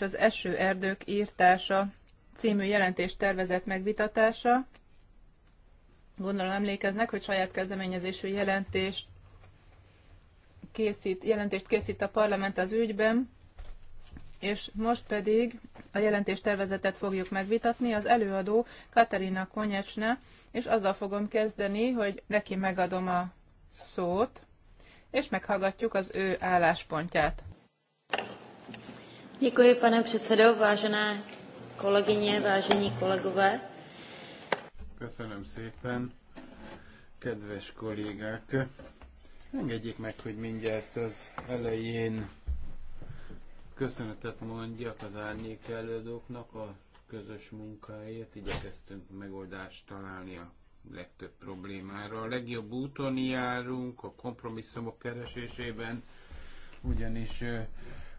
és az erdők írtása című jelentés tervezett megvitatása. Gondolom emlékeznek, hogy saját kezdeményezésű jelentést készít, jelentést készít a parlament az ügyben, és most pedig a jelentés tervezetet fogjuk megvitatni. Az előadó Katerina Konyecsne, és azzal fogom kezdeni, hogy neki megadom a szót, és meghallgatjuk az ő álláspontját. Děkuji, pane předsedo, vážené kolegyně, vážení kolegové. Köszönöm szépen, kedves kollégák. Engedjék meg, hogy mindjárt az elején köszönetet mondjak az árnyék előadóknak a közös munkáért. Igyekeztünk megoldást találni a legtöbb problémára. A legjobb úton járunk a kompromisszumok keresésében, ugyanis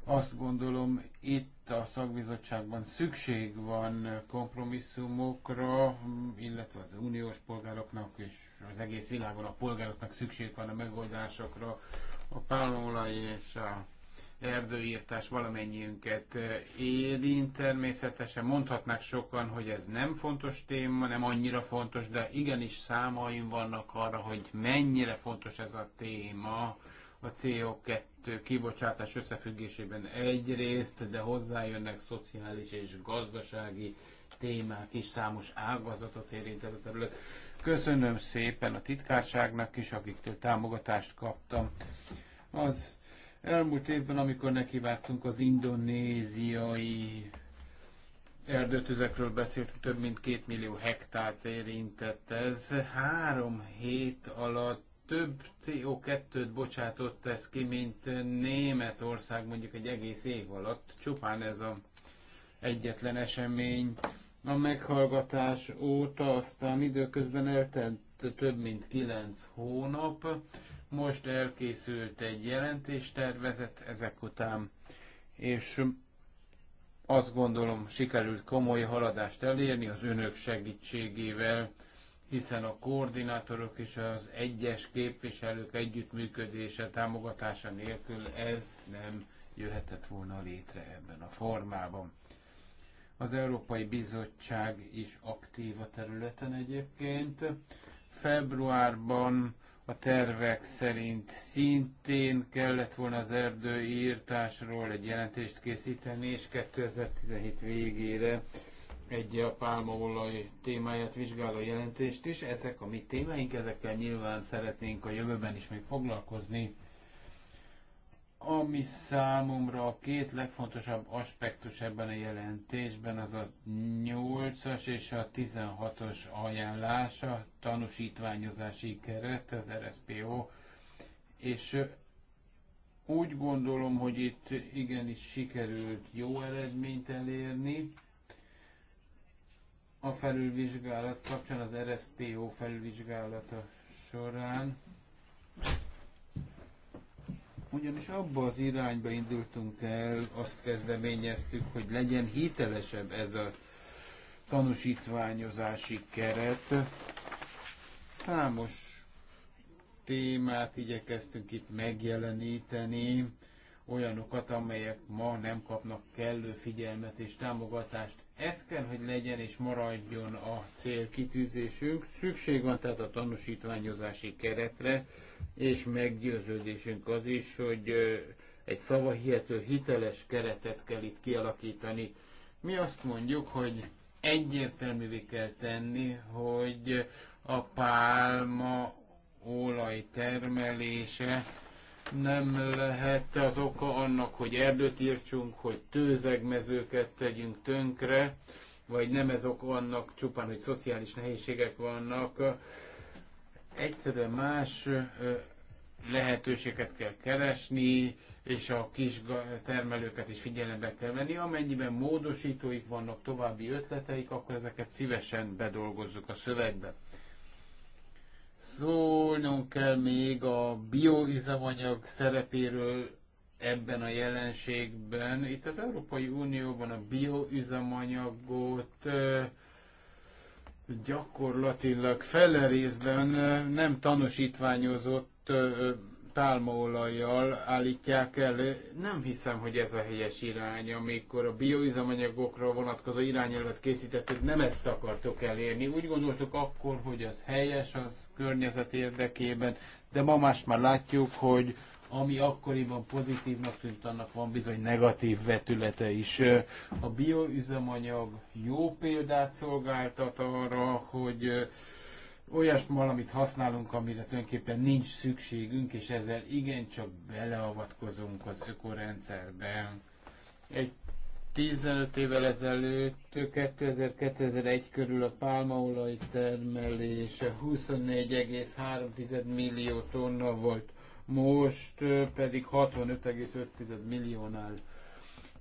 azt gondolom, itt a szakbizottságban szükség van kompromisszumokra, illetve az uniós polgároknak és az egész világon a polgároknak szükség van a megoldásokra. A pálmaolaj és a erdőírtás valamennyiünket érint természetesen. Mondhatnák sokan, hogy ez nem fontos téma, nem annyira fontos, de igenis számaim vannak arra, hogy mennyire fontos ez a téma a CO2 kibocsátás összefüggésében egyrészt, de hozzájönnek szociális és gazdasági témák is, számos ágazatot érint ez a terület. Köszönöm szépen a titkárságnak is, akiktől támogatást kaptam. Az elmúlt évben, amikor nekivágtunk az indonéziai erdőtüzekről beszéltünk, több mint két millió hektárt érintett ez. Három hét alatt több CO2-t bocsátott ez ki, mint Németország mondjuk egy egész év alatt. Csupán ez a egyetlen esemény. A meghallgatás óta aztán időközben eltelt több mint 9 hónap. Most elkészült egy jelentéstervezet ezek után, és azt gondolom sikerült komoly haladást elérni az önök segítségével hiszen a koordinátorok és az egyes képviselők együttműködése, támogatása nélkül ez nem jöhetett volna létre ebben a formában. Az Európai Bizottság is aktív a területen egyébként. Februárban a tervek szerint szintén kellett volna az erdőírtásról egy jelentést készíteni, és 2017 végére egy a pálmaolaj témáját vizsgáló jelentést is. Ezek a mi témáink, ezekkel nyilván szeretnénk a jövőben is még foglalkozni. Ami számomra a két legfontosabb aspektus ebben a jelentésben az a 8-as és a 16-os ajánlása, tanúsítványozási keret, az RSPO, és úgy gondolom, hogy itt igenis sikerült jó eredményt elérni a felülvizsgálat kapcsán, az RSPO felülvizsgálata során. Ugyanis abba az irányba indultunk el, azt kezdeményeztük, hogy legyen hitelesebb ez a tanúsítványozási keret. Számos témát igyekeztünk itt megjeleníteni, olyanokat, amelyek ma nem kapnak kellő figyelmet és támogatást. Ez kell, hogy legyen és maradjon a célkitűzésünk. Szükség van tehát a tanúsítványozási keretre, és meggyőződésünk az is, hogy egy szavahihető hiteles keretet kell itt kialakítani. Mi azt mondjuk, hogy egyértelművé kell tenni, hogy a pálma olaj termelése nem lehet az oka annak, hogy erdőt írtsunk, hogy tőzegmezőket tegyünk tönkre, vagy nem ez oka annak csupán, hogy szociális nehézségek vannak. Egyszerűen más lehetőséget kell keresni, és a kis termelőket is figyelembe kell venni. Amennyiben módosítóik vannak, további ötleteik, akkor ezeket szívesen bedolgozzuk a szövegbe. Szólnunk kell még a bioüzemanyag szerepéről ebben a jelenségben. Itt az Európai Unióban a bioüzemanyagot gyakorlatilag fele részben nem tanúsítványozott pálmaolajjal állítják el. Nem hiszem, hogy ez a helyes irány, amikor a bioüzemanyagokra vonatkozó irányelvet készítettük, nem ezt akartok elérni. Úgy gondoltuk akkor, hogy az helyes, az környezet érdekében, de ma más már látjuk, hogy ami akkoriban pozitívnak tűnt, annak van bizony negatív vetülete is. A bioüzemanyag jó példát szolgáltat arra, hogy olyas valamit használunk, amire tulajdonképpen nincs szükségünk, és ezzel igencsak beleavatkozunk az ökorendszerben. Egy 15 évvel ezelőtt, 2000-2001 körül a pálmaolaj termelése 24,3 millió tonna volt, most pedig 65,5 milliónál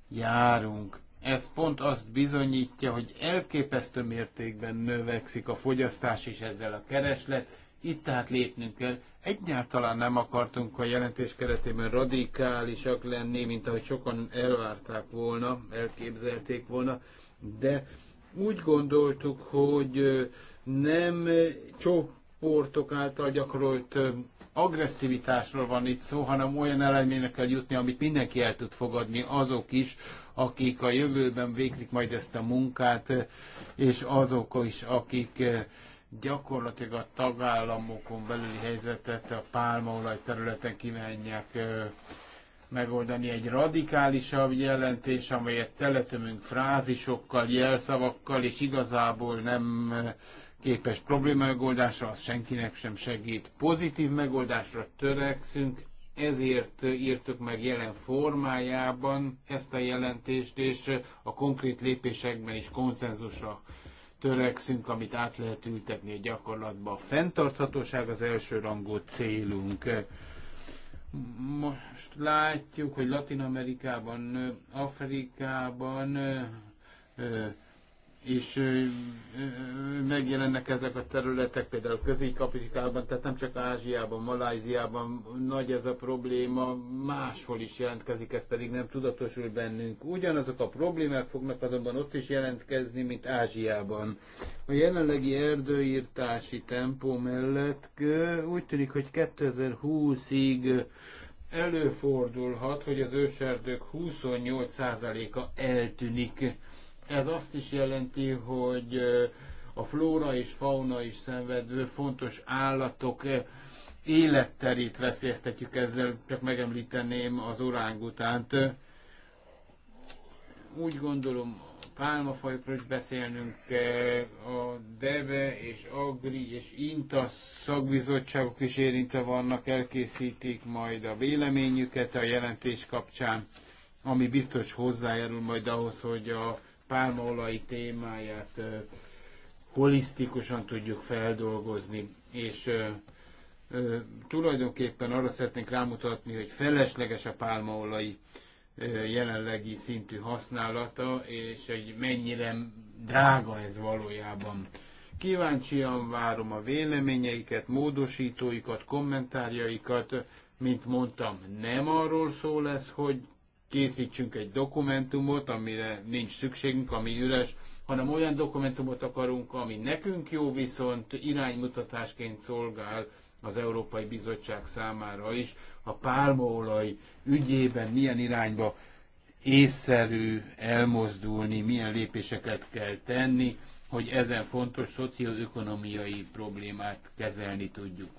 járunk. Ez pont azt bizonyítja, hogy elképesztő mértékben növekszik a fogyasztás és ezzel a kereslet, itt tehát lépnünk kell. Egyáltalán nem akartunk a jelentés keretében radikálisak lenni, mint ahogy sokan elvárták volna, elképzelték volna, de úgy gondoltuk, hogy nem csoportok által gyakorolt agresszivitásról van itt szó, hanem olyan eleményre kell jutni, amit mindenki el tud fogadni, azok is, akik a jövőben végzik majd ezt a munkát, és azok is, akik gyakorlatilag a tagállamokon belüli helyzetet a pálmaolaj területen kívánják megoldani. Egy radikálisabb jelentés, amelyet teletömünk frázisokkal, jelszavakkal, és igazából nem képes probléma megoldásra, az senkinek sem segít. Pozitív megoldásra törekszünk, ezért írtuk meg jelen formájában ezt a jelentést, és a konkrét lépésekben is konszenzusra törekszünk, amit át lehet ültetni a gyakorlatba. A fenntarthatóság az első rangú célunk. Most látjuk, hogy Latin Amerikában, Afrikában és megjelennek ezek a területek, például Közép-Afrikában, tehát nem csak Ázsiában, Maláziában nagy ez a probléma, máshol is jelentkezik, ez pedig nem tudatosul bennünk. Ugyanazok a problémák fognak azonban ott is jelentkezni, mint Ázsiában. A jelenlegi erdőírtási tempó mellett úgy tűnik, hogy 2020-ig előfordulhat, hogy az őserdők 28%-a eltűnik ez azt is jelenti, hogy a flóra és fauna is szenvedő fontos állatok életterét veszélyeztetjük ezzel, csak megemlíteném az orángutánt. Úgy gondolom, pálmafajokról is beszélnünk, a DEVE és AGRI és INTA szakbizottságok is érintve vannak, elkészítik majd a véleményüket a jelentés kapcsán, ami biztos hozzájárul majd ahhoz, hogy a pálmaolaj témáját holisztikusan tudjuk feldolgozni, és tulajdonképpen arra szeretnénk rámutatni, hogy felesleges a pálmaolaj jelenlegi szintű használata, és hogy mennyire drága ez valójában. Kíváncsian várom a véleményeiket, módosítóikat, kommentárjaikat. Mint mondtam, nem arról szól ez, hogy készítsünk egy dokumentumot, amire nincs szükségünk, ami üres, hanem olyan dokumentumot akarunk, ami nekünk jó, viszont iránymutatásként szolgál az Európai Bizottság számára is, a pálmaolaj ügyében milyen irányba észszerű elmozdulni, milyen lépéseket kell tenni, hogy ezen fontos szocioökonomiai problémát kezelni tudjuk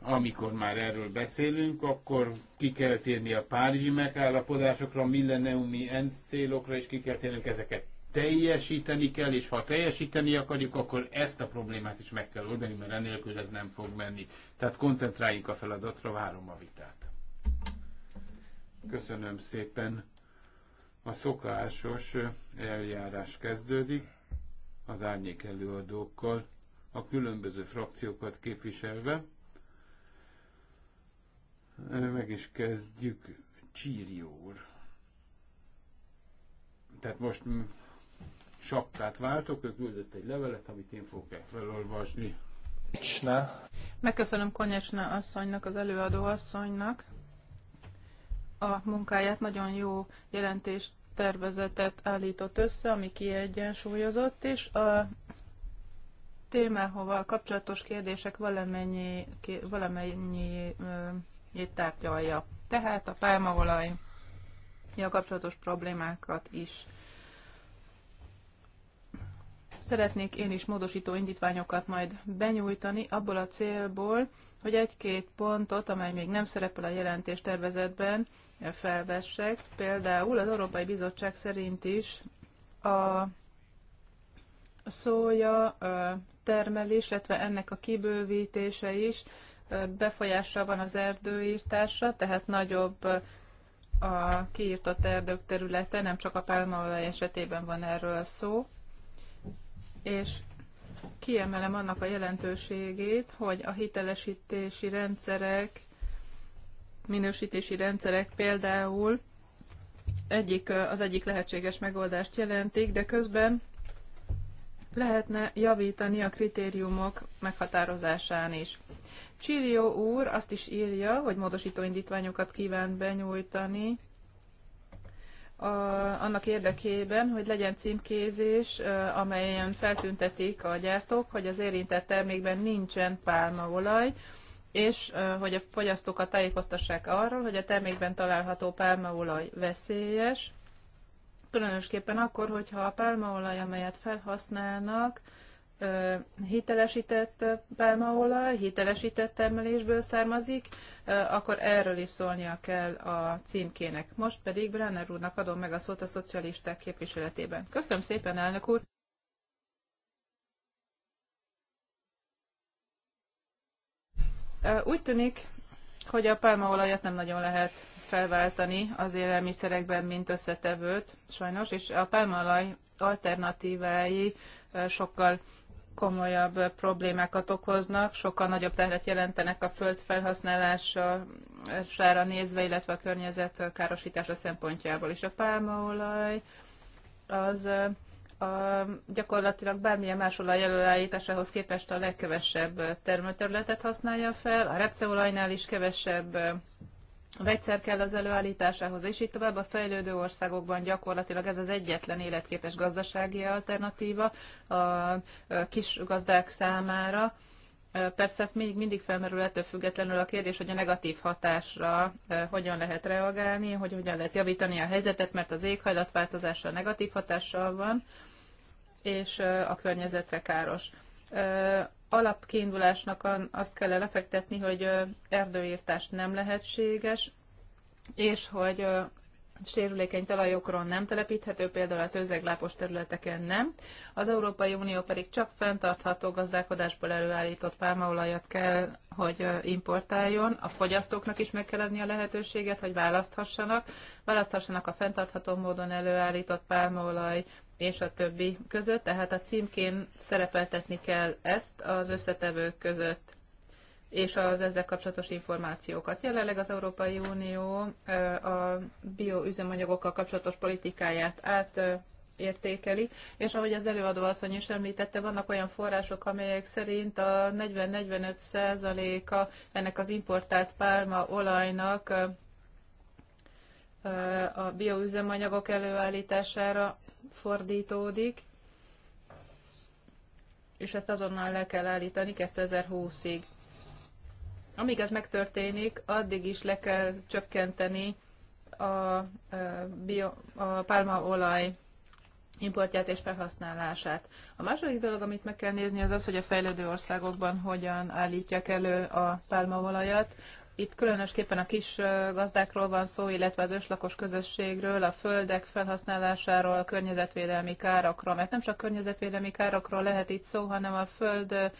amikor már erről beszélünk, akkor ki kell térni a párizsi megállapodásokra, a milleniumi ENSZ célokra, és ki kell térnünk ezeket teljesíteni kell, és ha teljesíteni akarjuk, akkor ezt a problémát is meg kell oldani, mert enélkül ez nem fog menni. Tehát koncentráljunk a feladatra, várom a vitát. Köszönöm szépen. A szokásos eljárás kezdődik az árnyék előadókkal, a különböző frakciókat képviselve. Meg is kezdjük Csíri úr. Tehát most sapkát váltok, ő küldött egy levelet, amit én fogok felolvasni. Konyecsna. Megköszönöm Konyecsna asszonynak, az előadó asszonynak a munkáját. Nagyon jó jelentést tervezetet állított össze, ami kiegyensúlyozott, és a témához kapcsolatos kérdések valamennyi, valamennyi ügyét tárgyalja. Tehát a pálmaolaj a kapcsolatos problémákat is. Szeretnék én is módosító indítványokat majd benyújtani abból a célból, hogy egy-két pontot, amely még nem szerepel a jelentés tervezetben, felvessek. Például az Európai Bizottság szerint is a szója termelés, illetve ennek a kibővítése is befolyása van az erdőírtásra, tehát nagyobb a kiírtott erdők területe, nem csak a pálmaolaj esetében van erről szó. És kiemelem annak a jelentőségét, hogy a hitelesítési rendszerek, minősítési rendszerek például egyik, az egyik lehetséges megoldást jelentik, de közben lehetne javítani a kritériumok meghatározásán is. Csillió úr azt is írja, hogy módosító indítványokat kíván benyújtani a, annak érdekében, hogy legyen címkézés, amelyen felszüntetik a gyártók, hogy az érintett termékben nincsen pálmaolaj, és hogy a fogyasztókat tájékoztassák arról, hogy a termékben található pálmaolaj veszélyes, különösképpen akkor, hogyha a pálmaolaj, amelyet felhasználnak, hitelesített pálmaolaj, hitelesített termelésből származik, akkor erről is szólnia kell a címkének. Most pedig Brenner úrnak adom meg a szót a szocialisták képviseletében. Köszönöm szépen, elnök úr! Úgy tűnik, hogy a pálmaolajat nem nagyon lehet felváltani az élelmiszerekben, mint összetevőt, sajnos, és a pálmaolaj alternatívái sokkal komolyabb problémákat okoznak, sokkal nagyobb terhet jelentenek a föld felhasználására nézve, illetve a környezet károsítása szempontjából is. A pálmaolaj az a, gyakorlatilag bármilyen más olaj előállításához képest a legkevesebb termőterületet használja fel, a repceolajnál is kevesebb vegyszer kell az előállításához, és így tovább a fejlődő országokban gyakorlatilag ez az egyetlen életképes gazdasági alternatíva a kis gazdák számára. Persze még mindig felmerül ettől függetlenül a kérdés, hogy a negatív hatásra hogyan lehet reagálni, hogy hogyan lehet javítani a helyzetet, mert az éghajlatváltozással negatív hatással van, és a környezetre káros alapkiindulásnak azt kell lefektetni, hogy erdőírtás nem lehetséges, és hogy sérülékeny talajokról nem telepíthető, például a tőzeglápos területeken nem. Az Európai Unió pedig csak fenntartható gazdálkodásból előállított pálmaolajat kell, hogy importáljon. A fogyasztóknak is meg kell adni a lehetőséget, hogy választhassanak. Választhassanak a fenntartható módon előállított pálmaolaj és a többi között, tehát a címkén szerepeltetni kell ezt az összetevők között és az ezzel kapcsolatos információkat. Jelenleg az Európai Unió a bioüzemanyagokkal kapcsolatos politikáját át értékeli, és ahogy az előadó asszony is említette, vannak olyan források, amelyek szerint a 40-45 százaléka ennek az importált pálmaolajnak a bioüzemanyagok előállítására fordítódik, és ezt azonnal le kell állítani 2020-ig. Amíg ez megtörténik, addig is le kell csökkenteni a, bio, a pálmaolaj importját és felhasználását. A második dolog, amit meg kell nézni, az az, hogy a fejlődő országokban hogyan állítják elő a pálmaolajat. Itt különösképpen a kis gazdákról van szó, illetve az őslakos közösségről, a földek felhasználásáról, a környezetvédelmi károkról, mert nem csak környezetvédelmi károkról lehet itt szó, hanem a föld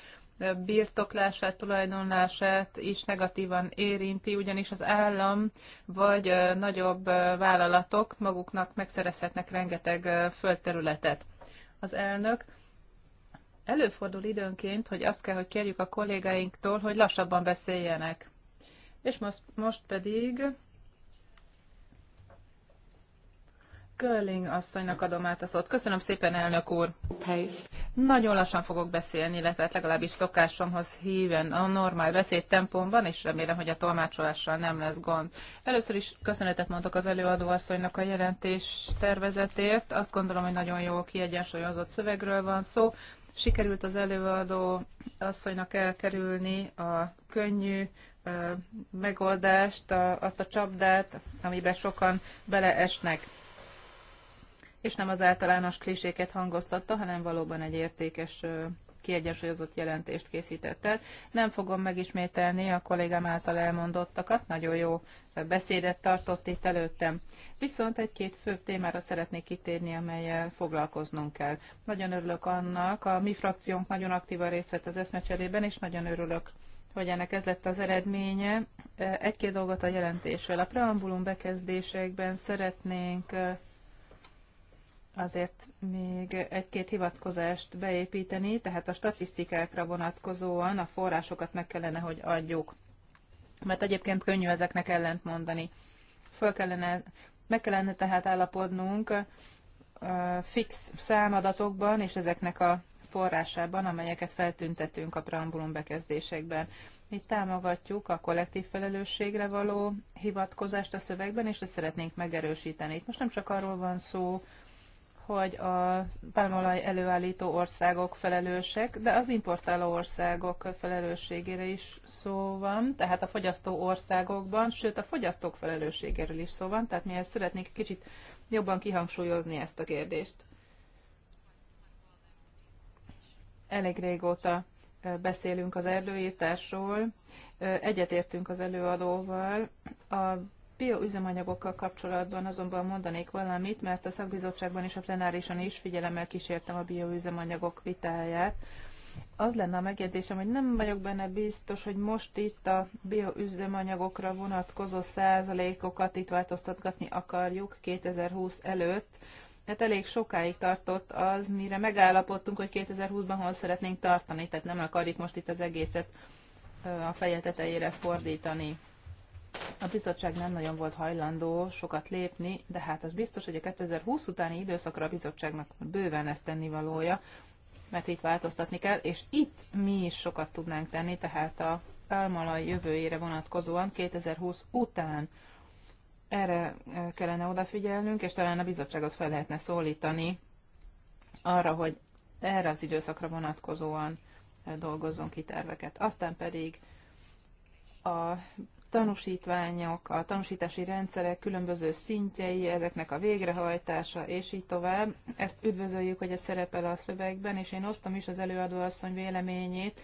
birtoklását, tulajdonlását is negatívan érinti, ugyanis az állam vagy nagyobb vállalatok maguknak megszerezhetnek rengeteg földterületet. Az elnök előfordul időnként, hogy azt kell, hogy kérjük a kollégáinktól, hogy lassabban beszéljenek. És most, most pedig Görling asszonynak adom át a szót. Köszönöm szépen, elnök úr. Pace. Nagyon lassan fogok beszélni, illetve hát legalábbis szokásomhoz híven a normál beszédtempomban, és remélem, hogy a tolmácsolással nem lesz gond. Először is köszönetet mondok az előadó asszonynak a jelentés tervezetért. Azt gondolom, hogy nagyon jó kiegyensúlyozott szövegről van szó. Sikerült az előadó asszonynak elkerülni a könnyű megoldást, azt a csapdát, amiben sokan beleesnek. És nem az általános kliséket hangoztatta, hanem valóban egy értékes kiegyensúlyozott jelentést készített el. Nem fogom megismételni a kollégám által elmondottakat, nagyon jó beszédet tartott itt előttem. Viszont egy-két fő témára szeretnék kitérni, amelyel foglalkoznunk kell. Nagyon örülök annak, a mi frakciónk nagyon aktívan részt vett az eszmecserében, és nagyon örülök hogy ennek ez lett az eredménye. Egy-két dolgot a jelentésről. A preambulum bekezdésekben szeretnénk azért még egy-két hivatkozást beépíteni, tehát a statisztikákra vonatkozóan a forrásokat meg kellene, hogy adjuk. Mert egyébként könnyű ezeknek ellent mondani. Föl kellene, meg kellene tehát állapodnunk fix számadatokban, és ezeknek a forrásában, amelyeket feltüntetünk a preambulum bekezdésekben. Mi támogatjuk a kollektív felelősségre való hivatkozást a szövegben, és ezt szeretnénk megerősíteni. Itt most nem csak arról van szó, hogy a pálmolaj előállító országok felelősek, de az importáló országok felelősségére is szó van, tehát a fogyasztó országokban, sőt a fogyasztók felelősségéről is szó van, tehát mi ezt szeretnénk kicsit jobban kihangsúlyozni ezt a kérdést. Elég régóta beszélünk az erdőírtásról, egyetértünk az előadóval. A bioüzemanyagokkal kapcsolatban azonban mondanék valamit, mert a szakbizottságban és a plenárisan is figyelemmel kísértem a bioüzemanyagok vitáját. Az lenne a megjegyzésem, hogy nem vagyok benne biztos, hogy most itt a bioüzemanyagokra vonatkozó százalékokat itt változtatgatni akarjuk 2020 előtt, hát elég sokáig tartott az, mire megállapodtunk, hogy 2020-ban hol szeretnénk tartani, tehát nem akarjuk most itt az egészet a feje tetejére fordítani. A bizottság nem nagyon volt hajlandó sokat lépni, de hát az biztos, hogy a 2020 utáni időszakra a bizottságnak bőven lesz tennivalója, mert itt változtatni kell, és itt mi is sokat tudnánk tenni, tehát a pálmalaj jövőjére vonatkozóan 2020 után erre kellene odafigyelnünk, és talán a bizottságot fel lehetne szólítani arra, hogy erre az időszakra vonatkozóan dolgozzon ki terveket. Aztán pedig a tanúsítványok, a tanúsítási rendszerek különböző szintjei, ezeknek a végrehajtása, és így tovább. Ezt üdvözöljük, hogy ez szerepel a szövegben, és én osztom is az előadóasszony véleményét,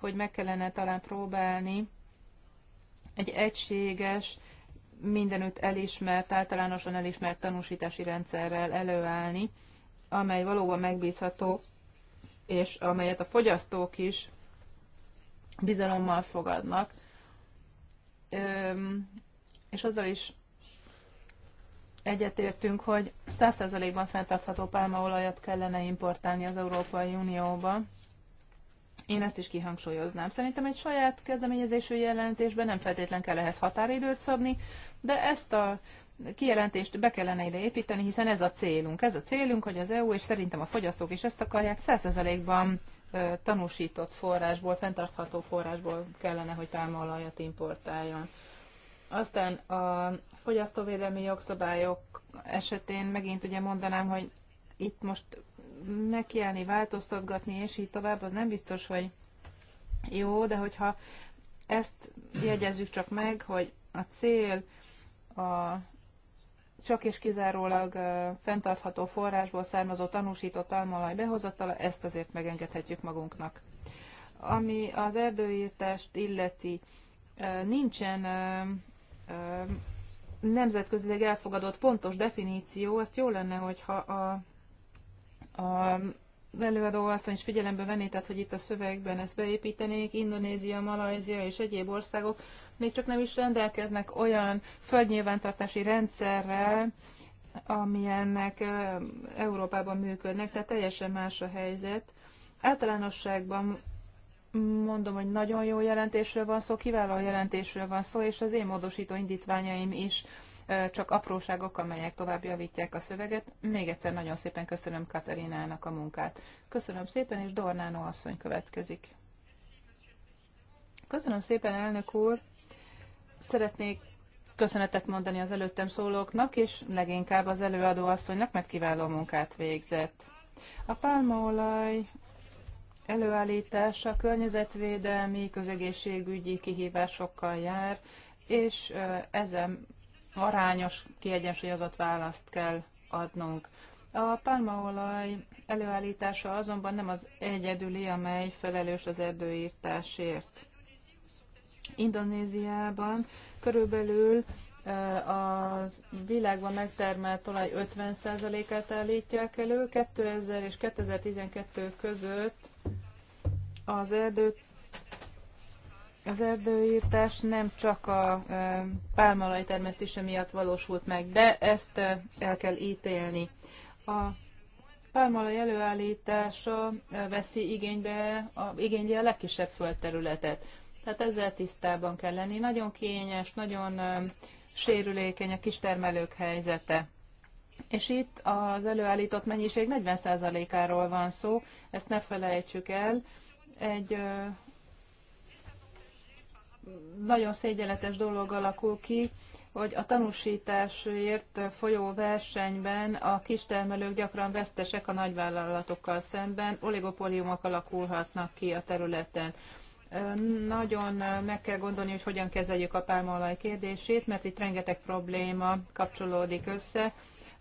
hogy meg kellene talán próbálni egy egységes mindenütt elismert, általánosan elismert tanúsítási rendszerrel előállni, amely valóban megbízható, és amelyet a fogyasztók is bizalommal fogadnak. Öm, és azzal is egyetértünk, hogy 100%-ban fenntartható pálmaolajat kellene importálni az Európai Unióba. Én ezt is kihangsúlyoznám. Szerintem egy saját kezdeményezésű jelentésben nem feltétlen kell ehhez határidőt szabni, de ezt a kijelentést be kellene ide építeni, hiszen ez a célunk. Ez a célunk, hogy az EU, és szerintem a fogyasztók is ezt akarják, 100%-ban tanúsított forrásból, fenntartható forrásból kellene, hogy pálmaolajat importáljon. Aztán a fogyasztóvédelmi jogszabályok esetén megint ugye mondanám, hogy itt most nekiállni, változtatgatni, és így tovább, az nem biztos, hogy jó, de hogyha ezt jegyezzük csak meg, hogy a cél a csak és kizárólag fenntartható forrásból származó tanúsított almolaj behozatala, ezt azért megengedhetjük magunknak. Ami az erdőírtást illeti, nincsen nemzetközileg elfogadott pontos definíció, azt jó lenne, hogyha a, a előadó asszony is figyelembe venné, tehát hogy itt a szövegben ezt beépítenék, Indonézia, Malajzia és egyéb országok még csak nem is rendelkeznek olyan földnyilvántartási rendszerrel, amilyennek Európában működnek, tehát teljesen más a helyzet. Általánosságban mondom, hogy nagyon jó jelentésről van szó, kiváló jelentésről van szó, és az én módosító indítványaim is csak apróságok, amelyek tovább javítják a szöveget. Még egyszer nagyon szépen köszönöm Katerinának a munkát. Köszönöm szépen, és Dornánó asszony következik. Köszönöm szépen, elnök úr. Szeretnék köszönetet mondani az előttem szólóknak, és leginkább az előadó asszonynak, mert kiváló munkát végzett. A pálmaolaj előállítása környezetvédelmi, közegészségügyi kihívásokkal jár, és ezen arányos, kiegyensúlyozott választ kell adnunk. A pálmaolaj előállítása azonban nem az egyedüli, amely felelős az erdőírtásért. Indonéziában körülbelül e, a világban megtermelt olaj 50%-át állítják elő. 2000 és 2012 között az erdőt az erdőírtás nem csak a pálmalaj termesztése miatt valósult meg, de ezt el kell ítélni. A pálmalaj előállítása veszi igénybe, a, igényli a legkisebb földterületet. Tehát ezzel tisztában kell lenni. Nagyon kényes, nagyon sérülékeny a kistermelők helyzete. És itt az előállított mennyiség 40%-áról van szó, ezt ne felejtsük el. Egy nagyon szégyenletes dolog alakul ki, hogy a tanúsításért folyó versenyben a kistermelők gyakran vesztesek a nagyvállalatokkal szemben, oligopóliumok alakulhatnak ki a területen. Nagyon meg kell gondolni, hogy hogyan kezeljük a pálmaolaj kérdését, mert itt rengeteg probléma kapcsolódik össze.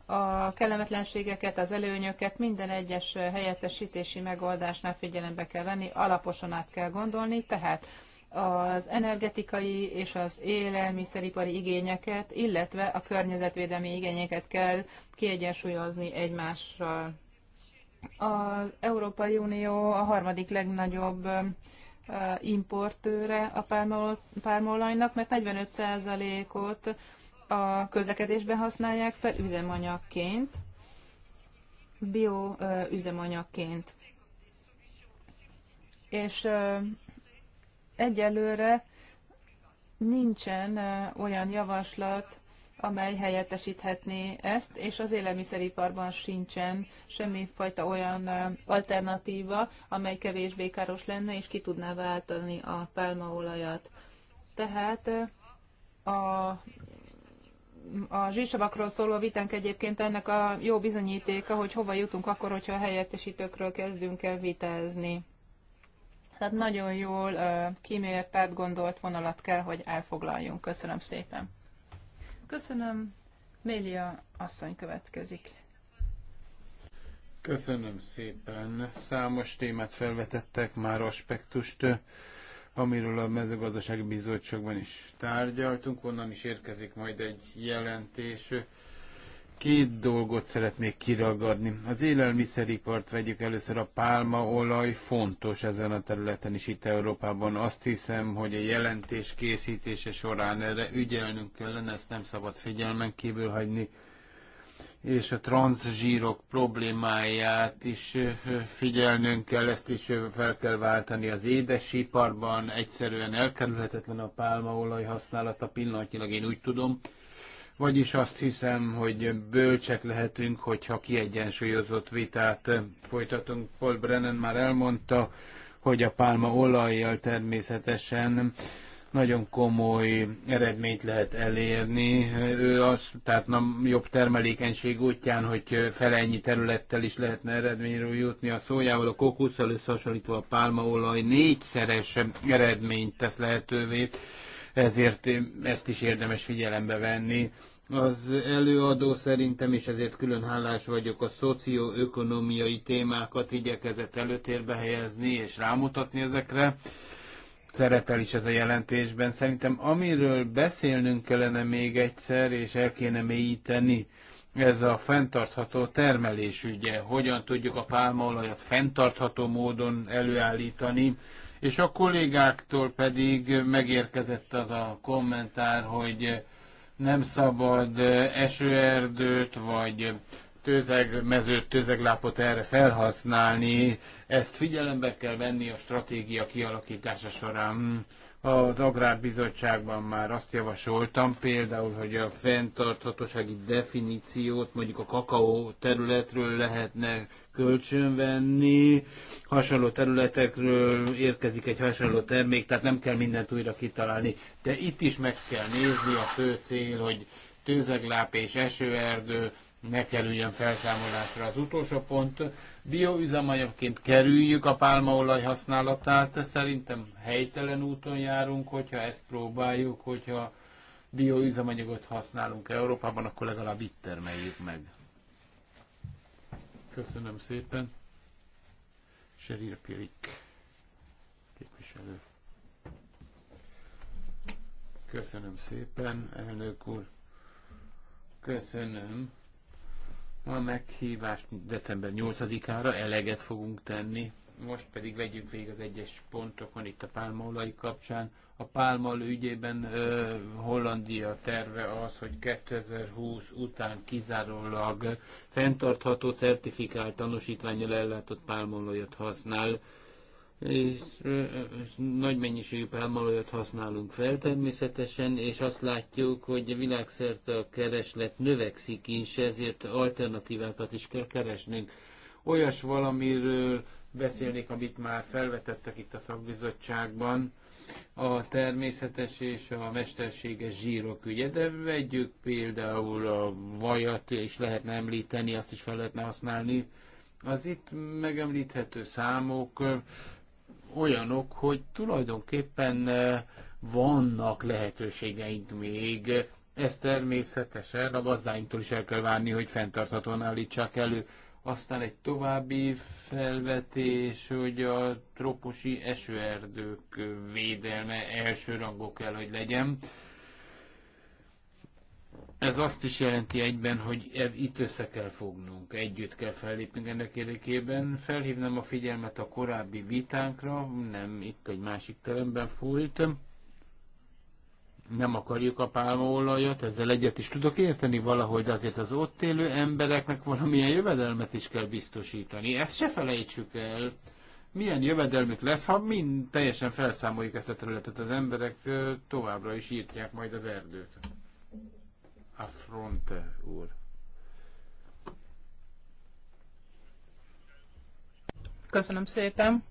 A kellemetlenségeket, az előnyöket minden egyes helyettesítési megoldásnál figyelembe kell venni, alaposan át kell gondolni, tehát az energetikai és az élelmiszeripari igényeket, illetve a környezetvédelmi igényeket kell kiegyensúlyozni egymással. Az Európai Unió a harmadik legnagyobb importőre a pálmaolajnak, mert 45%-ot a közlekedésben használják fel üzemanyagként, bioüzemanyagként. És Egyelőre nincsen olyan javaslat, amely helyettesíthetné ezt, és az élelmiszeriparban sincsen semmifajta olyan alternatíva, amely kevésbé káros lenne, és ki tudná váltani a pálmaolajat. Tehát a a zsírsavakról szóló vitánk egyébként ennek a jó bizonyítéka, hogy hova jutunk akkor, hogyha a helyettesítőkről kezdünk el vitázni. Tehát nagyon jól tehát gondolt vonalat kell, hogy elfoglaljunk. Köszönöm szépen. Köszönöm. Mélia asszony következik. Köszönöm szépen. Számos témát felvetettek már aspektust, amiről a mezőgazdasági bizottságban is tárgyaltunk, onnan is érkezik majd egy jelentés. Két dolgot szeretnék kiragadni. Az élelmiszeripart vegyük először, a pálmaolaj fontos ezen a területen is itt Európában. Azt hiszem, hogy a jelentés készítése során erre ügyelnünk kellene, ezt nem szabad figyelmen kívül hagyni és a transzsírok problémáját is figyelnünk kell, ezt is fel kell váltani az édesiparban, egyszerűen elkerülhetetlen a pálmaolaj használata pillanatnyilag, én úgy tudom, vagyis azt hiszem, hogy bölcsek lehetünk, hogyha kiegyensúlyozott vitát folytatunk. Paul Brennan már elmondta, hogy a pálma olajjal természetesen nagyon komoly eredményt lehet elérni. Ő azt, tehát nem jobb termelékenység útján, hogy fele ennyi területtel is lehetne eredményről jutni a szójával, a kokusszal összehasonlítva a pálmaolaj négyszeres eredményt tesz lehetővé ezért ezt is érdemes figyelembe venni. Az előadó szerintem, és ezért külön hálás vagyok, a szocioökonomiai témákat igyekezett előtérbe helyezni és rámutatni ezekre. Szerepel is ez a jelentésben. Szerintem amiről beszélnünk kellene még egyszer, és el kéne mélyíteni, ez a fenntartható termelés ügye. Hogyan tudjuk a pálmaolajat fenntartható módon előállítani, és a kollégáktól pedig megérkezett az a kommentár, hogy nem szabad esőerdőt vagy tőzegmezőt, tőzeglápot erre felhasználni. Ezt figyelembe kell venni a stratégia kialakítása során. Az Agrárbizottságban már azt javasoltam például, hogy a fenntarthatósági definíciót mondjuk a kakaó területről lehetne kölcsönvenni, hasonló területekről érkezik egy hasonló termék, tehát nem kell mindent újra kitalálni. De itt is meg kell nézni a fő cél, hogy tőzegláp és esőerdő ne kerüljön felszámolásra. Az utolsó pont, bioüzemanyagként kerüljük a pálmaolaj használatát, szerintem helytelen úton járunk, hogyha ezt próbáljuk, hogyha bioüzemanyagot használunk Európában, akkor legalább itt termeljük meg. Köszönöm szépen. Sheryl Pirik képviselő. Köszönöm szépen, elnök úr. Köszönöm. A meghívást december 8-ára eleget fogunk tenni most pedig vegyünk végig az egyes pontokon itt a pálmaolaj kapcsán. A pálmal ügyében ö, Hollandia terve az, hogy 2020 után kizárólag fenntartható certifikált tanúsítványjal ellátott pálmaolajat használ és nagy mennyiségű pálmaolajat használunk fel természetesen, és azt látjuk, hogy világszerte a kereslet növekszik is, ezért alternatívákat is kell keresnünk. Olyas valamiről beszélnék, amit már felvetettek itt a szakbizottságban, a természetes és a mesterséges zsírok ügye, de vegyük például a vajat, és lehetne említeni, azt is fel lehetne használni. Az itt megemlíthető számok olyanok, hogy tulajdonképpen eh, vannak lehetőségeink még, ezt természetesen a gazdáinktól is el kell várni, hogy fenntarthatóan állítsák elő. Aztán egy további felvetés, hogy a tropusi esőerdők védelme első rangok kell, hogy legyen. Ez azt is jelenti egyben, hogy itt össze kell fognunk, együtt kell fellépnünk ennek érdekében. Felhívnám a figyelmet a korábbi vitánkra, nem itt egy másik teremben fújtam nem akarjuk a pálmaolajat, ezzel egyet is tudok érteni valahogy, de azért az ott élő embereknek valamilyen jövedelmet is kell biztosítani. Ezt se felejtsük el. Milyen jövedelmük lesz, ha mind teljesen felszámoljuk ezt a területet, az emberek továbbra is írtják majd az erdőt. A fronte úr. Köszönöm szépen.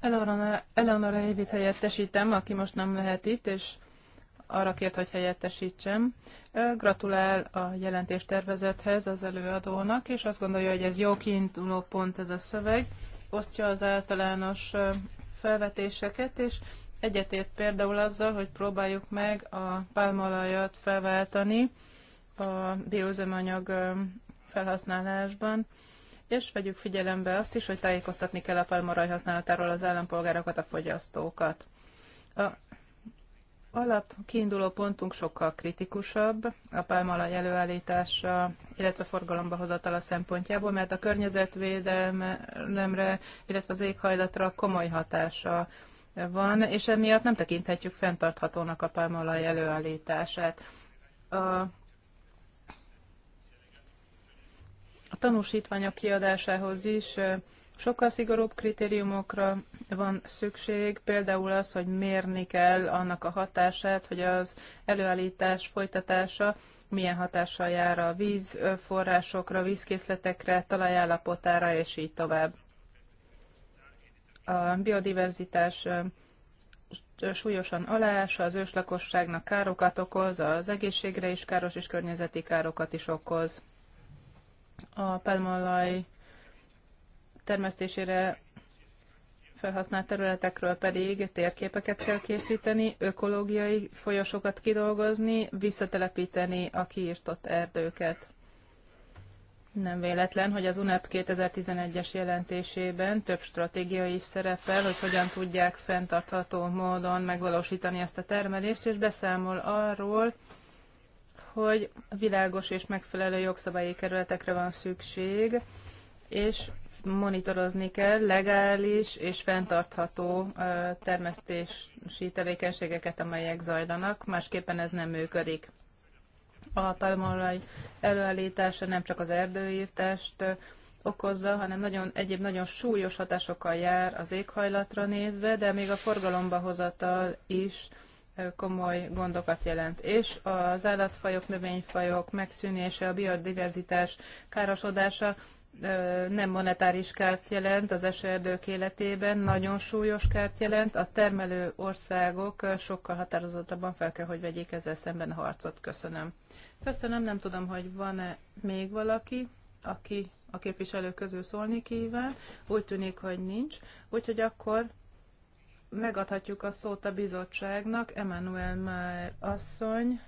Eleonora, Eleonora Évit helyettesítem, aki most nem lehet itt, és arra kért, hogy helyettesítsem. Gratulál a jelentéstervezethez az előadónak, és azt gondolja, hogy ez jó kiinduló pont ez a szöveg, osztja az általános felvetéseket, és egyetért például azzal, hogy próbáljuk meg a pálmalajat felváltani a bioüzemanyag felhasználásban, és vegyük figyelembe azt is, hogy tájékoztatni kell a palmaraj használatáról az állampolgárokat, a fogyasztókat. A alap kiinduló pontunk sokkal kritikusabb a pálmalaj előállítása, illetve forgalomba hozatala szempontjából, mert a környezetvédelemre, illetve az éghajlatra komoly hatása van, és emiatt nem tekinthetjük fenntarthatónak a pálmalaj előállítását. A tanúsítványok kiadásához is sokkal szigorúbb kritériumokra van szükség, például az, hogy mérni kell annak a hatását, hogy az előállítás folytatása milyen hatással jár a vízforrásokra, vízkészletekre, talajállapotára, és így tovább. A biodiverzitás súlyosan alás, az őslakosságnak károkat okoz, az egészségre is káros és környezeti károkat is okoz a palmolaj termesztésére felhasznált területekről pedig térképeket kell készíteni, ökológiai folyosokat kidolgozni, visszatelepíteni a kiirtott erdőket. Nem véletlen, hogy az UNEP 2011-es jelentésében több stratégia is szerepel, hogy hogyan tudják fenntartható módon megvalósítani ezt a termelést, és beszámol arról, hogy világos és megfelelő jogszabályi kerületekre van szükség, és monitorozni kell legális és fenntartható termesztési tevékenységeket, amelyek zajlanak, másképpen ez nem működik. A palmolaj előállítása nem csak az erdőírtást okozza, hanem nagyon, egyéb nagyon súlyos hatásokkal jár az éghajlatra nézve, de még a forgalomba hozatal is komoly gondokat jelent. És az állatfajok, növényfajok megszűnése, a biodiverzitás károsodása nem monetáris kárt jelent az esőerdők életében, nagyon súlyos kárt jelent. A termelő országok sokkal határozottabban fel kell, hogy vegyék ezzel szemben harcot. Köszönöm. Köszönöm, nem tudom, hogy van-e még valaki, aki a képviselők közül szólni kíván. Úgy tűnik, hogy nincs. Úgyhogy akkor megadhatjuk a szót a bizottságnak, Emmanuel Már asszony,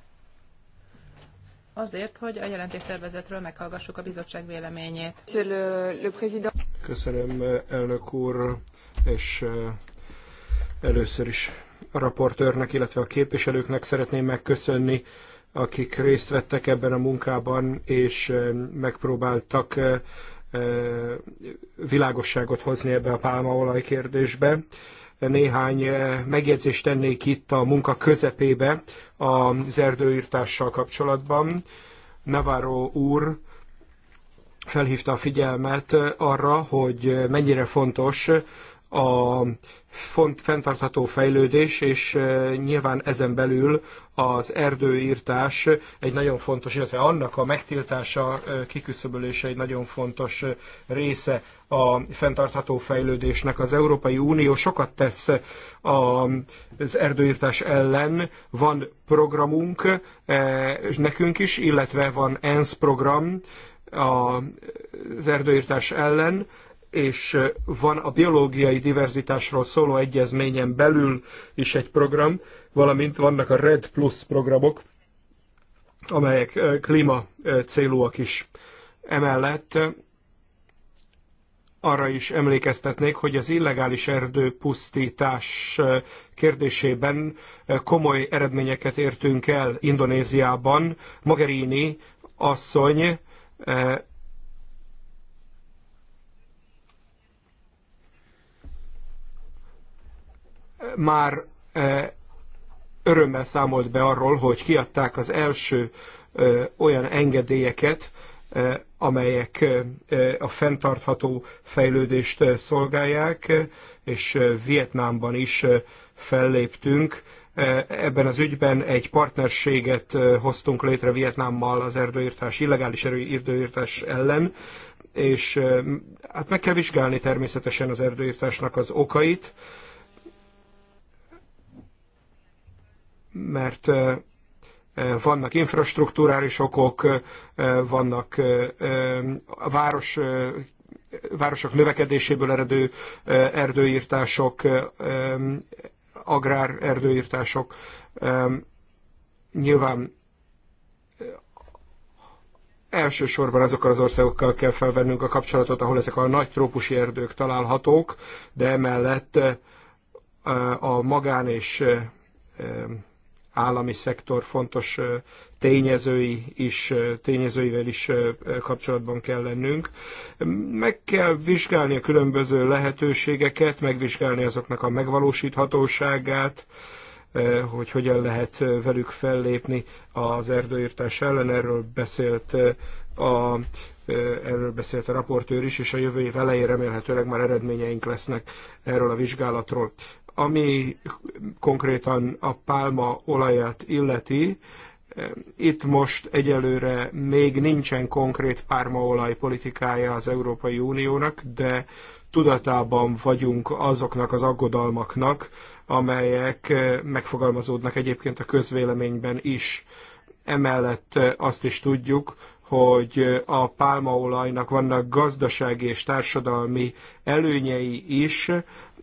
azért, hogy a jelentéstervezetről meghallgassuk a bizottság véleményét. Köszönöm, elnök úr, és eh, először is a raportőrnek, illetve a képviselőknek szeretném megköszönni, akik részt vettek ebben a munkában, és eh, megpróbáltak eh, világosságot hozni ebbe a pálmaolaj kérdésbe néhány eh, megjegyzést tennék itt a munka közepébe az erdőírtással kapcsolatban. Navarro úr felhívta a figyelmet arra, hogy mennyire fontos a font fenntartható fejlődés, és nyilván ezen belül az erdőírtás egy nagyon fontos, illetve annak a megtiltása, kiküszöbölése egy nagyon fontos része a fenntartható fejlődésnek. Az Európai Unió sokat tesz az erdőírtás ellen, van programunk nekünk is, illetve van ENSZ program az erdőírtás ellen, és van a biológiai diverzitásról szóló egyezményen belül is egy program, valamint vannak a Red Plus programok, amelyek klíma célúak is. Emellett arra is emlékeztetnék, hogy az illegális erdőpusztítás kérdésében komoly eredményeket értünk el Indonéziában. Magerini asszony már e, örömmel számolt be arról, hogy kiadták az első e, olyan engedélyeket, e, amelyek a fenntartható fejlődést szolgálják, és Vietnámban is felléptünk. Ebben az ügyben egy partnerséget hoztunk létre Vietnámmal az erdőírtás, illegális erdőírtás ellen, és hát meg kell vizsgálni természetesen az erdőírtásnak az okait, mert vannak infrastruktúrális okok, vannak város városok növekedéséből eredő erdőírtások, agrár erdőírtások. Nyilván elsősorban azokkal az országokkal kell felvennünk a kapcsolatot, ahol ezek a nagy trópusi erdők találhatók, de emellett a magán és állami szektor fontos tényezői is, tényezőivel is kapcsolatban kell lennünk. Meg kell vizsgálni a különböző lehetőségeket, megvizsgálni azoknak a megvalósíthatóságát, hogy hogyan lehet velük fellépni az erdőírtás ellen. Erről beszélt a erről beszélt a raportőr is, és a jövő év elején remélhetőleg már eredményeink lesznek erről a vizsgálatról. Ami konkrétan a pálma olajat illeti, itt most egyelőre még nincsen konkrét pármaolaj politikája az Európai Uniónak, de tudatában vagyunk azoknak az aggodalmaknak, amelyek megfogalmazódnak egyébként a közvéleményben is. Emellett azt is tudjuk, hogy a pálmaolajnak vannak gazdasági és társadalmi előnyei is,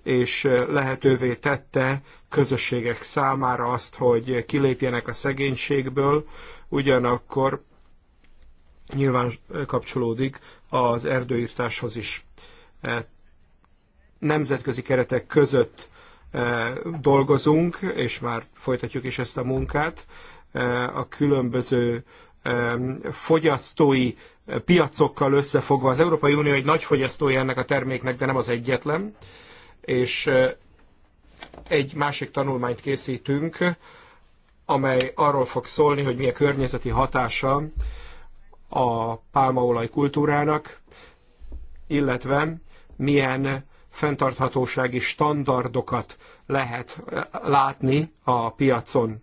és lehetővé tette közösségek számára azt, hogy kilépjenek a szegénységből, ugyanakkor nyilván kapcsolódik az erdőírtáshoz is. Nemzetközi keretek között dolgozunk, és már folytatjuk is ezt a munkát, a különböző fogyasztói piacokkal összefogva. Az Európai Unió egy nagy fogyasztója ennek a terméknek, de nem az egyetlen és egy másik tanulmányt készítünk, amely arról fog szólni, hogy mi a környezeti hatása a pálmaolaj kultúrának, illetve milyen fenntarthatósági standardokat lehet látni a piacon.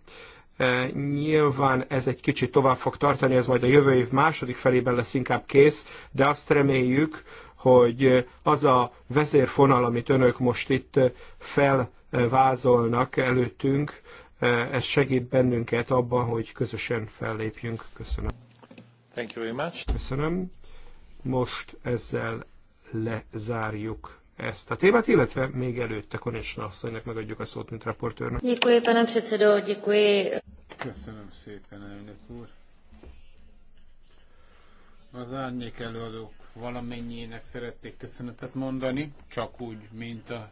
Nyilván ez egy kicsit tovább fog tartani, ez majd a jövő év második felében lesz inkább kész, de azt reméljük, hogy az a vezérfonal, amit önök most itt felvázolnak előttünk, ez segít bennünket abban, hogy közösen fellépjünk. Köszönöm. Thank you very much. Köszönöm. Most ezzel lezárjuk ezt a témát, illetve még előtte Konecsna asszonynak megadjuk a szót, mint raportőrnek. Děkuji, pane předsedo, děkuji. Köszönöm szépen, elnök úr. Az árnyék előadók valamennyiének szerették köszönetet mondani, csak úgy, mint a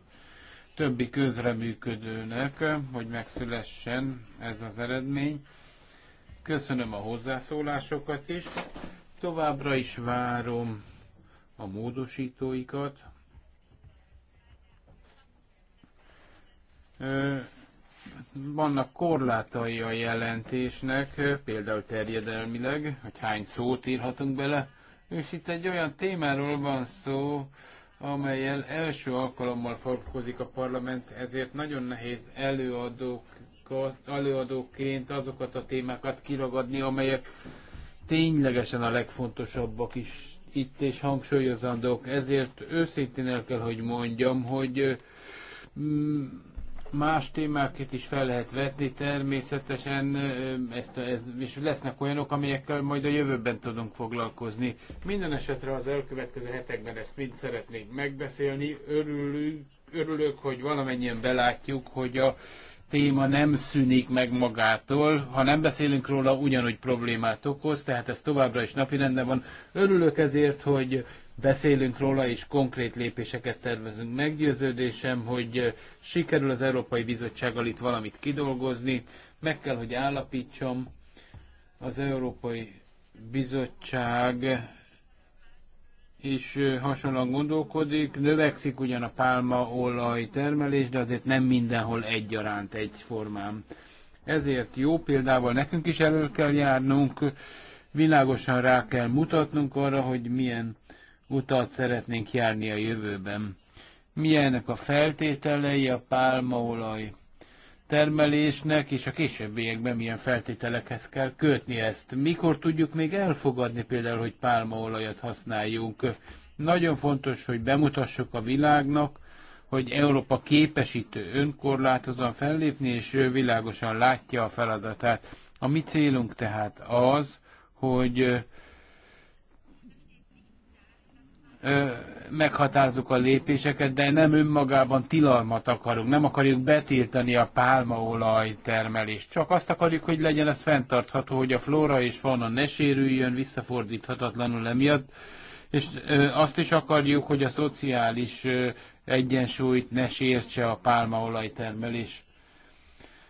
többi közreműködőnek, hogy megszülessen ez az eredmény. Köszönöm a hozzászólásokat is. Továbbra is várom a módosítóikat vannak korlátai a jelentésnek, például terjedelmileg, hogy hány szót írhatunk bele, és itt egy olyan témáról van szó, amelyel első alkalommal foglalkozik a parlament, ezért nagyon nehéz előadókat, előadóként azokat a témákat kiragadni, amelyek ténylegesen a legfontosabbak is itt és hangsúlyozandók. Ezért őszintén el kell, hogy mondjam, hogy mm, Más témákat is fel lehet vetni természetesen, ezt, ez, és lesznek olyanok, amelyekkel majd a jövőben tudunk foglalkozni. Minden esetre az elkövetkező hetekben ezt mind szeretnénk megbeszélni. Örülünk, örülök, hogy valamennyien belátjuk, hogy a téma nem szűnik meg magától. Ha nem beszélünk róla, ugyanúgy problémát okoz, tehát ez továbbra is napirenden van. Örülök ezért, hogy beszélünk róla, és konkrét lépéseket tervezünk. Meggyőződésem, hogy sikerül az Európai Bizottsággal itt valamit kidolgozni. Meg kell, hogy állapítsam, az Európai Bizottság is hasonlóan gondolkodik. Növekszik ugyan a pálmaolaj termelés, de azért nem mindenhol egyaránt, egyformán. Ezért jó példával nekünk is elő kell járnunk, világosan rá kell mutatnunk arra, hogy milyen utat szeretnénk járni a jövőben. Milyenek a feltételei a pálmaolaj termelésnek, és a későbbiekben milyen feltételekhez kell kötni ezt. Mikor tudjuk még elfogadni például, hogy pálmaolajat használjunk? Nagyon fontos, hogy bemutassuk a világnak, hogy Európa képes önkorlátozóan fellépni, és ő világosan látja a feladatát. A mi célunk tehát az, hogy meghatározunk a lépéseket, de nem önmagában tilalmat akarunk, nem akarjuk betiltani a pálmaolaj termelést. Csak azt akarjuk, hogy legyen ez fenntartható, hogy a flóra és fauna ne sérüljön visszafordíthatatlanul emiatt, és azt is akarjuk, hogy a szociális egyensúlyt ne sértse a pálmaolaj termelés.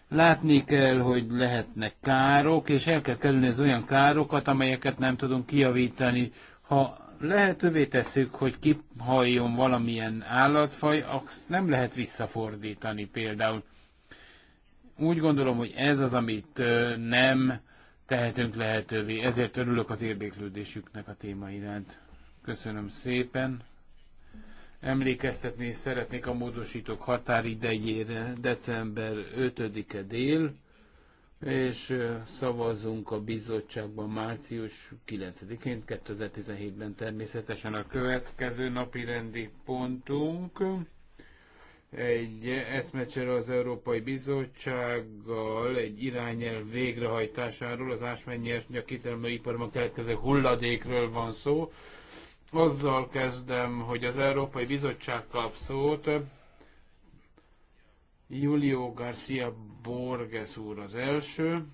Látni kell, hogy lehetnek károk, és el kell kerülni az olyan károkat, amelyeket nem tudunk kiavítani. Ha lehetővé tesszük, hogy kihalljon valamilyen állatfaj, azt nem lehet visszafordítani például. Úgy gondolom, hogy ez az, amit nem tehetünk lehetővé. Ezért örülök az érdeklődésüknek a téma iránt. Köszönöm szépen. Emlékeztetni szeretnék a módosítók határidejére december 5-e dél és szavazunk a bizottságban március 9-én, 2017-ben természetesen a következő napi rendi pontunk. Egy eszmecsere az Európai Bizottsággal egy irányelv végrehajtásáról, az ásványi nyersanyag kitermelőiparban keletkező hulladékről van szó. Azzal kezdem, hogy az Európai Bizottság kap szót, Julio Garcia Borges úr az első,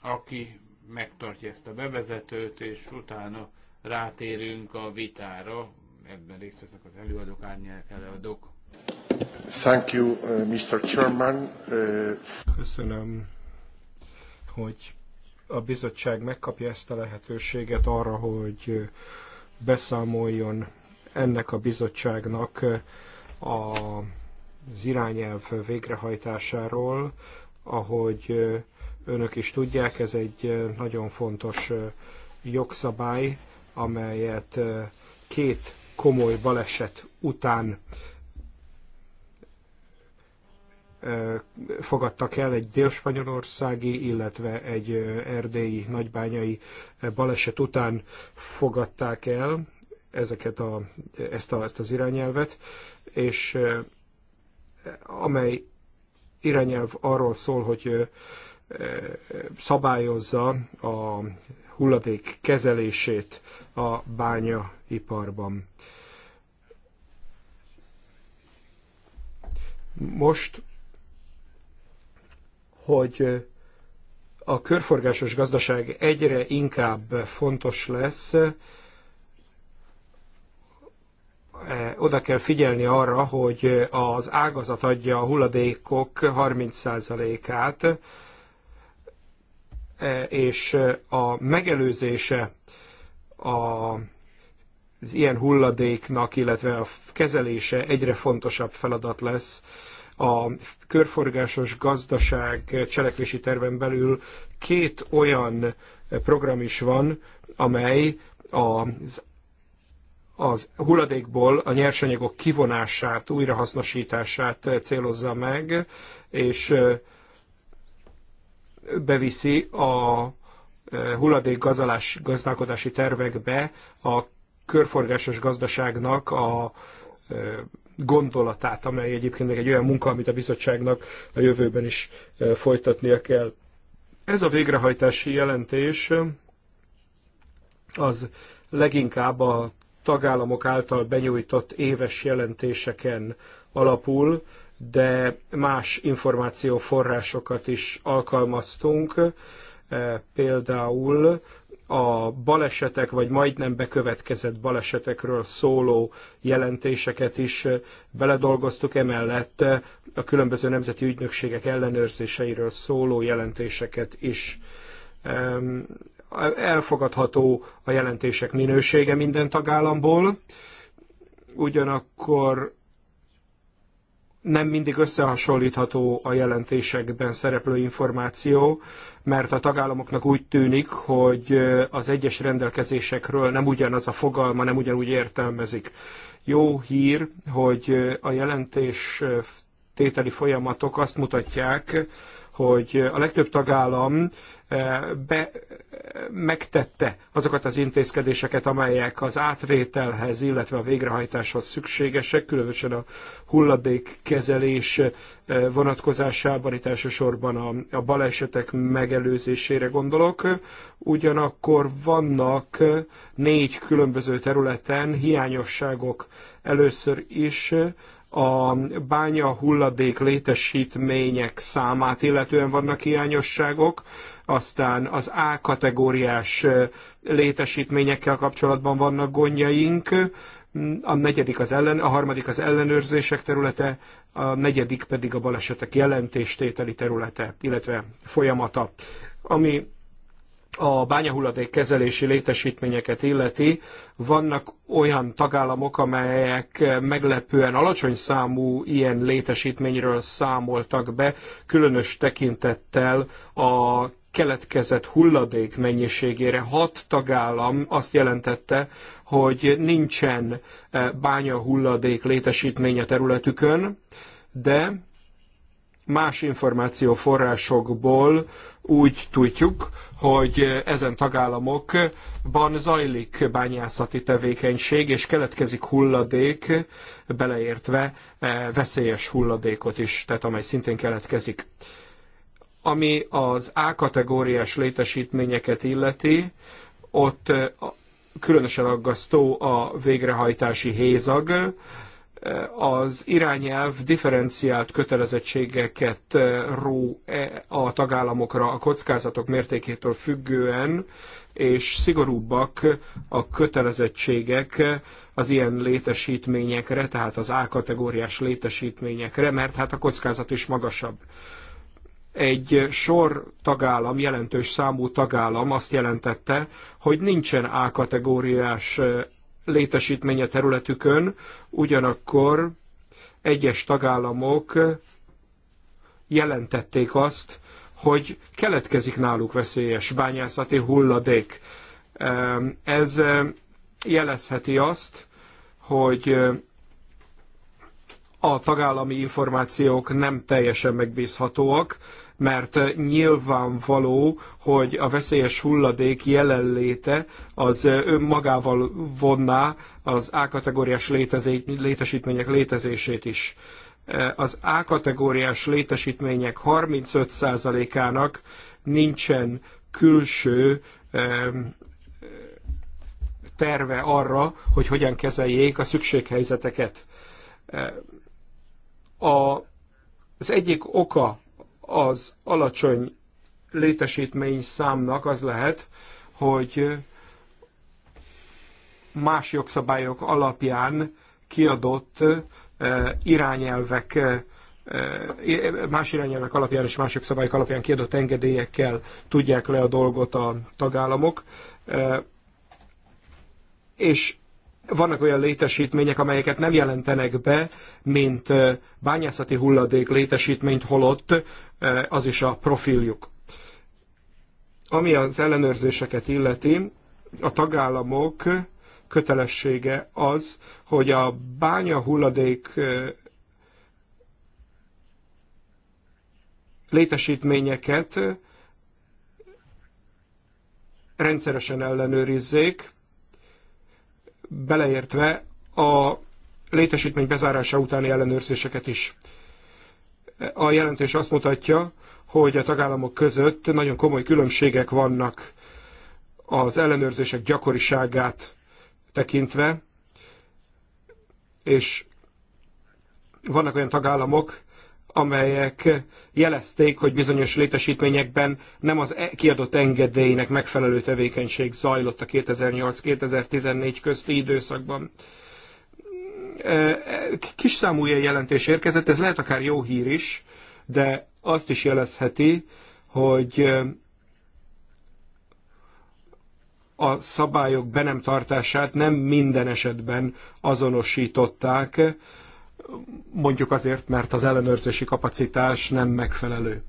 aki megtartja ezt a bevezetőt, és utána rátérünk a vitára. Ebben részt vesznek az előadók, árnyelek előadók. Thank you, uh, Mr. Chairman. Uh... Köszönöm, hogy a bizottság megkapja ezt a lehetőséget arra, hogy uh, beszámoljon ennek a bizottságnak uh, a az irányelv végrehajtásáról, ahogy önök is tudják, ez egy nagyon fontos jogszabály, amelyet két komoly baleset után fogadtak el egy délspanyolországi, illetve egy erdélyi nagybányai baleset után fogadták el ezeket a, ezt, a, ezt az irányelvet, és amely irányelv arról szól, hogy szabályozza a hulladék kezelését a bányaiparban. Most, hogy a körforgásos gazdaság egyre inkább fontos lesz, oda kell figyelni arra, hogy az ágazat adja a hulladékok 30%-át, és a megelőzése az ilyen hulladéknak, illetve a kezelése egyre fontosabb feladat lesz. A körforgásos gazdaság cselekvési terven belül két olyan program is van, amely az az hulladékból a nyersanyagok kivonását, újrahasznosítását célozza meg, és beviszi a hulladék gazalás, gazdálkodási tervekbe a körforgásos gazdaságnak a gondolatát, amely egyébként még egy olyan munka, amit a bizottságnak a jövőben is folytatnia kell. Ez a végrehajtási jelentés az leginkább a tagállamok által benyújtott éves jelentéseken alapul, de más információforrásokat is alkalmaztunk, e, például a balesetek, vagy majdnem bekövetkezett balesetekről szóló jelentéseket is beledolgoztuk, emellett a különböző nemzeti ügynökségek ellenőrzéseiről szóló jelentéseket is elfogadható a jelentések minősége minden tagállamból, ugyanakkor nem mindig összehasonlítható a jelentésekben szereplő információ, mert a tagállamoknak úgy tűnik, hogy az egyes rendelkezésekről nem ugyanaz a fogalma, nem ugyanúgy értelmezik. Jó hír, hogy a jelentés tételi folyamatok azt mutatják, hogy a legtöbb tagállam be, megtette azokat az intézkedéseket, amelyek az átvételhez, illetve a végrehajtáshoz szükségesek, különösen a hulladékkezelés vonatkozásában, itt elsősorban a, a balesetek megelőzésére gondolok. Ugyanakkor vannak négy különböző területen hiányosságok először is a bánya hulladék létesítmények számát illetően vannak hiányosságok, aztán az A kategóriás létesítményekkel kapcsolatban vannak gondjaink, a negyedik az ellen, a harmadik az ellenőrzések területe, a negyedik pedig a balesetek jelentéstételi területe, illetve folyamata. Ami a bányahulladék kezelési létesítményeket illeti, vannak olyan tagállamok, amelyek meglepően alacsony számú ilyen létesítményről számoltak be, különös tekintettel a keletkezett hulladék mennyiségére. Hat tagállam azt jelentette, hogy nincsen eh, bányahulladék létesítmény a területükön, de más információforrásokból úgy tudjuk, hogy ezen tagállamokban zajlik bányászati tevékenység, és keletkezik hulladék, beleértve eh, veszélyes hulladékot is, tehát amely szintén keletkezik. Ami az A kategóriás létesítményeket illeti, ott eh, különösen aggasztó a végrehajtási hézag, az irányelv differenciált kötelezettségeket eh, ró eh, a tagállamokra a kockázatok mértékétől függően, és szigorúbbak a kötelezettségek az ilyen létesítményekre, tehát az A kategóriás létesítményekre, mert hát a kockázat is magasabb. Egy sor tagállam, jelentős számú tagállam azt jelentette, hogy nincsen A kategóriás eh, létesítménye a területükön, ugyanakkor egyes tagállamok jelentették azt, hogy keletkezik náluk veszélyes bányászati hulladék. Ez jelezheti azt, hogy a tagállami információk nem teljesen megbízhatóak, mert nyilvánvaló, hogy a veszélyes hulladék jelenléte az önmagával vonná az A-kategóriás létezé, létesítmények létezését is. Az A-kategóriás létesítmények 35%-ának nincsen külső terve arra, hogy hogyan kezeljék a szükséghelyzeteket. az egyik oka az alacsony létesítmény számnak az lehet, hogy más jogszabályok alapján kiadott eh, irányelvek, eh, eh, más irányelvek alapján és más jogszabályok alapján kiadott engedélyekkel tudják le a dolgot a tagállamok. És vannak olyan létesítmények, amelyeket nem jelentenek be, mint bányászati hulladék létesítményt holott Eh, az is a profiljuk. Ami az ellenőrzéseket illeti, a tagállamok kötelessége az, hogy a bánya hulladék eh, létesítményeket eh, rendszeresen ellenőrizzék, beleértve a létesítmény bezárása utáni ellenőrzéseket is. A jelentés azt mutatja, hogy a tagállamok között nagyon komoly különbségek vannak az ellenőrzések gyakoriságát tekintve, és vannak olyan tagállamok, amelyek jelezték, hogy bizonyos létesítményekben nem az e- kiadott engedélynek megfelelő tevékenység zajlott a 2008-2014 közti időszakban kis számú ilyen jelentés érkezett, ez lehet akár jó hír is, de azt is jelezheti, hogy a szabályok be nem tartását nem minden esetben azonosították, mondjuk azért, mert az ellenőrzési kapacitás nem megfelelő.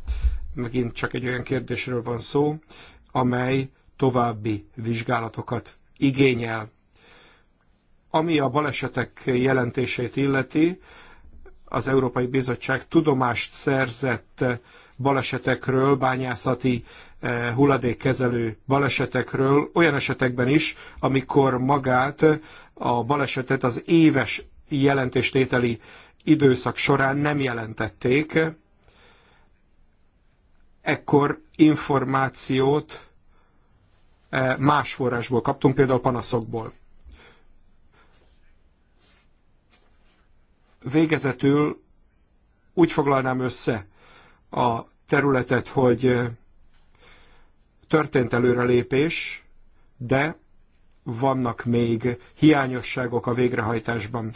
Megint csak egy olyan kérdésről van szó, amely további vizsgálatokat igényel. Ami a balesetek jelentését illeti, az Európai Bizottság tudomást szerzett balesetekről, bányászati eh, hulladékkezelő balesetekről, olyan esetekben is, amikor magát a balesetet az éves jelentéstételi időszak során nem jelentették, ekkor információt eh, más forrásból kaptunk, például panaszokból. Végezetül úgy foglalnám össze a területet, hogy történt előrelépés, de vannak még hiányosságok a végrehajtásban.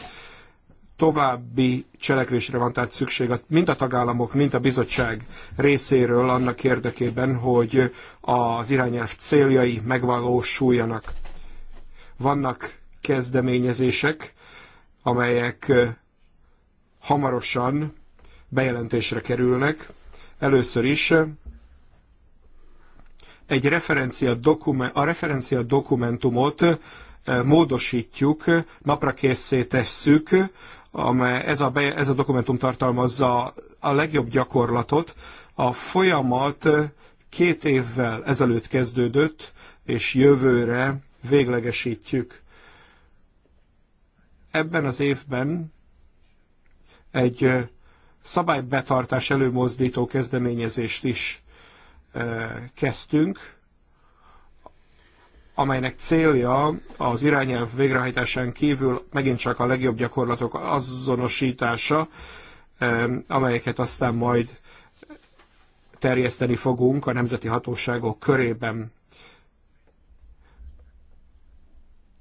További cselekvésre van tehát szükség mind a tagállamok, mind a bizottság részéről annak érdekében, hogy az irányelv céljai megvalósuljanak. Vannak kezdeményezések, amelyek hamarosan bejelentésre kerülnek. Először is egy referencia a referencia dokumentumot eh, módosítjuk, napra készé tesszük, ez a, be, ez a dokumentum tartalmazza a legjobb gyakorlatot. A folyamat eh, két évvel ezelőtt kezdődött, és jövőre véglegesítjük. Ebben az évben egy szabálybetartás előmozdító kezdeményezést is kezdtünk, amelynek célja az irányelv végrehajtásán kívül megint csak a legjobb gyakorlatok azonosítása, amelyeket aztán majd terjeszteni fogunk a nemzeti hatóságok körében.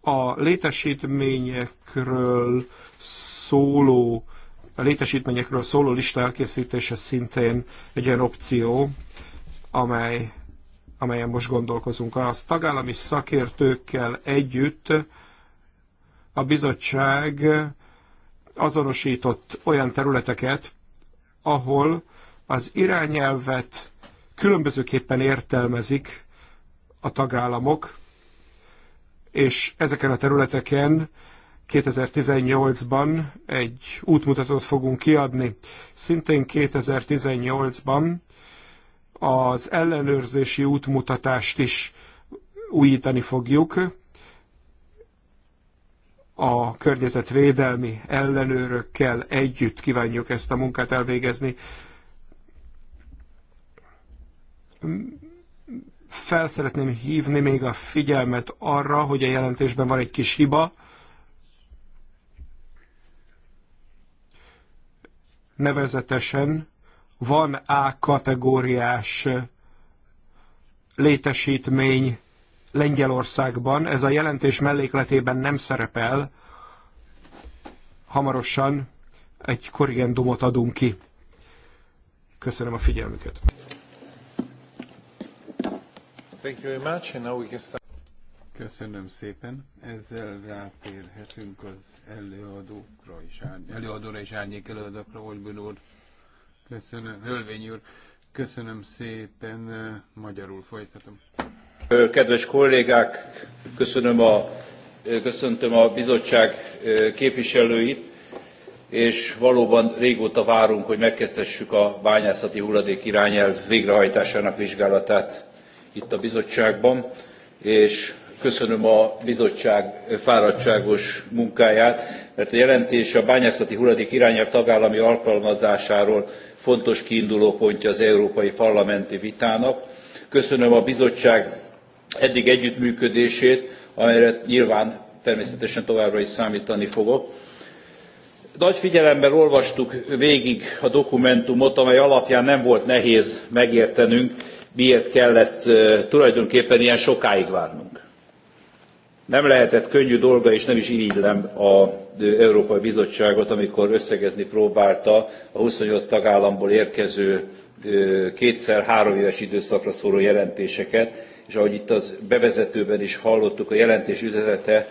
A létesítményekről szóló a létesítményekről szóló lista elkészítése szintén egy olyan opció, amely, amelyen most gondolkozunk. Az tagállami szakértőkkel együtt a bizottság azonosított olyan területeket, ahol az irányelvet különbözőképpen értelmezik a tagállamok, és ezeken a területeken 2018-ban egy útmutatót fogunk kiadni. Szintén 2018-ban az ellenőrzési útmutatást is újítani fogjuk. A környezetvédelmi ellenőrökkel együtt kívánjuk ezt a munkát elvégezni. Fel szeretném hívni még a figyelmet arra, hogy a jelentésben van egy kis hiba, nevezetesen van A kategóriás létesítmény Lengyelországban, ez a jelentés mellékletében nem szerepel, hamarosan egy korrigendumot adunk ki. Köszönöm a figyelmüket. Köszönöm szépen. Ezzel rátérhetünk az előadókra is, előadóra és árnyék előadókra, Olybön úr. Köszönöm, Hölvény úr. Köszönöm szépen, magyarul folytatom. Kedves kollégák, köszönöm a, köszöntöm a bizottság képviselőit, és valóban régóta várunk, hogy megkezdhessük a bányászati hulladék irányelv végrehajtásának vizsgálatát itt a bizottságban és köszönöm a bizottság fáradtságos munkáját, mert a jelentés a bányászati hulladék irányelv tagállami alkalmazásáról fontos kiindulópontja az európai parlamenti vitának. Köszönöm a bizottság eddig együttműködését, amelyre nyilván természetesen továbbra is számítani fogok. Nagy figyelemmel olvastuk végig a dokumentumot, amely alapján nem volt nehéz megértenünk, miért kellett eh, tulajdonképpen ilyen sokáig várnunk. Nem lehetett könnyű dolga, és nem is irigylem az Európai Bizottságot, amikor összegezni próbálta a 28 tagállamból érkező kétszer három éves időszakra szóló jelentéseket, és ahogy itt az bevezetőben is hallottuk, a jelentés üzenete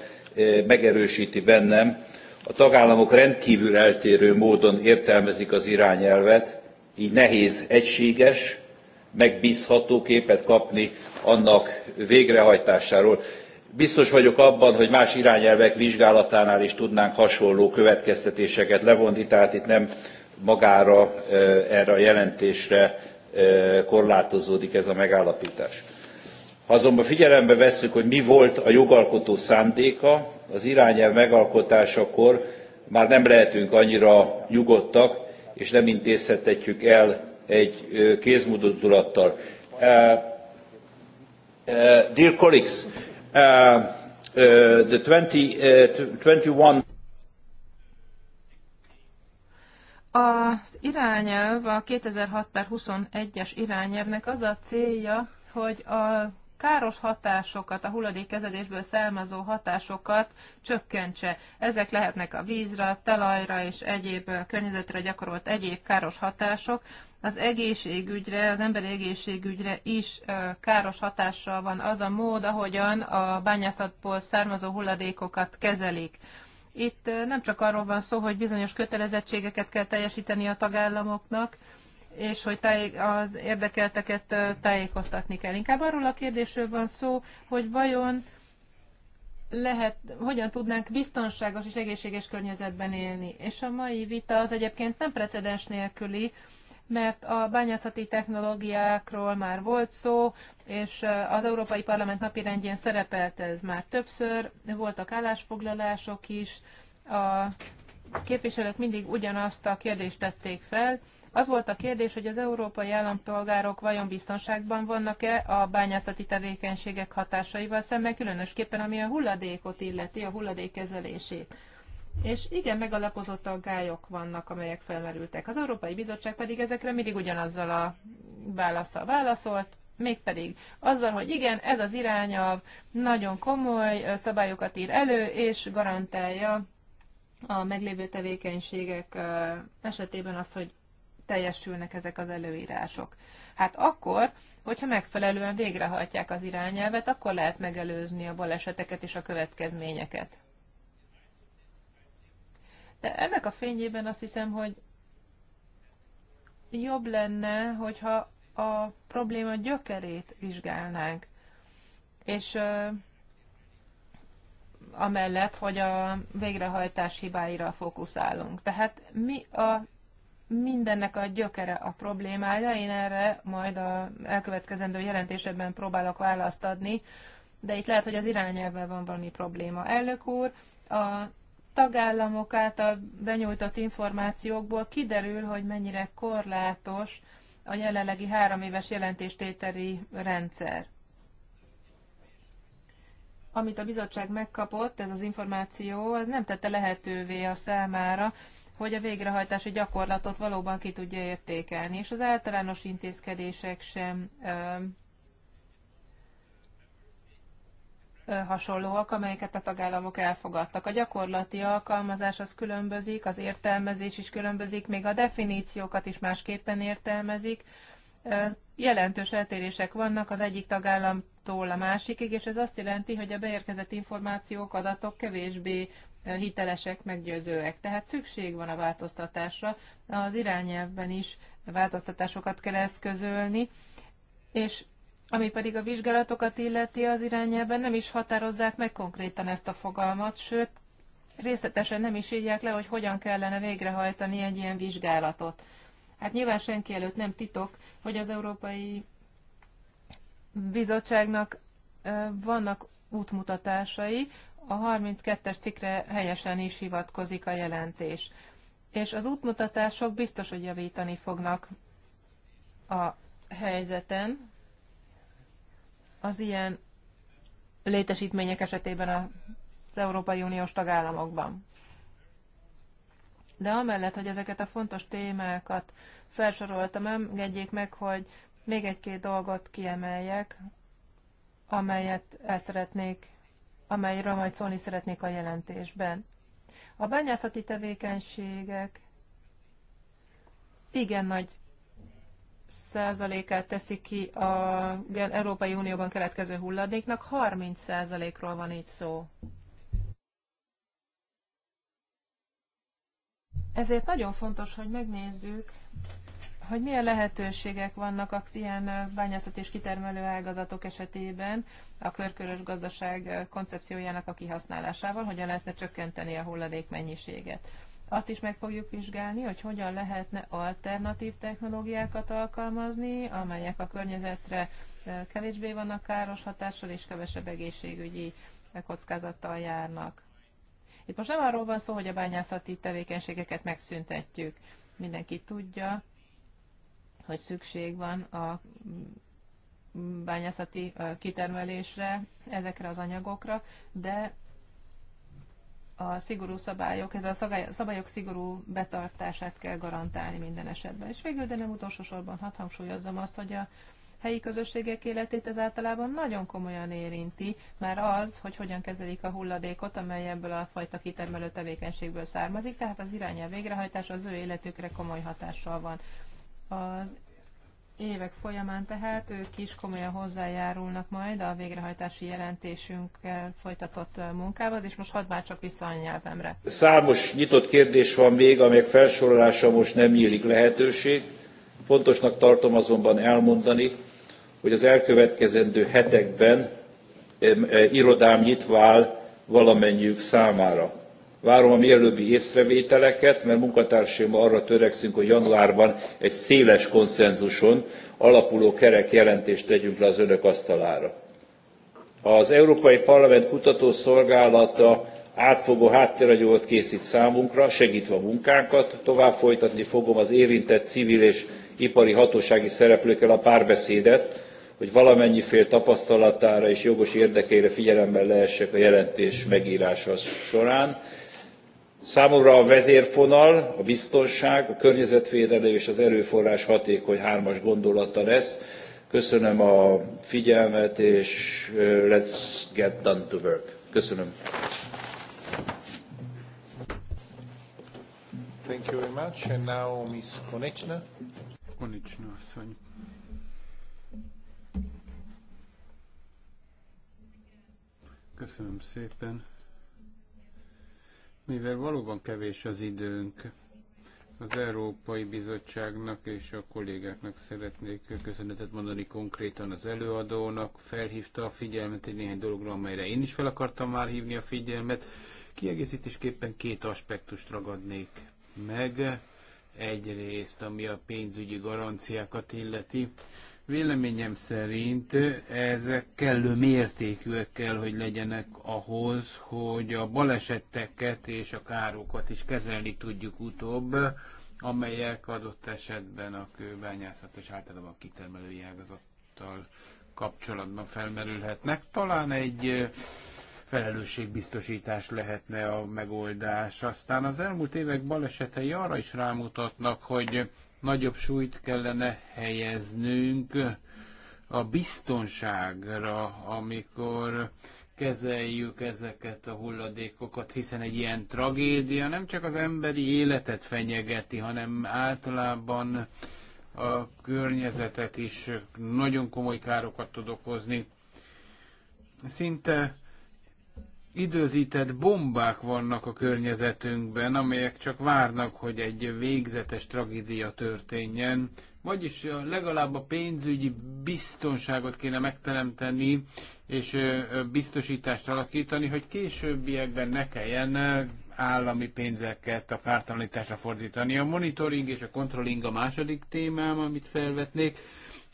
megerősíti bennem, a tagállamok rendkívül eltérő módon értelmezik az irányelvet, így nehéz egységes, megbízható képet kapni annak végrehajtásáról biztos vagyok abban hogy más irányelvek vizsgálatánál is tudnánk hasonló következtetéseket levonni tehát itt nem magára erre a jelentésre korlátozódik ez a megállaptás. ha azonban figyelembe vesszük hogy mi volt a jogalkotó szándéka az irányelv megalkotásakor már nem lehetünk annyira nyugodtak és nem intézhetjük el egy kézmozdulattal. Uh, uh, dear colleagues, Uh, uh, the 20, uh, 21 Az irányelv, a 2006 per 21-es irányelvnek az a célja, hogy a káros hatásokat, a hulladékkezelésből származó hatásokat csökkentse. Ezek lehetnek a vízre, talajra és egyéb környezetre gyakorolt egyéb káros hatások, az egészségügyre, az emberi egészségügyre is káros hatással van az a mód, ahogyan a bányászatból származó hulladékokat kezelik. Itt nem csak arról van szó, hogy bizonyos kötelezettségeket kell teljesíteni a tagállamoknak, és hogy az érdekelteket tájékoztatni kell. Inkább arról a kérdésről van szó, hogy vajon lehet, hogyan tudnánk biztonságos és egészséges környezetben élni. És a mai vita az egyébként nem precedens nélküli, mert a bányászati technológiákról már volt szó, és az Európai Parlament napirendjén szerepelt ez már többször, voltak állásfoglalások is, a képviselők mindig ugyanazt a kérdést tették fel, az volt a kérdés, hogy az európai állampolgárok vajon biztonságban vannak-e a bányászati tevékenységek hatásaival szemben, különösképpen ami a hulladékot illeti, a hulladék kezelését. És igen, megalapozott aggályok vannak, amelyek felmerültek. Az Európai Bizottság pedig ezekre mindig ugyanazzal a válaszsal válaszolt, mégpedig azzal, hogy igen, ez az irányelv nagyon komoly szabályokat ír elő, és garantálja a meglévő tevékenységek esetében azt, hogy teljesülnek ezek az előírások. Hát akkor, hogyha megfelelően végrehajtják az irányelvet, akkor lehet megelőzni a baleseteket és a következményeket. De ennek a fényében azt hiszem, hogy jobb lenne, hogyha a probléma gyökerét vizsgálnánk. És amellett, hogy a végrehajtás hibáira fókuszálunk. Tehát mi a mindennek a gyökere a problémája, én erre majd a elkövetkezendő jelentésebben próbálok választ adni, de itt lehet, hogy az irányelvvel van valami probléma. Elnök úr, a tagállamok által benyújtott információkból kiderül, hogy mennyire korlátos a jelenlegi három éves jelentéstételi rendszer. Amit a bizottság megkapott, ez az információ, az nem tette lehetővé a számára, hogy a végrehajtási gyakorlatot valóban ki tudja értékelni, és az általános intézkedések sem hasonlóak, amelyeket a tagállamok elfogadtak. A gyakorlati alkalmazás az különbözik, az értelmezés is különbözik, még a definíciókat is másképpen értelmezik. Jelentős eltérések vannak az egyik tagállamtól a másikig, és ez azt jelenti, hogy a beérkezett információk, adatok kevésbé hitelesek, meggyőzőek. Tehát szükség van a változtatásra, az irányelvben is változtatásokat kell eszközölni, és ami pedig a vizsgálatokat illeti az irányelben, nem is határozzák meg konkrétan ezt a fogalmat, sőt, részletesen nem is írják le, hogy hogyan kellene végrehajtani egy ilyen vizsgálatot. Hát nyilván senki előtt nem titok, hogy az Európai Bizottságnak vannak útmutatásai, a 32-es cikre helyesen is hivatkozik a jelentés. És az útmutatások biztos, hogy javítani fognak a helyzeten, az ilyen létesítmények esetében az Európai Uniós tagállamokban. De amellett, hogy ezeket a fontos témákat felsoroltam, engedjék meg, hogy még egy-két dolgot kiemeljek, amelyet el szeretnék, amelyről majd szólni szeretnék a jelentésben. A bányászati tevékenységek igen nagy százalékát teszi ki a Európai Unióban keletkező hulladéknak, 30 százalékról van itt szó. Ezért nagyon fontos, hogy megnézzük, hogy milyen lehetőségek vannak a ilyen bányászat és kitermelő ágazatok esetében a körkörös gazdaság koncepciójának a kihasználásával, hogyan lehetne csökkenteni a hulladék mennyiséget. Azt is meg fogjuk vizsgálni, hogy hogyan lehetne alternatív technológiákat alkalmazni, amelyek a környezetre kevésbé vannak káros hatással és kevesebb egészségügyi kockázattal járnak. Itt most nem arról van szó, hogy a bányászati tevékenységeket megszüntetjük. Mindenki tudja, hogy szükség van a bányászati kitermelésre, ezekre az anyagokra, de a szigorú szabályok, ez a szabályok szigorú betartását kell garantálni minden esetben. És végül, de nem utolsó sorban hadd hangsúlyozzam azt, hogy a helyi közösségek életét ez általában nagyon komolyan érinti, már az, hogy hogyan kezelik a hulladékot, amely ebből a fajta kitermelő tevékenységből származik, tehát az irányel végrehajtás az ő életükre komoly hatással van. Az évek folyamán tehát ők is komolyan hozzájárulnak majd a végrehajtási jelentésünkkel folytatott munkához, és most hadd már csak vissza a nyelvemre. Számos nyitott kérdés van még, amelyek felsorolása most nem nyílik lehetőség. Fontosnak tartom azonban elmondani, hogy az elkövetkezendő hetekben irodám nyitva áll valamennyiük számára várom a mielőbbi észrevételeket, mert munkatársaimmal arra törekszünk, hogy januárban egy széles konszenzuson alapuló kerek jelentést tegyünk le az önök asztalára. Az Európai Parlament kutatószolgálata átfogó háttéranyagot készít számunkra, segítve a munkánkat, tovább folytatni fogom az érintett civil és ipari hatósági szereplőkkel a párbeszédet, hogy valamennyi fél tapasztalatára és jogos érdekeire figyelemmel lehessek a jelentés megírása során, Számomra a vezérfonal, a biztonság, a környezetvédelem és az erőforrás hatékony hármas gondolata lesz. Köszönöm a figyelmet, és let's get done to work. Köszönöm. Thank you very much. And now Ms. Konechna. Konechna asszony. Köszönöm szépen. Mivel valóban kevés az időnk, az Európai Bizottságnak és a kollégáknak szeretnék köszönetet mondani konkrétan az előadónak. Felhívta a figyelmet egy néhány dologra, amelyre én is fel akartam már hívni a figyelmet. Kiegészítésképpen két aspektust ragadnék meg. Egyrészt, ami a pénzügyi garanciákat illeti, Véleményem szerint ezek kellő mértékűek kell, hogy legyenek ahhoz, hogy a baleseteket és a károkat is kezelni tudjuk utóbb, amelyek adott esetben a kőbányászat és általában a kitermelői ágazattal kapcsolatban felmerülhetnek. Talán egy felelősségbiztosítás lehetne a megoldás. Aztán az elmúlt évek balesetei arra is rámutatnak, hogy nagyobb súlyt kellene helyeznünk a biztonságra, amikor kezeljük ezeket a hulladékokat, hiszen egy ilyen tragédia nem csak az emberi életet fenyegeti, hanem általában a környezetet is nagyon komoly károkat tud okozni. Szinte időzített bombák vannak a környezetünkben, amelyek csak várnak, hogy egy végzetes tragédia történjen. Vagyis legalább a pénzügyi biztonságot kéne megteremteni, és biztosítást alakítani, hogy későbbiekben ne kelljen állami pénzeket a kártalanításra fordítani. A monitoring és a controlling a második témám, amit felvetnék.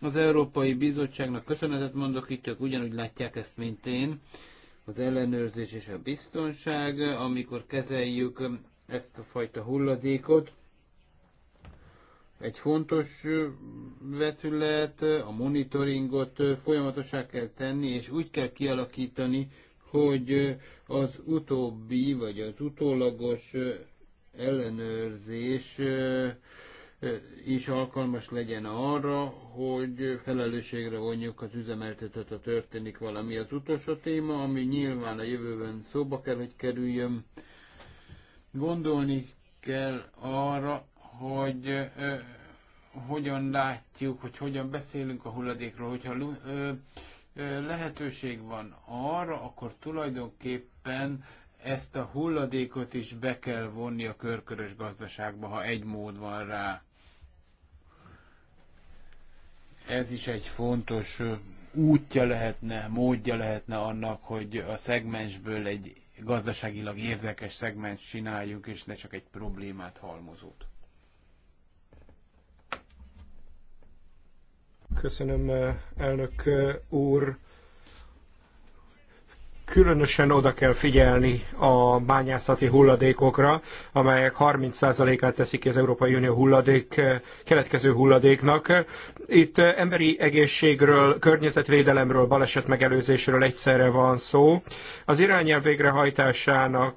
Az Európai Bizottságnak köszönetet mondok, itt csak ugyanúgy látják ezt, mint én az ellenőrzés és a biztonság, amikor kezeljük ezt a fajta hulladékot. Egy fontos vetület, a monitoringot folyamatosá kell tenni, és úgy kell kialakítani, hogy az utóbbi, vagy az utólagos ellenőrzés is alkalmas legyen arra, hogy felelősségre vonjuk az üzemeltetőt, ha történik valami. Az utolsó téma, ami nyilván a jövőben szóba kell, hogy kerüljön, gondolni kell arra, hogy eh, hogyan látjuk, hogy hogyan beszélünk a hulladékról, hogyha eh, lehetőség van arra, akkor tulajdonképpen ezt a hulladékot is be kell vonni a körkörös gazdaságba, ha egy mód van rá ez is egy fontos útja lehetne, módja lehetne annak, hogy a szegmensből egy gazdaságilag érdekes szegmens csináljuk, és ne csak egy problémát halmozót. Köszönöm, elnök úr különösen oda kell figyelni a bányászati hulladékokra, amelyek 30%-át teszik ki az Európai Unió hulladék, keletkező hulladéknak. Itt emberi egészségről, környezetvédelemről, balesetmegelőzésről egyszerre van szó. Az irányelv végrehajtásának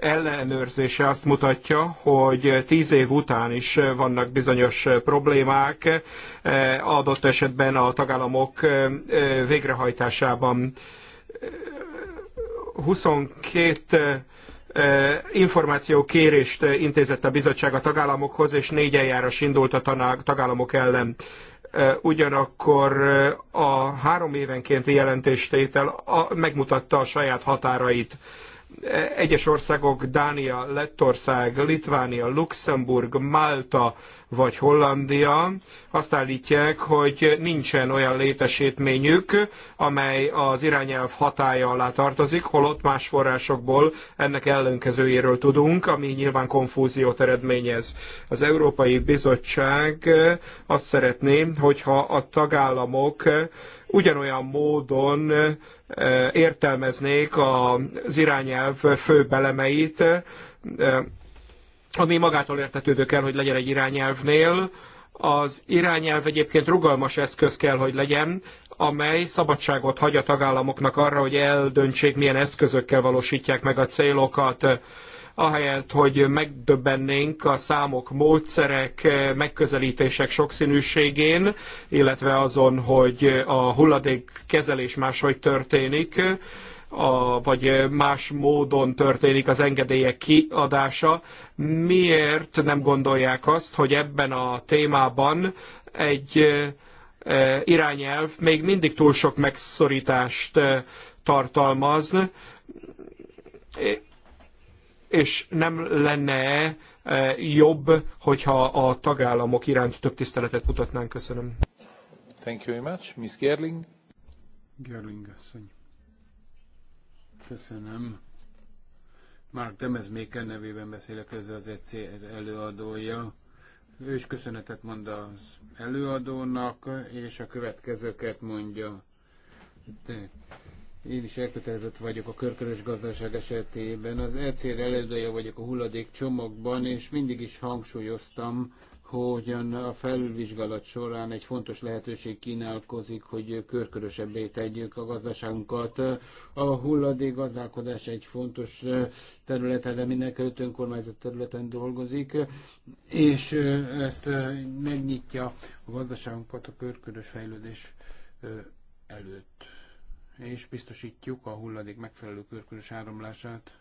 ellenőrzése azt mutatja, hogy 10 év után is vannak bizonyos problémák, adott esetben a tagállamok végrehajtásában. 22 eh, információkérést intézett a bizottság a tagállamokhoz, és négy eljárás indult a tagállamok ellen. Eh, ugyanakkor eh, a három évenkénti jelentéstétel megmutatta a saját határait egyes országok, Dánia, Lettország, Litvánia, Luxemburg, Málta vagy Hollandia azt állítják, hogy nincsen olyan létesítményük, amely az irányelv hatája alá tartozik, holott más forrásokból ennek ellenkezőjéről tudunk, ami nyilván konfúziót eredményez. Az Európai Bizottság azt szeretné, hogyha a tagállamok ugyanolyan módon értelmeznék az irányelv fő belemeit, ami magától értetődő kell, hogy legyen egy irányelvnél. Az irányelv egyébként rugalmas eszköz kell, hogy legyen, amely szabadságot hagy a tagállamoknak arra, hogy eldöntsék, milyen eszközökkel valósítják meg a célokat ahelyett, hogy megdöbbennénk a számok, módszerek, megközelítések sokszínűségén, illetve azon, hogy a hulladék kezelés máshogy történik, a, vagy más módon történik az engedélyek kiadása. Miért nem gondolják azt, hogy ebben a témában egy e, irányelv még mindig túl sok megszorítást e, tartalmaz? és nem lenne eh, jobb, hogyha a tagállamok iránt több tiszteletet mutatnánk. Köszönöm. Thank you very much. Miss Gerling. Gerling asszony. Köszönöm. Mark Temezméken nevében beszélek, ez az ECR előadója. Ő is köszönetet mond az előadónak, és a következőket mondja. Én is elkötelezett vagyok a körkörös gazdaság esetében. Az ECR elődője vagyok a hulladék csomagban, és mindig is hangsúlyoztam, hogy a felülvizsgálat során egy fontos lehetőség kínálkozik, hogy körkörösebbé tegyük a gazdaságunkat. A hulladék gazdálkodás egy fontos terület, de mindenki önkormányzat területen dolgozik, és ezt megnyitja a gazdaságunkat a körkörös fejlődés előtt és biztosítjuk a hulladék megfelelő körkörös áramlását.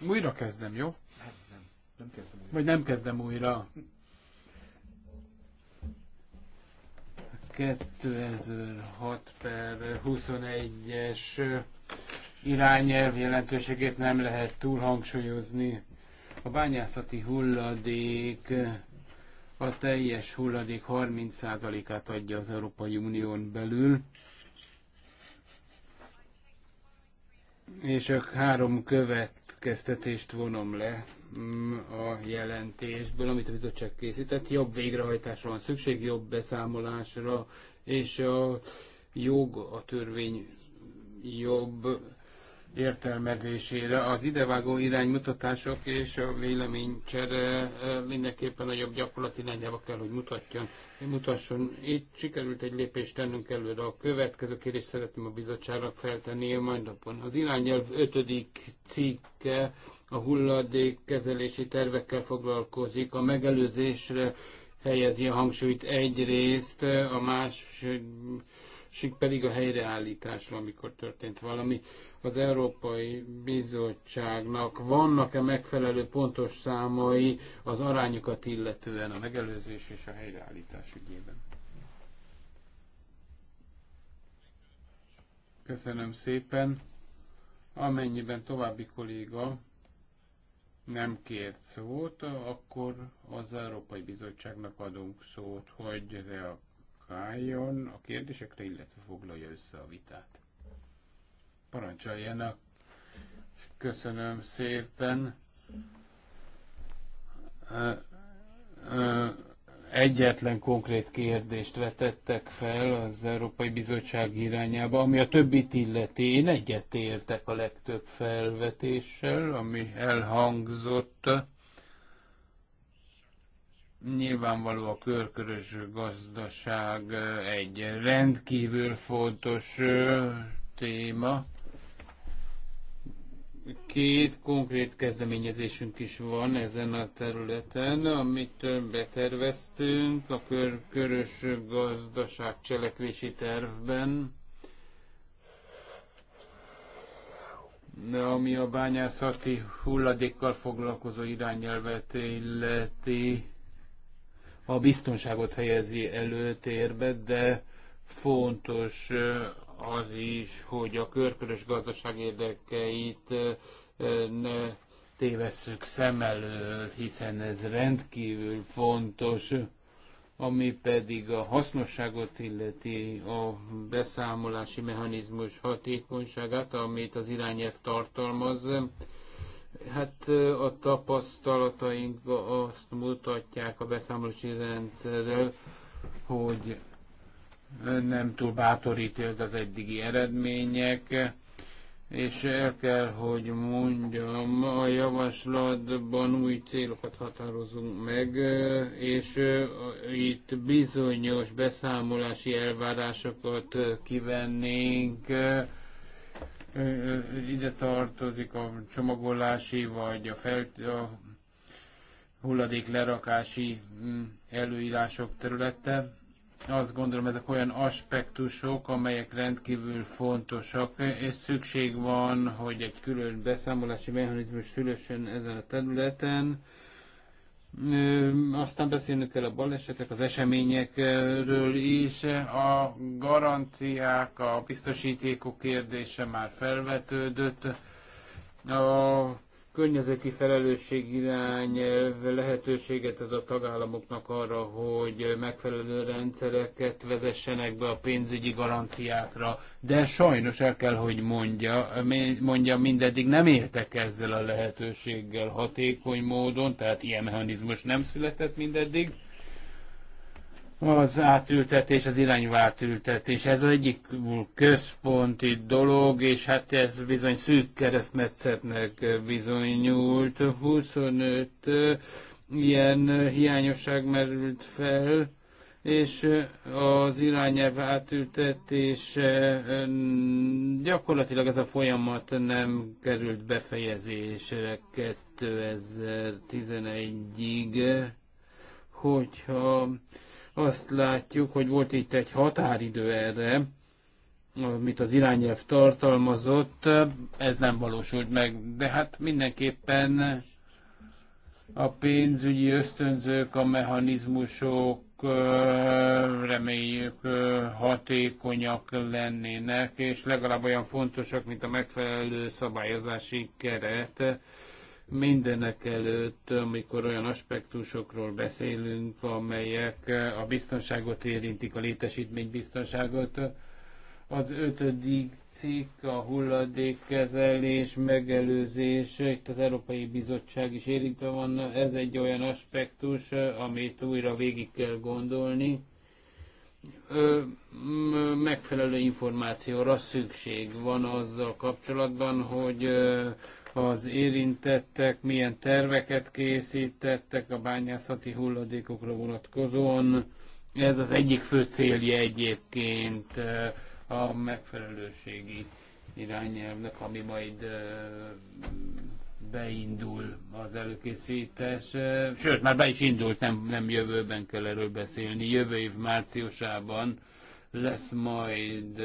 Újra kezdem, jó? Nem, nem, nem kezdem újra. Vagy nem kezdem újra. 2006 per 21-es irányelv jelentőségét nem lehet túlhangsúlyozni. A bányászati hulladék a teljes hulladék 30%-át adja az Európai Unión belül. És a három következtetést vonom le mm, a jelentésből, amit a bizottság készített. Jobb végrehajtásra van szükség, jobb beszámolásra, és a jog, a törvény jobb értelmezésére. Az idevágó iránymutatások és a véleménycsere eh, mindenképpen nagyobb gyakorlati lányába kell, hogy mutatjon. Mutasson. Itt sikerült egy lépést tennünk előre. A következő kérdést szeretném a bizottságnak feltenni a mai napon. Az irányelv ötödik cikke a hulladékkezelési tervekkel foglalkozik, a megelőzésre helyezi a hangsúlyt egyrészt, a más másik pedig a helyreállításra, amikor történt valami. Az Európai Bizottságnak vannak-e megfelelő pontos számai az arányokat illetően a megelőzés és a helyreállítás ügyében? Köszönöm szépen. Amennyiben további kolléga nem kért szót, akkor az Európai Bizottságnak adunk szót, hogy reagálják reagáljon a kérdésekre, illetve foglalja össze a vitát. Parancsoljanak! Köszönöm szépen! Egyetlen konkrét kérdést vetettek fel az Európai Bizottság irányába, ami a többit illeti. Én egyetértek a legtöbb felvetéssel, ami elhangzott Nyilvánvaló a körkörös gazdaság egy rendkívül fontos téma. Két konkrét kezdeményezésünk is van ezen a területen, amit beterveztünk a körkörös gazdaság cselekvési tervben, de ami a bányászati hulladékkal foglalkozó irányelvet illeti a biztonságot helyezi előtérbe, de fontos az is, hogy a körkörös gazdaság érdekeit ne tévesszük szem elől, hiszen ez rendkívül fontos, ami pedig a hasznosságot illeti a beszámolási mechanizmus hatékonyságát, amit az irányelv tartalmaz Hát a tapasztalataink azt mutatják a beszámolási rendszerről, hogy nem túl bátorítják az eddigi eredmények, és el kell, hogy mondjam, a javaslatban új célokat határozunk meg, és itt bizonyos beszámolási elvárásokat kivennénk, ide tartozik a csomagolási vagy a, felt, a hulladék lerakási mm, előírások területe. Azt gondolom, ezek olyan aspektusok, amelyek rendkívül fontosak, és szükség van, hogy egy külön beszámolási mechanizmus szülösen ezen a területen aztán beszélnünk kell a balesetek, az eseményekről is. A garanciák, a biztosítékok kérdése már felvetődött. A környezeti felelősség irányelv lehetőséget ad a tagállamoknak arra, hogy megfelelő rendszereket vezessenek be a pénzügyi garanciákra, de sajnos el kell, hogy mondja, mondja mindeddig nem éltek ezzel a lehetőséggel hatékony módon, tehát ilyen mechanizmus nem született mindeddig az átültetés, az irányváltültetés, átültetés. Ez az egyik központi dolog, és hát ez bizony szűk keresztmetszetnek bizonyult. 25 ilyen hiányosság merült fel, és az irányelv átültetés gyakorlatilag ez a folyamat nem került befejezésre 2011-ig, hogyha azt látjuk, hogy volt itt egy határidő erre, amit az irányelv tartalmazott, ez nem valósult meg, de hát mindenképpen a pénzügyi ösztönzők, a mechanizmusok reméljük hatékonyak lennének, és legalább olyan fontosak, mint a megfelelő szabályozási keret Mindenek előtt, amikor olyan aspektusokról beszélünk, amelyek a biztonságot érintik, a biztonságot, az ötödik cikk, a hulladékkezelés, megelőzés, itt az Európai Bizottság is érintve van, ez egy olyan aspektus, amit újra végig kell gondolni. Megfelelő információra szükség van azzal kapcsolatban, hogy az érintettek milyen terveket készítettek a bányászati hulladékokra vonatkozóan. Ez az egyik fő célja egyébként eh, a megfelelőségi irányelvnek, ami majd eh, beindul az előkészítés. Eh, sőt, már be is indult, nem, nem jövőben kell erről beszélni. Jövő év márciusában lesz majd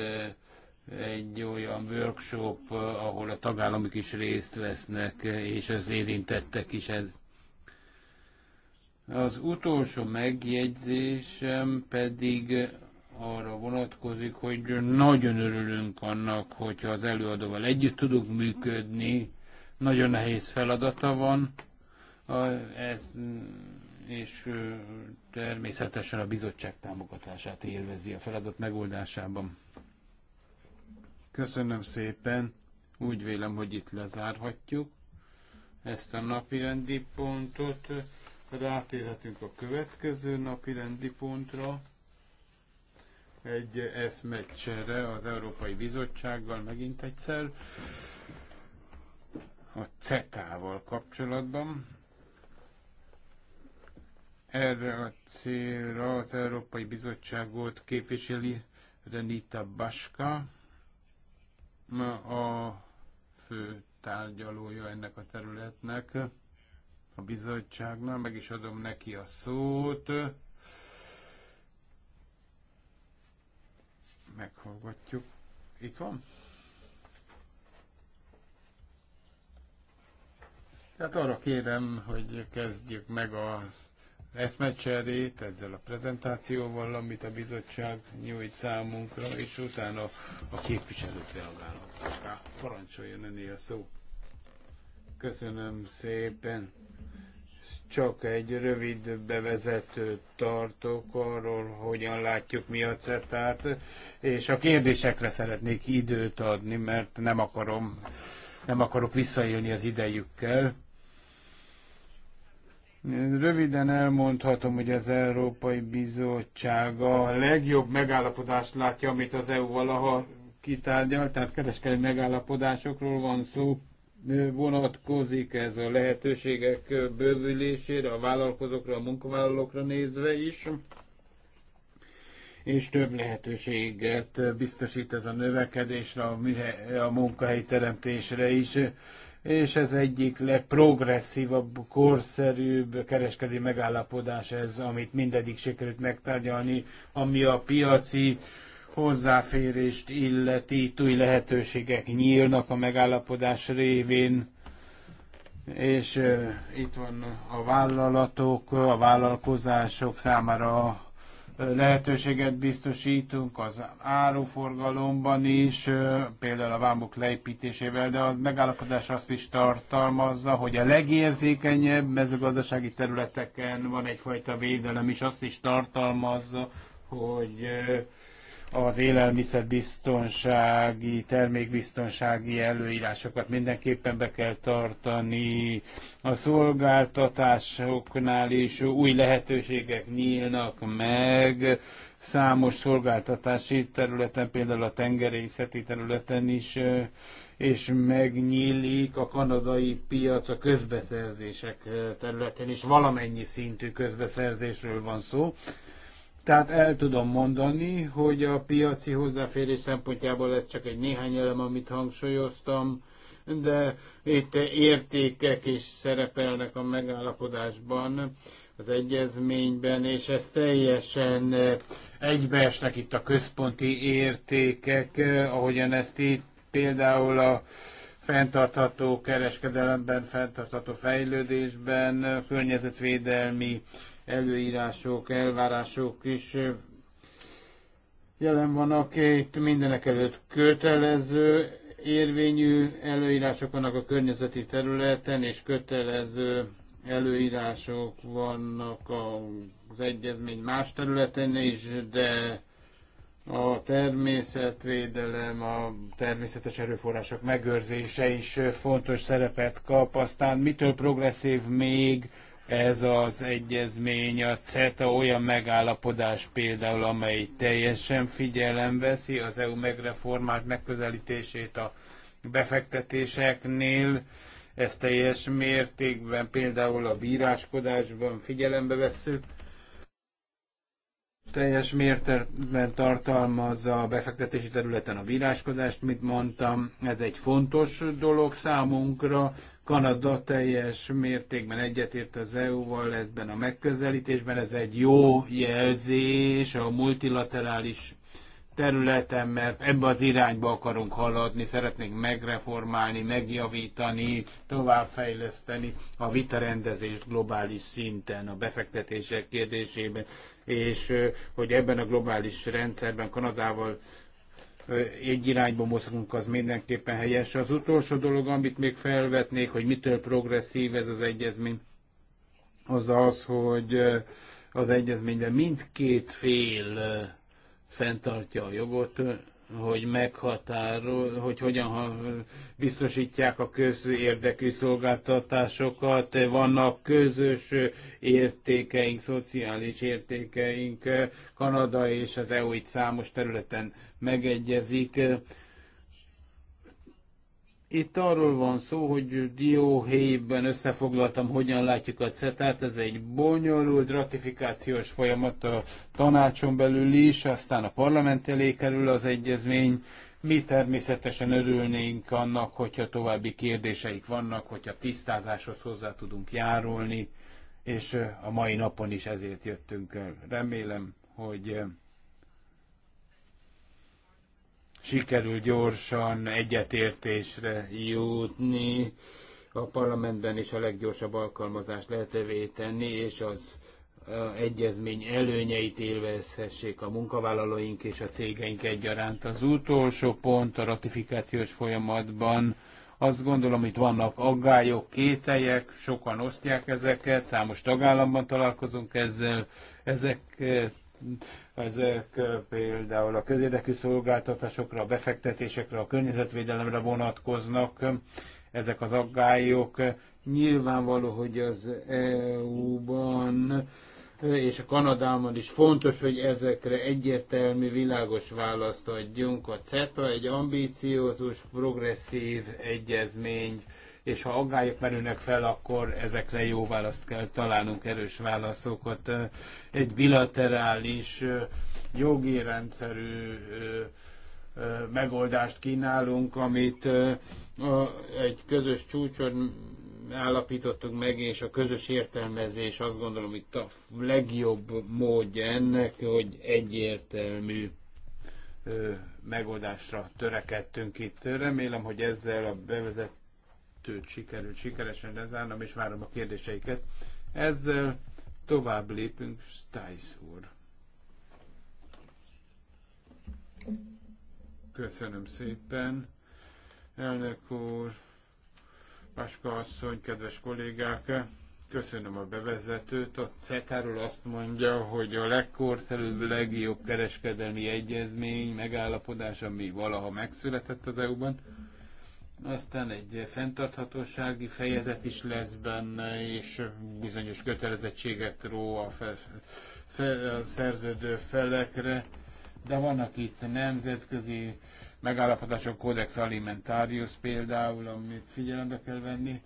egy olyan workshop, ahol a tagállamok is részt vesznek, és az érintettek is ez. Az utolsó megjegyzésem pedig arra vonatkozik, hogy nagyon örülünk annak, hogyha az előadóval együtt tudunk működni. Nagyon nehéz feladata van, ez, és természetesen a bizottság támogatását élvezi a feladat megoldásában. Köszönöm szépen. Úgy vélem, hogy itt lezárhatjuk ezt a napirendi pontot. Rátérhetünk a következő napirendi pontra. Egy eszmecsere az Európai Bizottsággal megint egyszer a CETA-val kapcsolatban. Erre a célra az Európai Bizottságot képviseli Renita Baska, Ma a fő tárgyalója ennek a területnek a bizottságnak. meg is adom neki a szót. Meghallgatjuk. Itt van? Tehát arra kérem, hogy kezdjük meg az eszmecserét ezzel a prezentációval, amit a bizottság nyújt számunkra, és utána a képviselők reagálnak. Parancsoljon öné a szó. Köszönöm szépen. Csak egy rövid bevezetőt tartok arról, hogyan látjuk mi a cetát, és a kérdésekre szeretnék időt adni, mert nem akarom, nem akarok visszaélni az idejükkel Röviden elmondhatom, hogy az Európai Bizottság a legjobb megállapodást látja, amit az EU valaha kitárgyal, tehát kereskedelmi megállapodásokról van szó, vonatkozik ez a lehetőségek bővülésére, a vállalkozókra, a munkavállalókra nézve is, és több lehetőséget biztosít ez a növekedésre, a, műhely, a munkahely teremtésre is és ez egyik legprogresszívabb, korszerűbb kereskedi megállapodás ez, amit mindedig sikerült megtárgyalni, ami a piaci hozzáférést illeti, új lehetőségek nyílnak a megállapodás révén, és uh, itt van a vállalatok, a vállalkozások számára lehetőséget biztosítunk az áruforgalomban is, például a vámok leépítésével, de a megállapodás azt is tartalmazza, hogy a legérzékenyebb mezőgazdasági területeken van egyfajta védelem, és azt is tartalmazza, hogy az élelmiszerbiztonsági, termékbiztonsági előírásokat mindenképpen be kell tartani. A szolgáltatásoknál is új lehetőségek nyílnak meg, számos szolgáltatási területen, például a tengerészeti területen is, és megnyílik a kanadai piac a közbeszerzések területén is, valamennyi szintű közbeszerzésről van szó. Tehát el tudom mondani, hogy a piaci hozzáférés szempontjából ez csak egy néhány elem, amit hangsúlyoztam, de itt értékek is szerepelnek a megállapodásban, az egyezményben, és ez teljesen egybeesnek itt a központi értékek, ahogyan ezt itt például a fenntartható kereskedelemben, fenntartható fejlődésben, környezetvédelmi előírások, elvárások is jelen vannak. Itt mindenek előtt kötelező érvényű előírások vannak a környezeti területen, és kötelező előírások vannak az egyezmény más területen is, de a természetvédelem, a természetes erőforrások megőrzése is fontos szerepet kap. Aztán mitől progresszív még ez az egyezmény, a CETA olyan megállapodás például, amely teljesen veszi az EU megreformált megközelítését a befektetéseknél, ez teljes mértékben például a bíráskodásban figyelembe vesszük, teljes mértékben tartalmazza a befektetési területen a bíráskodást, mint mondtam, ez egy fontos dolog számunkra, Kanada teljes mértékben egyetért az EU-val ebben a megközelítésben, ez egy jó jelzés a multilaterális területen, mert ebbe az irányba akarunk haladni, szeretnénk megreformálni, megjavítani, továbbfejleszteni a vitarendezést globális szinten, a befektetések kérdésében, és hogy ebben a globális rendszerben Kanadával egy irányba mozgunk, az mindenképpen helyes. Az utolsó dolog, amit még felvetnék, hogy mitől progresszív ez az egyezmény, az az, hogy az egyezményben mindkét fél fenntartja a jogot, hogy meghatárol, hogy hogyan biztosítják a közérdekű szolgáltatásokat, vannak közös értékeink, szociális értékeink, Kanada és az EU itt számos területen megegyezik, itt arról van szó, hogy dióhéjben összefoglaltam, hogyan látjuk a CETA-t. Ez egy bonyolult ratifikációs folyamat a tanácson belül is, aztán a parlament elé kerül az egyezmény. Mi természetesen örülnénk annak, hogyha további kérdéseik vannak, hogyha tisztázáshoz hozzá tudunk járulni, és a mai napon is ezért jöttünk el. Remélem, hogy sikerül gyorsan egyetértésre jutni, a parlamentben is a leggyorsabb alkalmazást lehetővé tenni, és az egyezmény előnyeit élvezhessék a munkavállalóink és a cégeink egyaránt. Az utolsó pont a ratifikációs folyamatban azt gondolom, itt vannak aggályok, kételjek, sokan osztják ezeket, számos tagállamban találkozunk ezzel, ezek ezek például a közérdekű szolgáltatásokra, a befektetésekre, a környezetvédelemre vonatkoznak ezek az aggályok. Nyilvánvaló, hogy az EU-ban és a Kanadában is fontos, hogy ezekre egyértelmű, világos választ adjunk. A CETA egy ambíciózus, progresszív egyezmény és ha aggályok merülnek fel, akkor ezekre jó választ kell találnunk, erős válaszokat. Egy bilaterális, jogi rendszerű megoldást kínálunk, amit egy közös csúcson állapítottunk meg, és a közös értelmezés azt gondolom itt a legjobb módja ennek, hogy egyértelmű megoldásra törekedtünk itt. Remélem, hogy ezzel a bevezet kettőt sikerült sikeresen lezárnom, és várom a kérdéseiket. Ezzel tovább lépünk, Stice úr. Köszönöm szépen. Elnök úr, Paska asszony, kedves kollégák, köszönöm a bevezetőt. A CETA-ról azt mondja, hogy a legkorszerűbb, legjobb kereskedelmi egyezmény, megállapodás, ami valaha megszületett az EU-ban. Aztán egy fenntarthatósági fejezet is lesz benne, és bizonyos kötelezettséget ró a, fe, fe, a szerződő felekre, de vannak itt nemzetközi megállapodások, Codex Alimentarius például, amit figyelembe kell venni.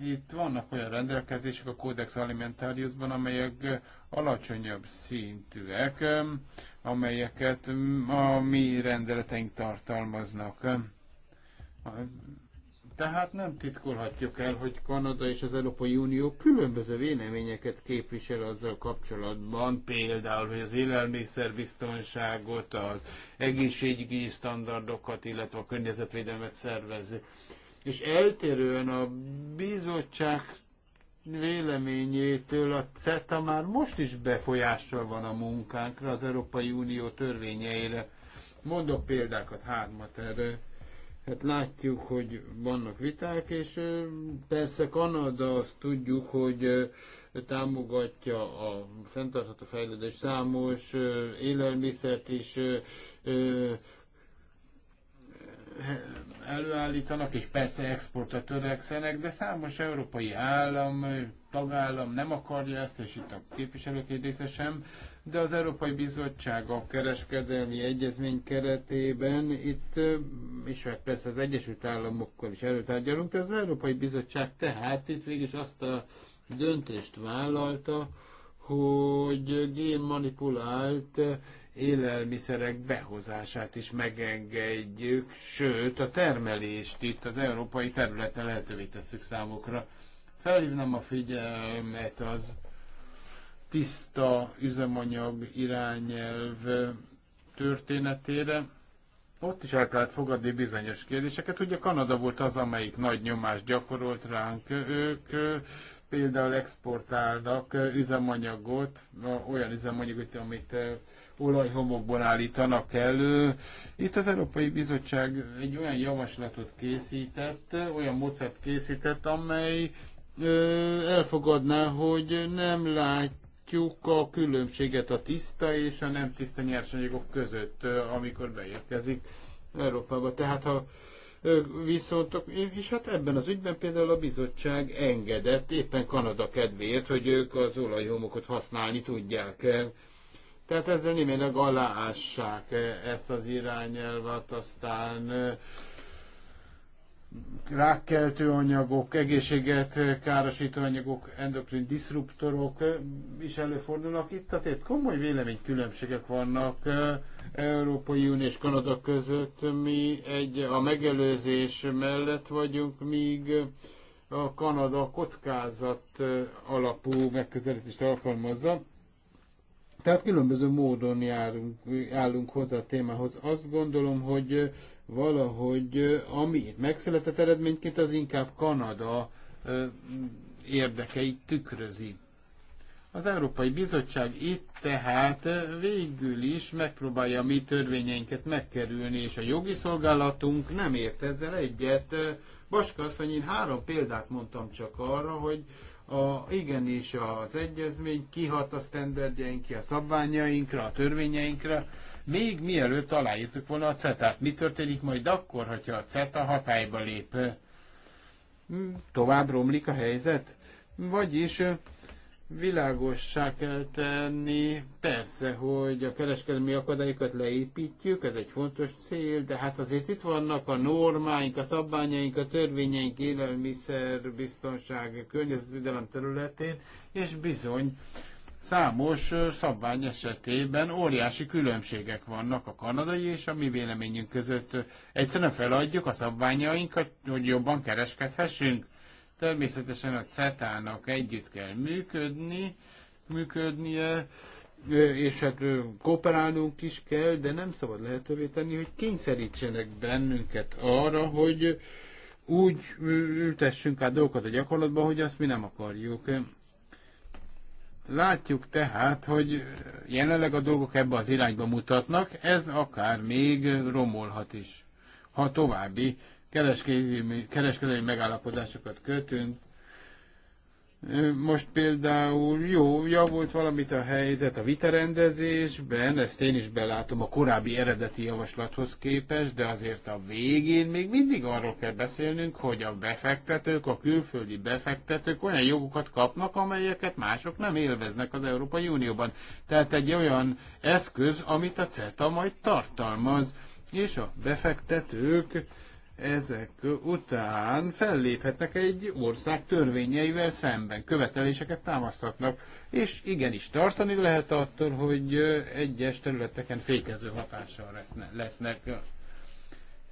Itt vannak olyan rendelkezések a Codex Alimentariusban, amelyek alacsonyabb szintűek, amelyeket a mi rendeleteink tartalmaznak tehát nem titkolhatjuk el, hogy Kanada és az Európai Unió különböző véleményeket képvisel azzal kapcsolatban, például, hogy az élelmiszerbiztonságot, az egészségügyi standardokat, illetve a környezetvédelmet szervezi. És eltérően a bizottság véleményétől a CETA már most is befolyással van a munkánkra, az Európai Unió törvényeire. Mondok példákat, hármat erre Hát látjuk, hogy vannak viták, és persze Kanada azt tudjuk, hogy támogatja a fenntartható fejlődés számos élelmiszert is előállítanak, és persze exportra törekszenek, de számos európai állam, tagállam nem akarja ezt, és itt a képviselők része sem, de az Európai Bizottság a kereskedelmi egyezmény keretében itt, és hát persze az Egyesült Államokkal is előtárgyalunk, de az Európai Bizottság tehát itt végig azt a döntést vállalta, hogy génmanipulált manipulált élelmiszerek behozását is megengedjük, sőt a termelést itt az európai területen lehetővé tesszük számukra. Felhívnám a figyelmet az tiszta üzemanyag irányelv történetére. Ott is el kellett fogadni bizonyos kérdéseket. Ugye Kanada volt az, amelyik nagy nyomást gyakorolt ránk. Ők például exportálnak üzemanyagot, olyan üzemanyagot, amit olajhomokból állítanak elő. Itt az Európai Bizottság egy olyan javaslatot készített, olyan módszert készített, amely elfogadná, hogy nem látjuk a különbséget a tiszta és a nem tiszta nyersanyagok között, amikor beérkezik Európába. Tehát ha viszont, és hát ebben az ügyben például a bizottság engedett éppen Kanada kedvéért, hogy ők az olajhomokot használni tudják. Tehát ezzel némileg aláássák eh, ezt az irányelvet, aztán eh, rákkeltő anyagok, egészséget eh, károsító anyagok, endokrin diszruptorok is előfordulnak. Itt azért komoly véleménykülönbségek vannak Európai Unió és Kanada között. Mi egy a megelőzés mellett vagyunk, míg a Kanada kockázat alapú megközelítést alkalmazza. Tehát különböző módon járunk, állunk hozzá a témához. Azt gondolom, hogy valahogy ami megszületett eredményként, az inkább Kanada érdekeit tükrözi. Az Európai Bizottság itt tehát végül is megpróbálja a mi törvényeinket megkerülni, és a jogi szolgálatunk nem ért ezzel egyet. Baska hogy én három példát mondtam csak arra, hogy a, igenis az egyezmény kihat a sztenderdjeinkre, a szabványainkra, a törvényeinkre, még mielőtt aláírtuk volna a CETA-t. Mi történik majd akkor, hogyha a CETA hatályba lép? Hm, tovább romlik a helyzet? Vagyis világossá kell tenni, persze, hogy a kereskedelmi akadályokat leépítjük, ez egy fontos cél, de hát azért itt vannak a normáink, a szabványaink, a törvényeink élelmiszer, biztonság, környezetvédelem területén, és bizony számos szabvány esetében óriási különbségek vannak a kanadai és a mi véleményünk között. Egyszerűen feladjuk a szabványainkat, hogy jobban kereskedhessünk Természetesen a CETA-nak együtt kell működni, működnie, és hát kooperálnunk is kell, de nem szabad lehetővé tenni, hogy kényszerítsenek bennünket arra, hogy úgy ültessünk át dolgokat a gyakorlatban, hogy azt mi nem akarjuk. Látjuk tehát, hogy jelenleg a dolgok ebbe az irányba mutatnak, ez akár még romolhat is, ha további kereskedelmi, kereskedelmi megállapodásokat kötünk. Most például jó, javult valamit a helyzet a vitarendezésben, ezt én is belátom a korábbi eredeti javaslathoz képest, de azért a végén még mindig arról kell beszélnünk, hogy a befektetők, a külföldi befektetők olyan jogokat kapnak, amelyeket mások nem élveznek az Európai Unióban. Tehát egy olyan eszköz, amit a CETA majd tartalmaz, és a befektetők ezek után felléphetnek egy ország törvényeivel szemben, követeléseket támaszthatnak, és igenis tartani lehet attól, hogy egyes területeken fékező hatással lesznek.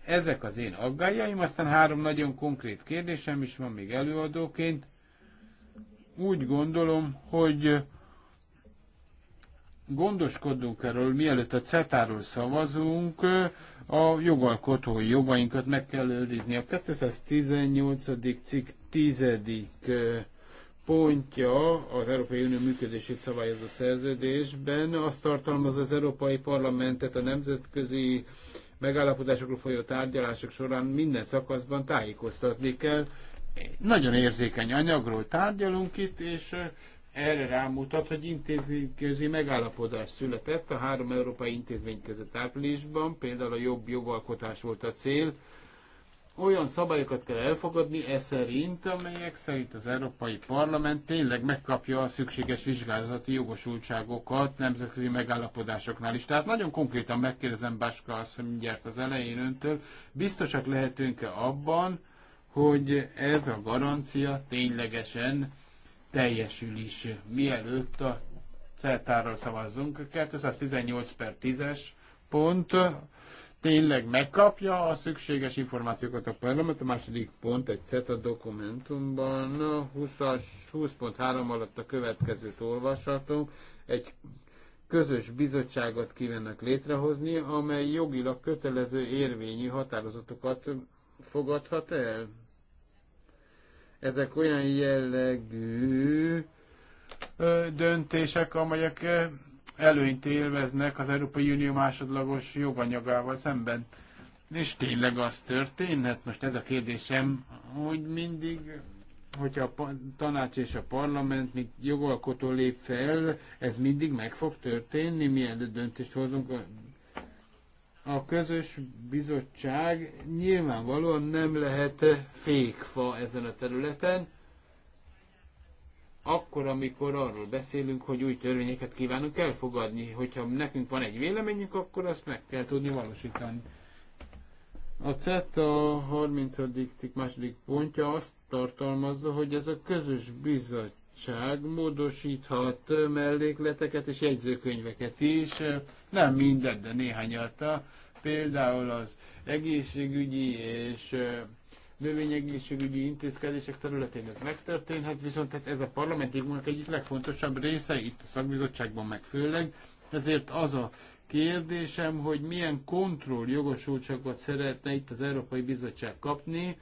Ezek az én aggájaim, aztán három nagyon konkrét kérdésem is van még előadóként. Úgy gondolom, hogy gondoskodunk erről, mielőtt a CETA-ról szavazunk, a jogalkotói jogainkat meg kell őrizni. A 218. cikk 10. pontja az Európai Unió működését szabályozó szerződésben azt tartalmaz az Európai Parlamentet a nemzetközi megállapodásokról folyó tárgyalások során minden szakaszban tájékoztatni kell. Nagyon érzékeny anyagról tárgyalunk itt, és erre rámutat, hogy intézményközi megállapodás született a három európai intézmény között áprilisban, például a jobb jogalkotás volt a cél, olyan szabályokat kell elfogadni, e szerint, amelyek szerint az Európai Parlament tényleg megkapja a szükséges vizsgálati jogosultságokat nemzetközi megállapodásoknál is. Tehát nagyon konkrétan megkérdezem Báska azt, hogy mindjárt az elején öntől, biztosak lehetünk-e abban, hogy ez a garancia ténylegesen teljesül is, mielőtt a ceta szavazzunk. 218 per 10-es pont tényleg megkapja a szükséges információkat a parlament. A második pont egy CETA dokumentumban 20.3 20 alatt a következőt olvashatunk. Egy közös bizottságot kívánnak létrehozni, amely jogilag kötelező érvényű határozatokat fogadhat el. Ezek olyan jellegű döntések, amelyek előnyt élveznek az Európai Unió másodlagos joganyagával szemben. És tényleg az történhet? Most ez a kérdésem, hogy mindig, hogyha a tanács és a parlament, mint jogalkotó lép fel, ez mindig meg fog történni, mielőtt döntést hozunk a a közös bizottság nyilvánvalóan nem lehet fékfa ezen a területen, akkor, amikor arról beszélünk, hogy új törvényeket kívánunk elfogadni, hogyha nekünk van egy véleményünk, akkor azt meg kell tudni valósítani. A CETA 30. cikk második pontja azt tartalmazza, hogy ez a közös bizottság bizottság módosíthat mellékleteket és jegyzőkönyveket is, nem minden de néhányat. Például az egészségügyi és növényegészségügyi intézkedések területén ez megtörténhet, viszont tehát ez a parlamenti munkák egyik legfontosabb része, itt a szakbizottságban meg főleg, ezért az a kérdésem, hogy milyen kontroll jogosultságot szeretne itt az Európai Bizottság kapni,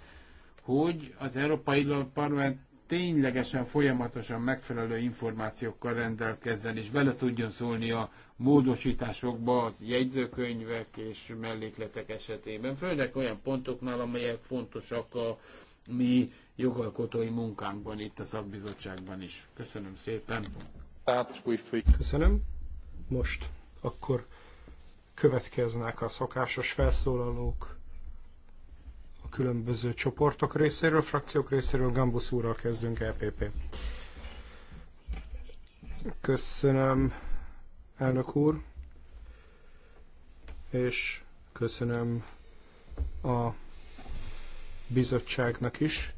hogy az Európai Parlament ténylegesen folyamatosan megfelelő információkkal rendelkezzen, és bele tudjon szólni a módosításokba, a jegyzőkönyvek és mellékletek esetében, főleg olyan pontoknál, amelyek fontosak a mi jogalkotói munkánkban, itt a szakbizottságban is. Köszönöm szépen. Köszönöm. Most akkor következnek a szokásos felszólalók különböző csoportok részéről, frakciók részéről. Gambusz úrral kezdünk, EPP. Köszönöm, elnök úr, és köszönöm a bizottságnak is.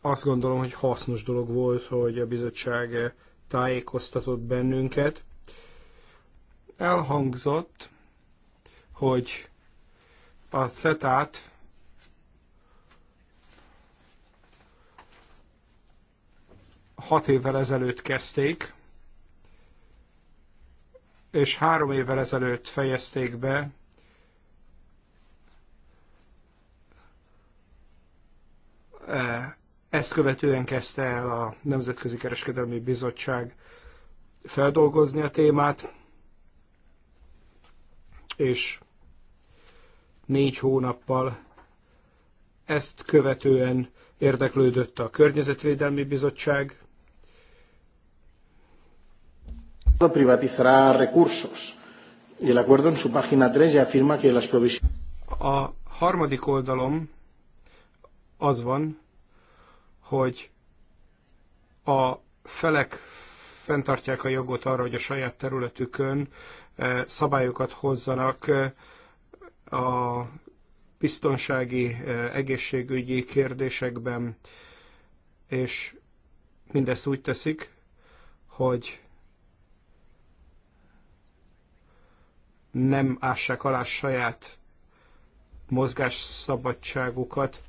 Azt gondolom, hogy hasznos dolog volt, hogy a bizottság tájékoztatott bennünket. Elhangzott, hogy a cetát hat évvel ezelőtt kezdték, és három évvel ezelőtt fejezték be, e, ezt követően kezdte el a Nemzetközi Kereskedelmi Bizottság feldolgozni a témát, és négy hónappal ezt követően érdeklődött a Környezetvédelmi Bizottság. A Privatizará recursos. Y el acuerdo en su página 3 ya afirma que las provisiones... A harmadik oldalom az van, hogy a felek fenntartják a jogot arra, hogy a saját területükön eh, szabályokat hozzanak eh, a biztonsági, eh, egészségügyi kérdésekben, és mindezt úgy teszik, hogy nem ássák alá saját mozgásszabadságukat.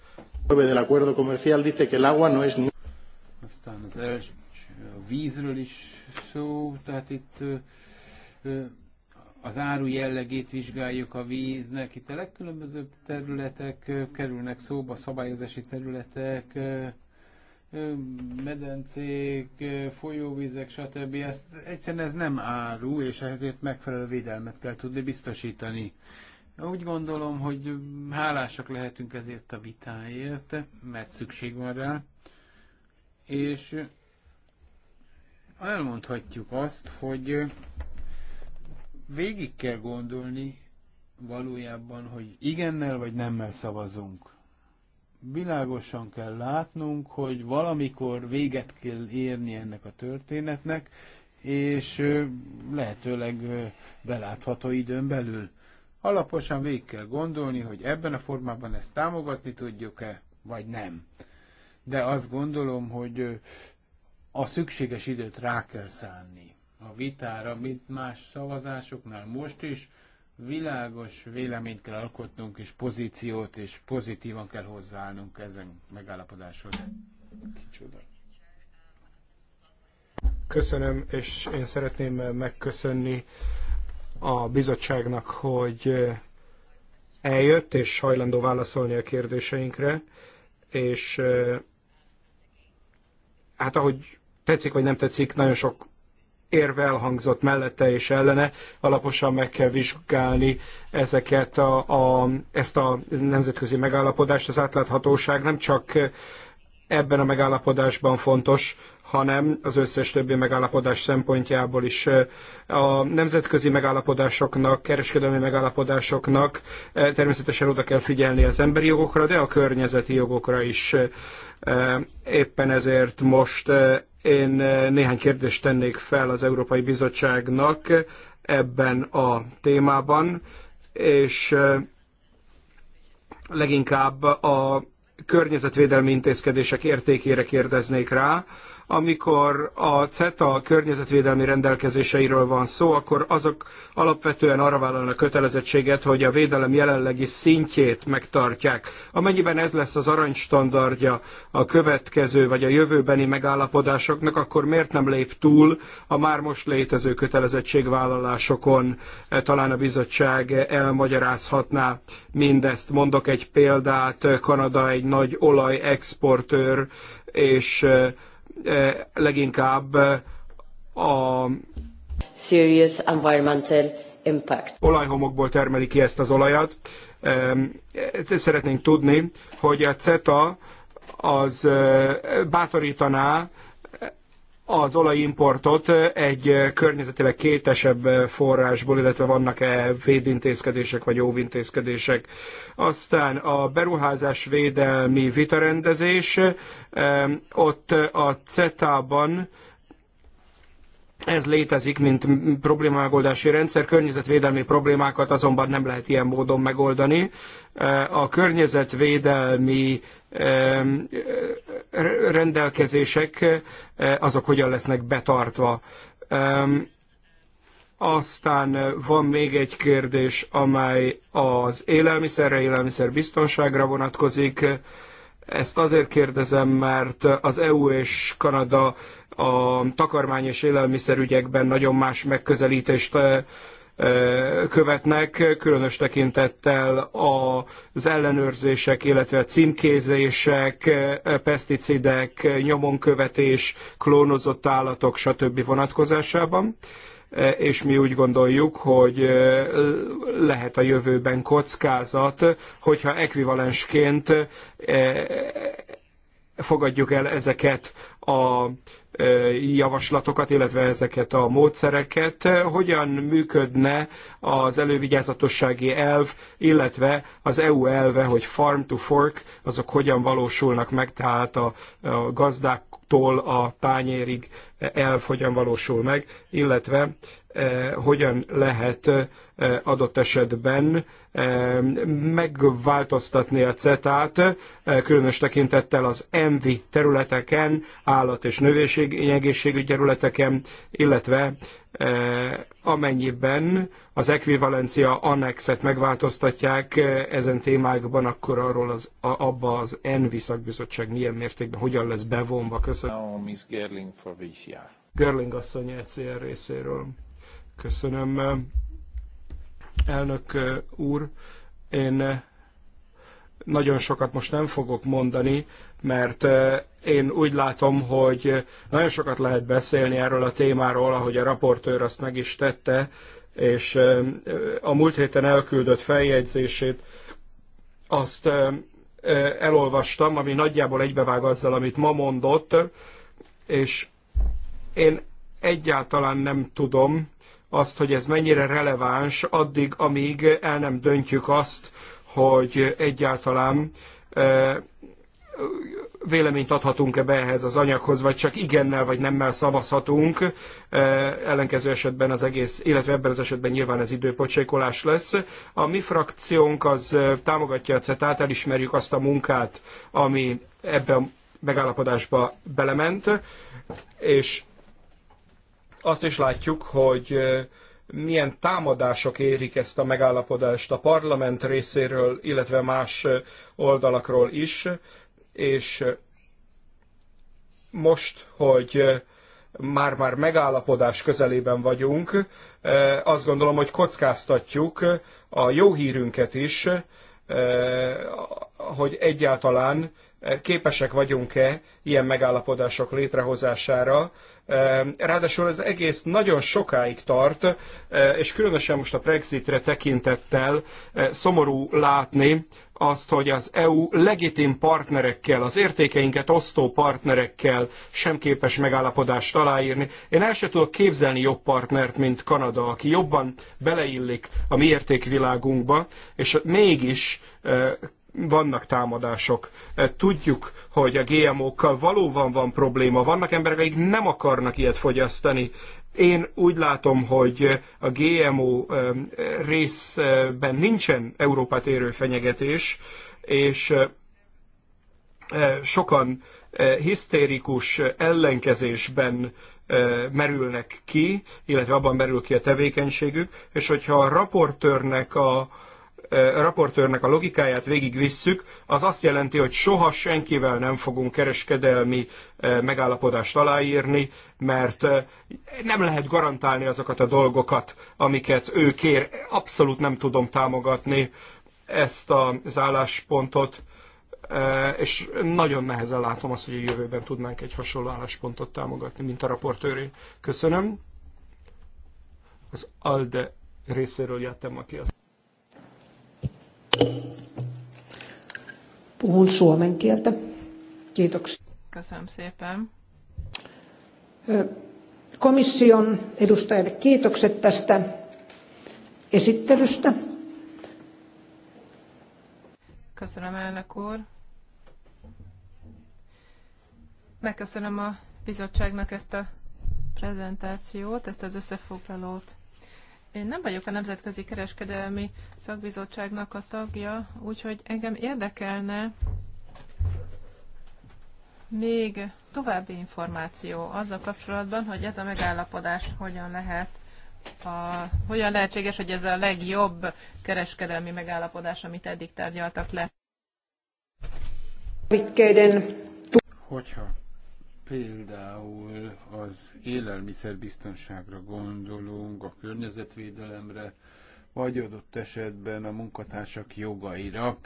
Aztán az első, a vízről is szó, tehát itt eh, eh, az áru jellegét vizsgáljuk a víznek. Itt a legkülönbözőbb területek kerülnek szóba, szabályozási területek, medencék, folyóvizek, stb. Ezt, egyszerűen ez nem áru, és ezért megfelelő védelmet kell tudni biztosítani. Úgy gondolom, hogy hálásak lehetünk ezért a vitáért, mert szükség van rá. És elmondhatjuk azt, hogy végig kell gondolni valójában, hogy igennel vagy nemmel szavazunk. Világosan kell látnunk, hogy valamikor véget kell érni ennek a történetnek, és lehetőleg belátható időn belül. Alaposan végig kell gondolni, hogy ebben a formában ezt támogatni tudjuk-e, vagy nem. De azt gondolom, hogy a szükséges időt rá kell szánni a vitára, mint más szavazásoknál most is. Világos véleményt kell alkotnunk, és pozíciót, és pozitívan kell hozzáállnunk ezen megállapodáshoz. Kicsoda. Köszönöm, és én szeretném megköszönni a bizottságnak, hogy eljött és hajlandó válaszolni a kérdéseinkre, és eh, hát ahogy tetszik vagy nem tetszik, nagyon sok érve elhangzott mellette és ellene, alaposan meg kell vizsgálni ezeket a, a, ezt a nemzetközi megállapodást. Az átláthatóság nem csak ebben a megállapodásban fontos, hanem az összes többi megállapodás szempontjából is. A nemzetközi megállapodásoknak, kereskedelmi megállapodásoknak eh, természetesen oda kell figyelni az emberi jogokra, de a környezeti jogokra is. Eh, éppen ezért most eh, én eh, néhány kérdést tennék fel az Európai Bizottságnak ebben a témában, és eh, leginkább a környezetvédelmi intézkedések értékére kérdeznék rá amikor a CETA környezetvédelmi rendelkezéseiről van szó, akkor azok alapvetően arra vállalnak kötelezettséget, hogy a védelem jelenlegi szintjét megtartják. Amennyiben ez lesz az aranystandardja a következő vagy a jövőbeni megállapodásoknak, akkor miért nem lép túl a már most létező kötelezettségvállalásokon? E, talán a bizottság elmagyarázhatná mindezt. Mondok egy példát, Kanada egy nagy olajexportőr, és e, Eh, leginkább eh, a serious environmental impact. Olajhomokból termeli ki ezt az olajat. Eh, szeretnénk tudni, hogy a CETA az bátorítaná az olajimportot egy környezetileg kétesebb forrásból, illetve vannak-e védintézkedések vagy óvintézkedések. Aztán a beruházás védelmi vitarendezés, ott a CETA-ban ez létezik, mint problémamegoldási rendszer, környezetvédelmi problémákat azonban nem lehet ilyen módon megoldani. E, a környezetvédelmi e, rendelkezések e, azok hogyan lesznek betartva. Aztán van még egy kérdés, amely az élelmiszerre, élelmiszer biztonságra vonatkozik. Ezt azért kérdezem, mert az EU és Kanada a takarmány és élelmiszerügyekben nagyon más megközelítést követnek, különös tekintettel az ellenőrzések, illetve címkézések, peszticidek, nyomonkövetés, klónozott állatok, stb. vonatkozásában és mi úgy gondoljuk, hogy lehet a jövőben kockázat, hogyha ekvivalensként fogadjuk el ezeket a javaslatokat, illetve ezeket a módszereket, hogyan működne az elővigyázatossági elv, illetve az EU elve, hogy farm to fork, azok hogyan valósulnak meg, tehát a, gazdák tól a tányérig elfogyan valósul meg, illetve Eh, hogyan lehet eh, adott esetben eh, megváltoztatni a CETA-t, különös tekintettel az ENVI területeken, állat- és növényegészségügyi területeken, illetve amennyiben az ekvivalencia annexet megváltoztatják ezen témákban, akkor arról az, abba az ENVI szakbizottság milyen mértékben, hogyan lesz bevonva. Köszönöm. Now, Miss Gerling for VCR. Görling asszony ECR részéről. Köszönöm, eh, elnök eh, úr. Én eh, nagyon sokat most nem fogok mondani, mert én úgy látom, hogy nagyon sokat lehet beszélni erről a témáról, ahogy a raportőr azt meg is tette, és a múlt héten elküldött feljegyzését azt elolvastam, ami nagyjából egybevág azzal, amit ma mondott, és én egyáltalán nem tudom, azt, hogy ez mennyire releváns addig, amíg el nem döntjük azt, hogy egyáltalán véleményt adhatunk-e be ehhez az anyaghoz, vagy csak igennel vagy nemmel szavazhatunk. Ellenkező esetben az egész, illetve ebben az esetben nyilván ez időpocsékolás lesz. A mi frakciónk az támogatja a CETÁT, elismerjük azt a munkát, ami ebben a megállapodásba belement, és azt is látjuk, hogy milyen támadások érik ezt a megállapodást a parlament részéről, illetve más oldalakról is, és most, hogy már-már megállapodás közelében vagyunk, azt gondolom, hogy kockáztatjuk a jó hírünket is, hogy egyáltalán képesek vagyunk-e ilyen megállapodások létrehozására. Ráadásul az egész nagyon sokáig tart, és különösen most a Brexitre tekintettel szomorú látni azt, hogy az EU legitim partnerekkel, az értékeinket osztó partnerekkel sem képes megállapodást aláírni. Én el sem tudok képzelni jobb partnert, mint Kanada, aki jobban beleillik a mi értékvilágunkba, és mégis vannak támadások. E, tudjuk, hogy a GMO-kkal valóban van probléma. Vannak emberek, akik nem akarnak ilyet fogyasztani. Én úgy látom, hogy a GMO e, részben nincsen Európát érő fenyegetés, és e, sokan hisztérikus ellenkezésben merülnek ki, illetve abban merül ki a tevékenységük, és hogyha a raportőrnek a, raportőrnek a logikáját végigvisszük, az azt jelenti, hogy soha senkivel nem fogunk kereskedelmi megállapodást aláírni, mert nem lehet garantálni azokat a dolgokat, amiket ő kér. Abszolút nem tudom támogatni ezt az álláspontot, és nagyon nehezen látom azt, hogy a jövőben tudnánk egy hasonló álláspontot támogatni, mint a raportőré. Köszönöm. Az ALDE részéről jöttem, aki az Puhun suomen kieltä. Kiitoksia. Köszönöm szépen. Komission edustajille kiitokset tästä esittelystä. Köszönöm elnök úr. Megköszönöm a bizottságnak ezt a prezentációt, ezt az összefoglalót. Én nem vagyok a Nemzetközi Kereskedelmi Szakbizottságnak a tagja, úgyhogy engem érdekelne még további információ azzal kapcsolatban, hogy ez a megállapodás hogyan lehet a, hogyan lehetséges, hogy ez a legjobb kereskedelmi megállapodás, amit eddig tárgyaltak le? Hogyha Például az élelmiszerbiztonságra gondolunk, a környezetvédelemre, vagy adott esetben a munkatársak jogaira,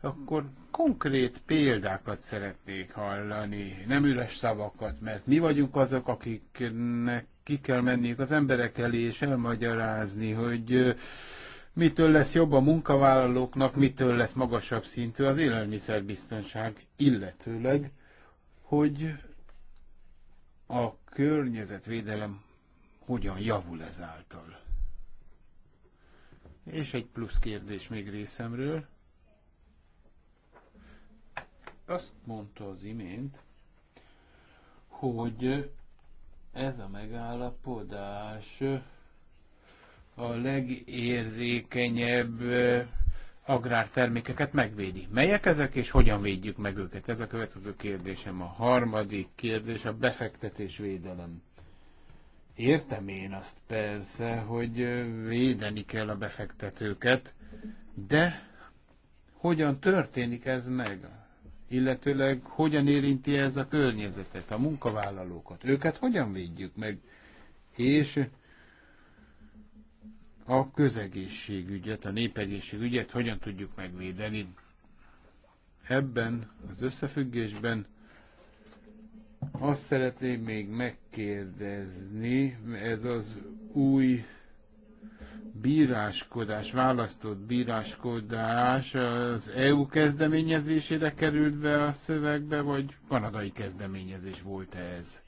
akkor konkrét példákat szeretnék hallani, nem üres szavakat, mert mi vagyunk azok, akiknek ki kell menniük az emberek elé és elmagyarázni, hogy mitől lesz jobb a munkavállalóknak, mitől lesz magasabb szintű az élelmiszerbiztonság, illetőleg, hogy a környezetvédelem hogyan javul ezáltal. És egy plusz kérdés még részemről. Azt mondta az imént, hogy ez a megállapodás a legérzékenyebb agrártermékeket megvédi. Melyek ezek, és hogyan védjük meg őket? Ez a következő kérdésem. A harmadik kérdés a befektetés védelem. Értem én azt persze, hogy védeni kell a befektetőket, de hogyan történik ez meg? Illetőleg hogyan érinti ez a környezetet, a munkavállalókat? Őket hogyan védjük meg? És a közegészségügyet, a népegészségügyet hogyan tudjuk megvédeni. Ebben az összefüggésben azt szeretném még megkérdezni, ez az új bíráskodás, választott bíráskodás az EU kezdeményezésére került be a szövegbe, vagy kanadai kezdeményezés volt -e ez?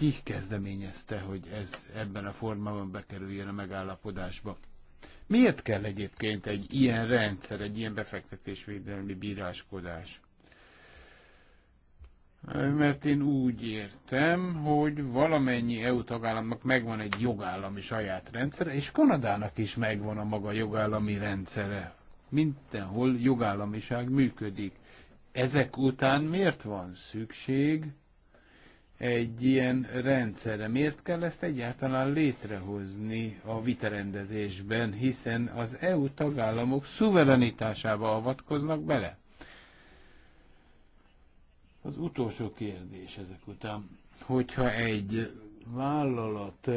ki kezdeményezte, hogy ez ebben a formában bekerüljön a megállapodásba. Miért kell egyébként egy ilyen rendszer, egy ilyen befektetésvédelmi bíráskodás? Mert én úgy értem, hogy valamennyi EU tagállamnak megvan egy jogállami saját rendszere, és Kanadának is megvan a maga jogállami rendszere. Mindenhol jogállamiság működik. Ezek után miért van szükség egy ilyen rendszerre. Miért kell ezt egyáltalán létrehozni a vitarendezésben, hiszen az EU tagállamok szuverenitásába avatkoznak bele? Az utolsó kérdés ezek után, hogyha egy vállalat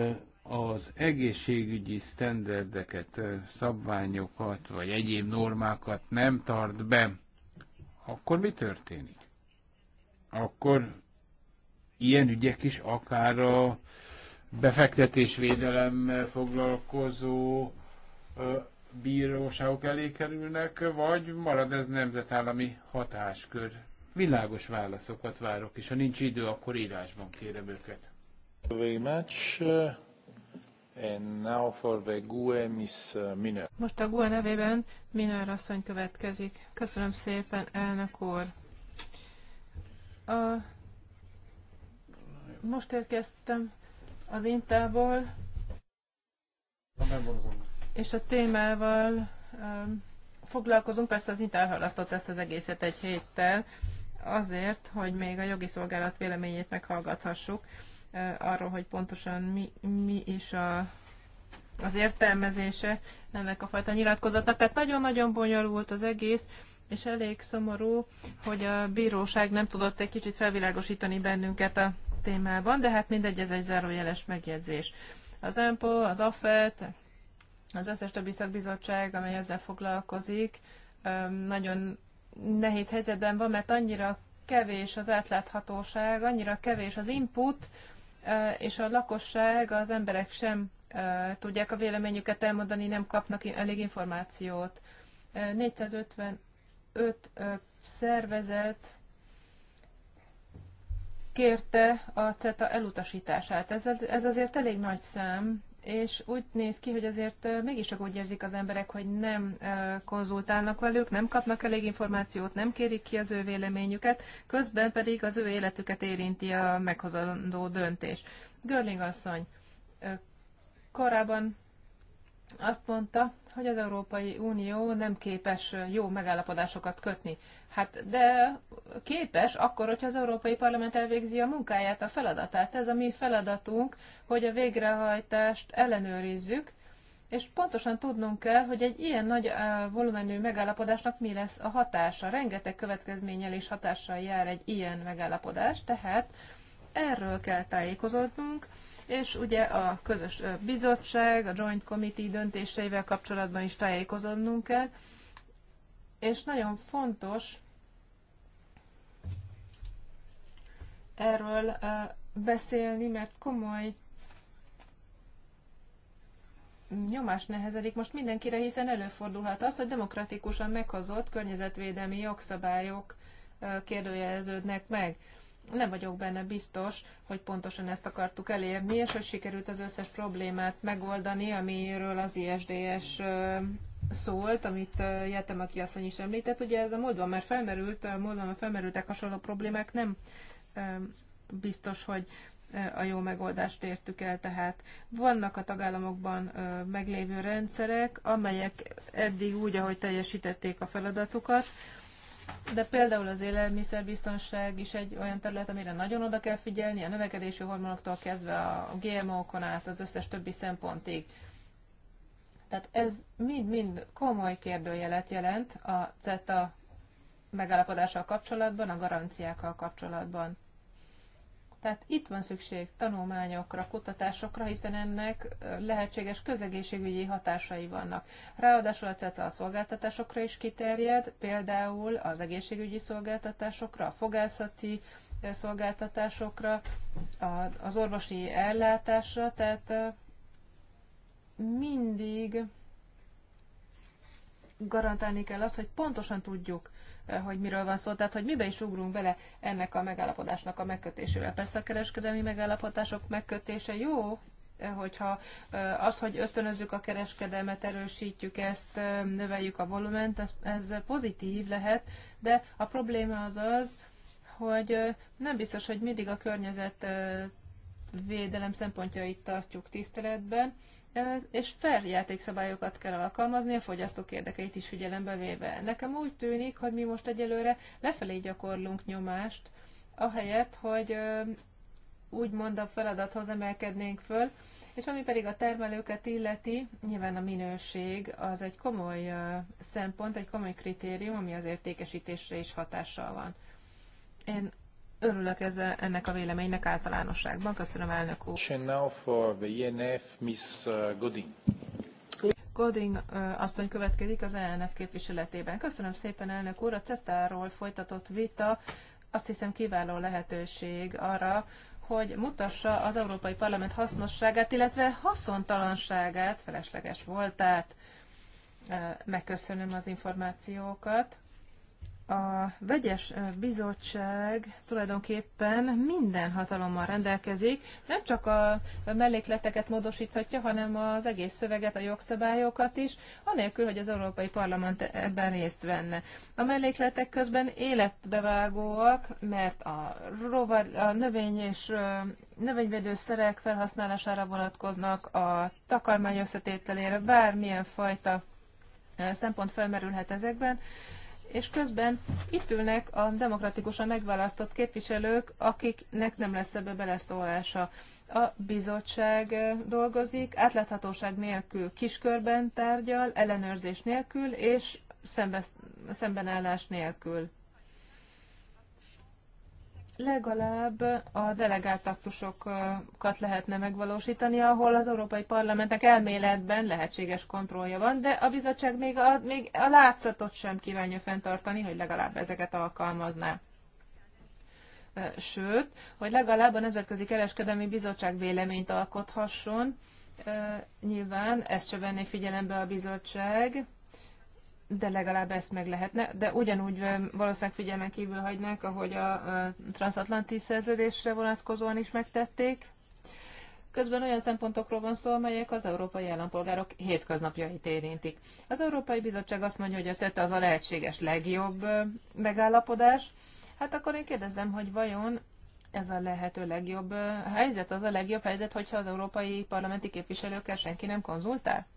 az egészségügyi sztenderdeket, szabványokat vagy egyéb normákat nem tart be, akkor mi történik? Akkor ilyen ügyek is, akár a befektetésvédelemmel foglalkozó bíróságok elé kerülnek, vagy marad ez nemzetállami hatáskör? Világos válaszokat várok, és ha nincs idő, akkor írásban kérem őket. Very much. And now for e, Most a GUE nevében Miner asszony következik. Köszönöm szépen, elnök úr. A most érkeztem az Intából, és a témával um, foglalkozunk, persze az Intel halasztott ezt az egészet egy héttel, azért, hogy még a jogi szolgálat véleményét meghallgathassuk uh, arról, hogy pontosan mi, mi is a az értelmezése ennek a fajta nyilatkozatnak. Tehát nagyon-nagyon bonyolult az egész, és elég szomorú, hogy a bíróság nem tudott egy kicsit felvilágosítani bennünket a témában, de hát mindegy, ez egy zárójeles megjegyzés. Az EMPO, az AFET, az összes többi szakbizottság, amely ezzel foglalkozik, nagyon nehéz helyzetben van, mert annyira kevés az átláthatóság, annyira kevés az input, és a lakosság, az emberek sem tudják a véleményüket elmondani, nem kapnak elég információt. 455 szervezet kérte a CETA elutasítását. Ez, ez azért elég nagy szám, és úgy néz ki, hogy azért mégiscsak úgy érzik az emberek, hogy nem konzultálnak velük, nem kapnak elég információt, nem kérik ki az ő véleményüket, közben pedig az ő életüket érinti a meghozandó döntés. Görling asszony, korábban azt mondta, hogy az Európai Unió nem képes jó megállapodásokat kötni. Hát de képes akkor, hogyha az Európai Parlament elvégzi a munkáját, a feladatát. Ez a mi feladatunk, hogy a végrehajtást ellenőrizzük, és pontosan tudnunk kell, hogy egy ilyen nagy volumenű megállapodásnak mi lesz a hatása. Rengeteg következménnyel és hatással jár egy ilyen megállapodás, tehát erről kell tájékozódnunk, és ugye a közös bizottság, a Joint Committee döntéseivel kapcsolatban is tájékozódnunk kell, és nagyon fontos erről beszélni, mert komoly nyomás nehezedik most mindenkire, hiszen előfordulhat az, hogy demokratikusan meghozott környezetvédelmi jogszabályok kérdőjeleződnek meg nem vagyok benne biztos, hogy pontosan ezt akartuk elérni, és hogy sikerült az összes problémát megoldani, amiről az ISDS szólt, amit jeltem aki asszony is említett. Ugye ez a módban már felmerült, a módban már felmerültek hasonló problémák, nem biztos, hogy a jó megoldást értük el. Tehát vannak a tagállamokban meglévő rendszerek, amelyek eddig úgy, ahogy teljesítették a feladatukat, de például az élelmiszerbiztonság is egy olyan terület, amire nagyon oda kell figyelni, a növekedési hormonoktól kezdve a GMO-kon át az összes többi szempontig. Tehát ez mind-mind komoly kérdőjelet jelent a CETA megállapodással kapcsolatban, a garanciákkal kapcsolatban. Tehát itt van szükség tanulmányokra, kutatásokra, hiszen ennek lehetséges közegészségügyi hatásai vannak. Ráadásul a CETA a szolgáltatásokra is kiterjed, például az egészségügyi szolgáltatásokra, a fogászati szolgáltatásokra, az orvosi ellátásra, tehát mindig garantálni kell azt, hogy pontosan tudjuk, hogy miről van szó, tehát hogy miben is ugrunk bele ennek a megállapodásnak a megkötésével. Persze a kereskedelmi megállapodások megkötése jó, hogyha az, hogy ösztönözzük a kereskedelmet, erősítjük ezt, növeljük a volument, ez, ez pozitív lehet, de a probléma az az, hogy nem biztos, hogy mindig a környezet védelem szempontjait tartjuk tiszteletben, és fair játékszabályokat kell alkalmazni, a fogyasztók érdekeit is figyelembe véve. Nekem úgy tűnik, hogy mi most egyelőre lefelé gyakorlunk nyomást, ahelyett, hogy úgymond a feladathoz emelkednénk föl, és ami pedig a termelőket illeti, nyilván a minőség az egy komoly szempont, egy komoly kritérium, ami az értékesítésre is hatással van. Én Örülök a, ennek a véleménynek általánosságban. Köszönöm, elnök úr. Now for the INF, e Miss uh, Godin. Goding uh, asszony következik az ENF képviseletében. Köszönöm szépen, elnök úr. A CETA-ról folytatott vita azt hiszem kiváló lehetőség arra, hogy mutassa az Európai Parlament hasznosságát, illetve haszontalanságát, felesleges voltát. Uh, megköszönöm az információkat a vegyes bizottság tulajdonképpen minden hatalommal rendelkezik, nem csak a mellékleteket módosíthatja, hanem az egész szöveget, a jogszabályokat is, anélkül, hogy az Európai Parlament ebben részt venne. A mellékletek közben életbevágóak, mert a, rovar, a növény és növényvédőszerek felhasználására vonatkoznak, a takarmány összetételére, bármilyen fajta szempont felmerülhet ezekben, és közben itt ülnek a demokratikusan megválasztott képviselők, akiknek nem lesz ebbe beleszólása. A bizottság dolgozik, átláthatóság nélkül kiskörben tárgyal, ellenőrzés nélkül és szembenállás nélkül legalább a delegált aktusokat lehetne megvalósítani, ahol az Európai Parlamentnek elméletben lehetséges kontrollja van, de a bizottság még a, még a látszatot sem kívánja fenntartani, hogy legalább ezeket alkalmazná. E, sőt, hogy legalább a Nemzetközi Kereskedelmi Bizottság véleményt alkothasson, e, nyilván ezt se venné figyelembe a bizottság, de legalább ezt meg lehetne, de ugyanúgy valószínűleg figyelmen kívül hagynák, ahogy a, a transatlanti szerződésre vonatkozóan is megtették. Közben olyan szempontokról van szó, amelyek az európai állampolgárok hétköznapjait érintik. Az Európai Bizottság azt mondja, hogy a CETA az a lehetséges legjobb megállapodás. Hát akkor én kérdezem, hogy vajon ez a lehető legjobb helyzet, az a legjobb helyzet, hogyha az európai parlamenti képviselőkkel senki nem konzultál?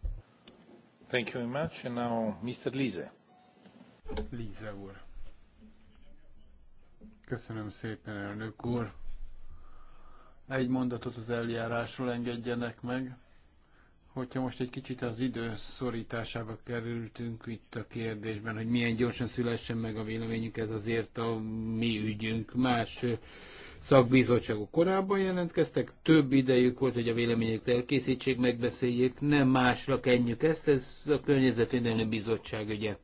Thank you very much. And now Mr. Lise. Lise úr. Köszönöm szépen, elnök úr. Egy mondatot az eljárásról engedjenek meg. Hogyha most egy kicsit az idő szorításába kerültünk itt a kérdésben, hogy milyen gyorsan szülessen meg a véleményünk, ez azért a mi ügyünk. Más szakbizottságok korábban jelentkeztek, több idejük volt, hogy a véleményeket elkészítsék, megbeszéljék, nem másra kenjük ezt, ez a Környezetvédelmi Bizottság ügye.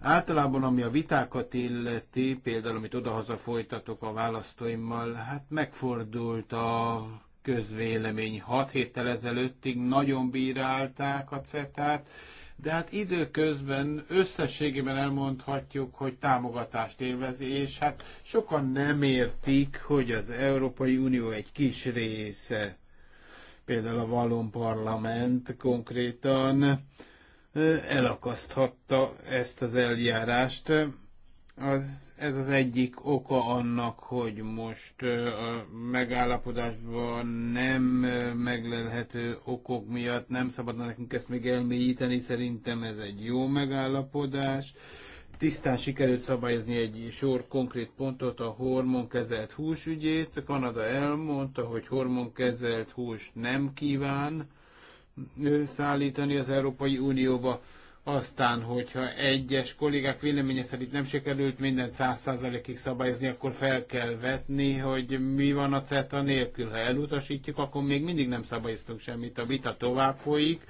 Általában, ami a vitákat illeti, például, amit odahaza folytatok a választóimmal, hát megfordult a közvélemény. Hat héttel ezelőttig nagyon bírálták a CETA-t, de hát időközben összességében elmondhatjuk, hogy támogatást élvezi, és hát sokan nem értik, hogy az Európai Unió egy kis része, például a Vallon Parlament konkrétan elakaszthatta ezt az eljárást, az, ez az egyik oka annak, hogy most a megállapodásban nem meglelhető okok miatt nem szabadna nekünk ezt még elmélyíteni. Szerintem ez egy jó megállapodás. Tisztán sikerült szabályozni egy sor konkrét pontot, a hormonkezelt hús ügyét. A Kanada elmondta, hogy hormonkezelt húst nem kíván szállítani az Európai Unióba aztán, hogyha egyes kollégák véleménye szerint nem sikerült minden száz százalékig szabályozni, akkor fel kell vetni, hogy mi van a CETA nélkül. Ha elutasítjuk, akkor még mindig nem szabályoztunk semmit, a vita tovább folyik,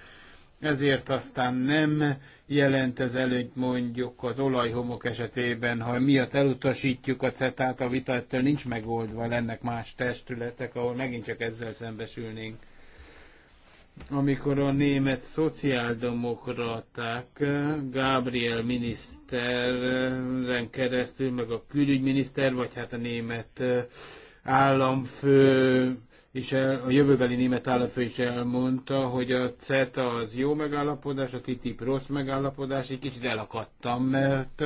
ezért aztán nem jelent ez előnyt mondjuk az olajhomok esetében, ha miatt elutasítjuk a CETA-t, a vita ettől nincs megoldva, lennek más testületek, ahol megint csak ezzel szembesülnénk amikor a német szociáldemokraták Gabriel miniszteren keresztül, meg a külügyminiszter, vagy hát a német államfő, és el, a jövőbeli német államfő is elmondta, hogy a CETA az jó megállapodás, a TTIP rossz megállapodás, egy kicsit elakadtam, mert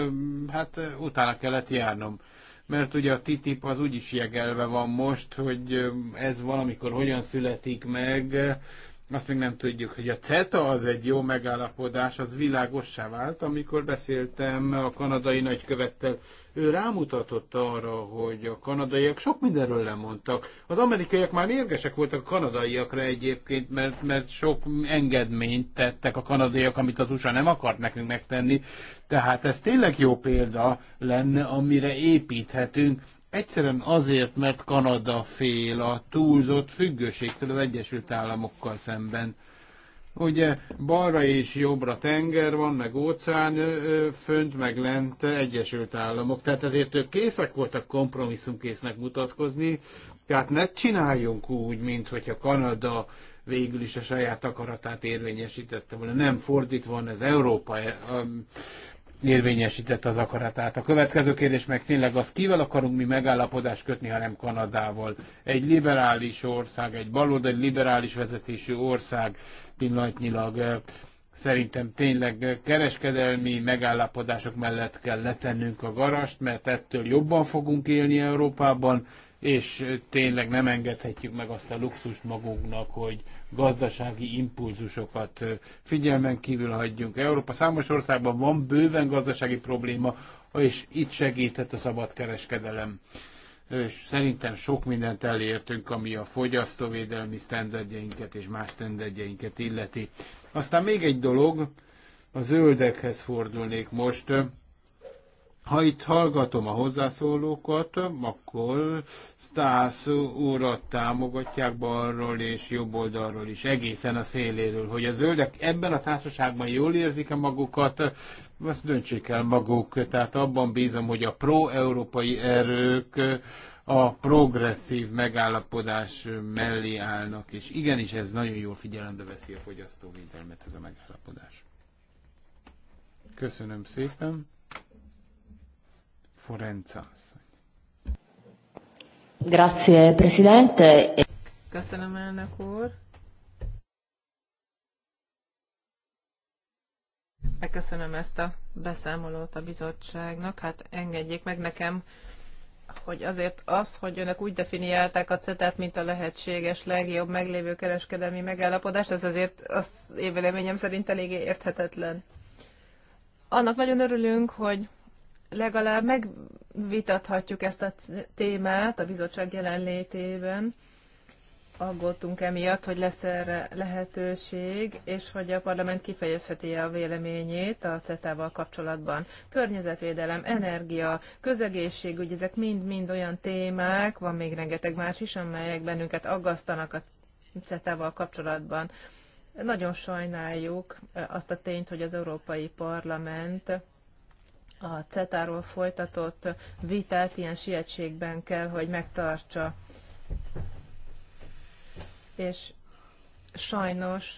hát utána kellett járnom mert ugye a TTIP az úgyis jegelve van most, hogy ez valamikor hogyan születik meg, azt még nem tudjuk, hogy a CETA az egy jó megállapodás, az világossá vált, amikor beszéltem a kanadai nagykövettel. Ő rámutatott arra, hogy a kanadaiak sok mindenről lemondtak. Az amerikaiak már érgesek voltak a kanadaiakra egyébként, mert, mert sok engedményt tettek a kanadaiak, amit az USA nem akart nekünk megtenni. Tehát ez tényleg jó példa lenne, amire építhetünk Egyszerűen azért, mert Kanada fél a túlzott függőségtől az Egyesült Államokkal szemben. Ugye balra és jobbra tenger van, meg óceán, fönt meg lent Egyesült Államok. Tehát ezért ők készek voltak kompromisszumkésznek mutatkozni. Tehát ne csináljunk úgy, mint hogyha Kanada végül is a saját akaratát érvényesítette volna. Nem fordítva van ez Európa érvényesítette az akaratát. A következő kérdés meg tényleg az, kivel akarunk mi megállapodást kötni, ha nem Kanadával. Egy liberális ország, egy baloldali liberális vezetésű ország pillanatnyilag eh, szerintem tényleg kereskedelmi megállapodások mellett kell letennünk a garast, mert ettől jobban fogunk élni Európában, és tényleg nem engedhetjük meg azt a luxust magunknak, hogy gazdasági impulzusokat figyelmen kívül hagyjunk. Európa számos országban van bőven gazdasági probléma, és itt segíthet a szabad kereskedelem. És szerintem sok mindent elértünk, ami a fogyasztóvédelmi sztenderdjeinket és más sztenderdjeinket illeti. Aztán még egy dolog, a zöldekhez fordulnék most ha itt hallgatom a hozzászólókat, akkor Stász úrat támogatják balról és jobb oldalról is, egészen a széléről, hogy a zöldek ebben a társaságban jól érzik a magukat, azt döntsék el maguk. Tehát abban bízom, hogy a pro-európai erők a progresszív megállapodás mellé állnak, és igenis ez nagyon jól figyelembe veszi a fogyasztóvédelmet ez a megállapodás. Köszönöm szépen! Forenza Grazie, Presidente. Köszönöm, elnök úr. Megköszönöm ezt a beszámolót a bizottságnak. Hát engedjék meg nekem, hogy azért az, hogy önök úgy definiálták a CETÁT, mint a lehetséges legjobb meglévő kereskedelmi megállapodást, ez azért az éveleményem szerint eléggé érthetetlen. Annak nagyon örülünk, hogy legalább megvitathatjuk ezt a témát a bizottság jelenlétében. Aggódtunk emiatt, hogy lesz erre lehetőség, és hogy a parlament kifejezheti -e a véleményét a CETA-val kapcsolatban. Környezetvédelem, energia, közegészségügy, ezek mind-mind olyan témák, van még rengeteg más is, amelyek bennünket aggasztanak a CETA-val kapcsolatban. Nagyon sajnáljuk azt a tényt, hogy az Európai Parlament a CETA-ról folytatott vitát ilyen sietségben kell, hogy megtartsa. És sajnos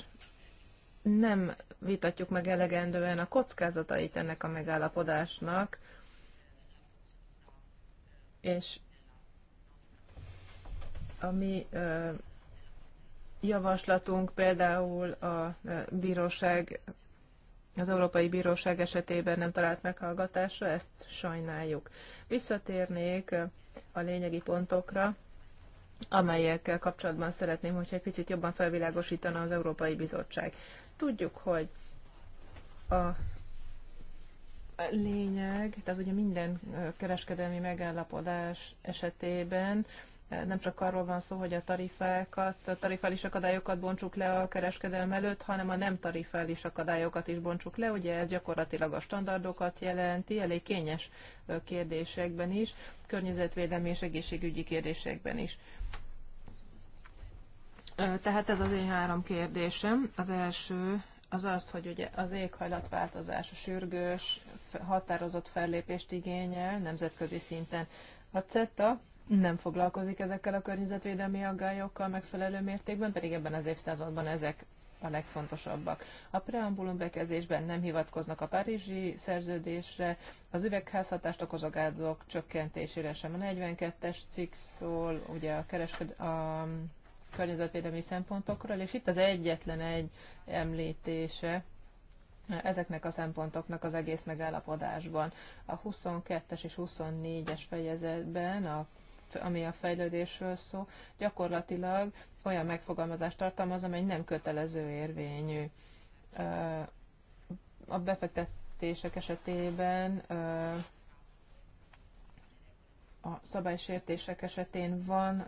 nem vitatjuk meg elegendően a kockázatait ennek a megállapodásnak, és a mi javaslatunk például a bíróság az Európai Bíróság esetében nem talált meghallgatásra, ezt sajnáljuk. Visszatérnék a lényegi pontokra, amelyekkel kapcsolatban szeretném, hogyha egy picit jobban felvilágosítana az Európai Bizottság. Tudjuk, hogy a lényeg, tehát ugye minden kereskedelmi megállapodás esetében nem csak arról van szó, hogy a tarifákat, a tarifális akadályokat bontsuk le a kereskedelem előtt, hanem a nem tarifális akadályokat is bontsuk le. Ugye ez gyakorlatilag a standardokat jelenti, elég kényes kérdésekben is, környezetvédelmi és egészségügyi kérdésekben is. Tehát ez az én három kérdésem. Az első az az, hogy ugye az éghajlatváltozás a sürgős, határozott fellépést igényel nemzetközi szinten. A CETA nem foglalkozik ezekkel a környezetvédelmi aggályokkal megfelelő mértékben, pedig ebben az évszázadban ezek a legfontosabbak. A preambulum bekezdésben nem hivatkoznak a Párizsi szerződésre, az üvegházhatást okozó gázok csökkentésére sem. A 42-es cikk szól ugye a, kereskedő, a környezetvédelmi szempontokról, és itt az egyetlen egy említése ezeknek a szempontoknak az egész megállapodásban. A 22-es és 24-es fejezetben a ami a fejlődésről szó, gyakorlatilag olyan megfogalmazást tartalmaz, amely nem kötelező érvényű. A befektetések esetében a szabálysértések esetén van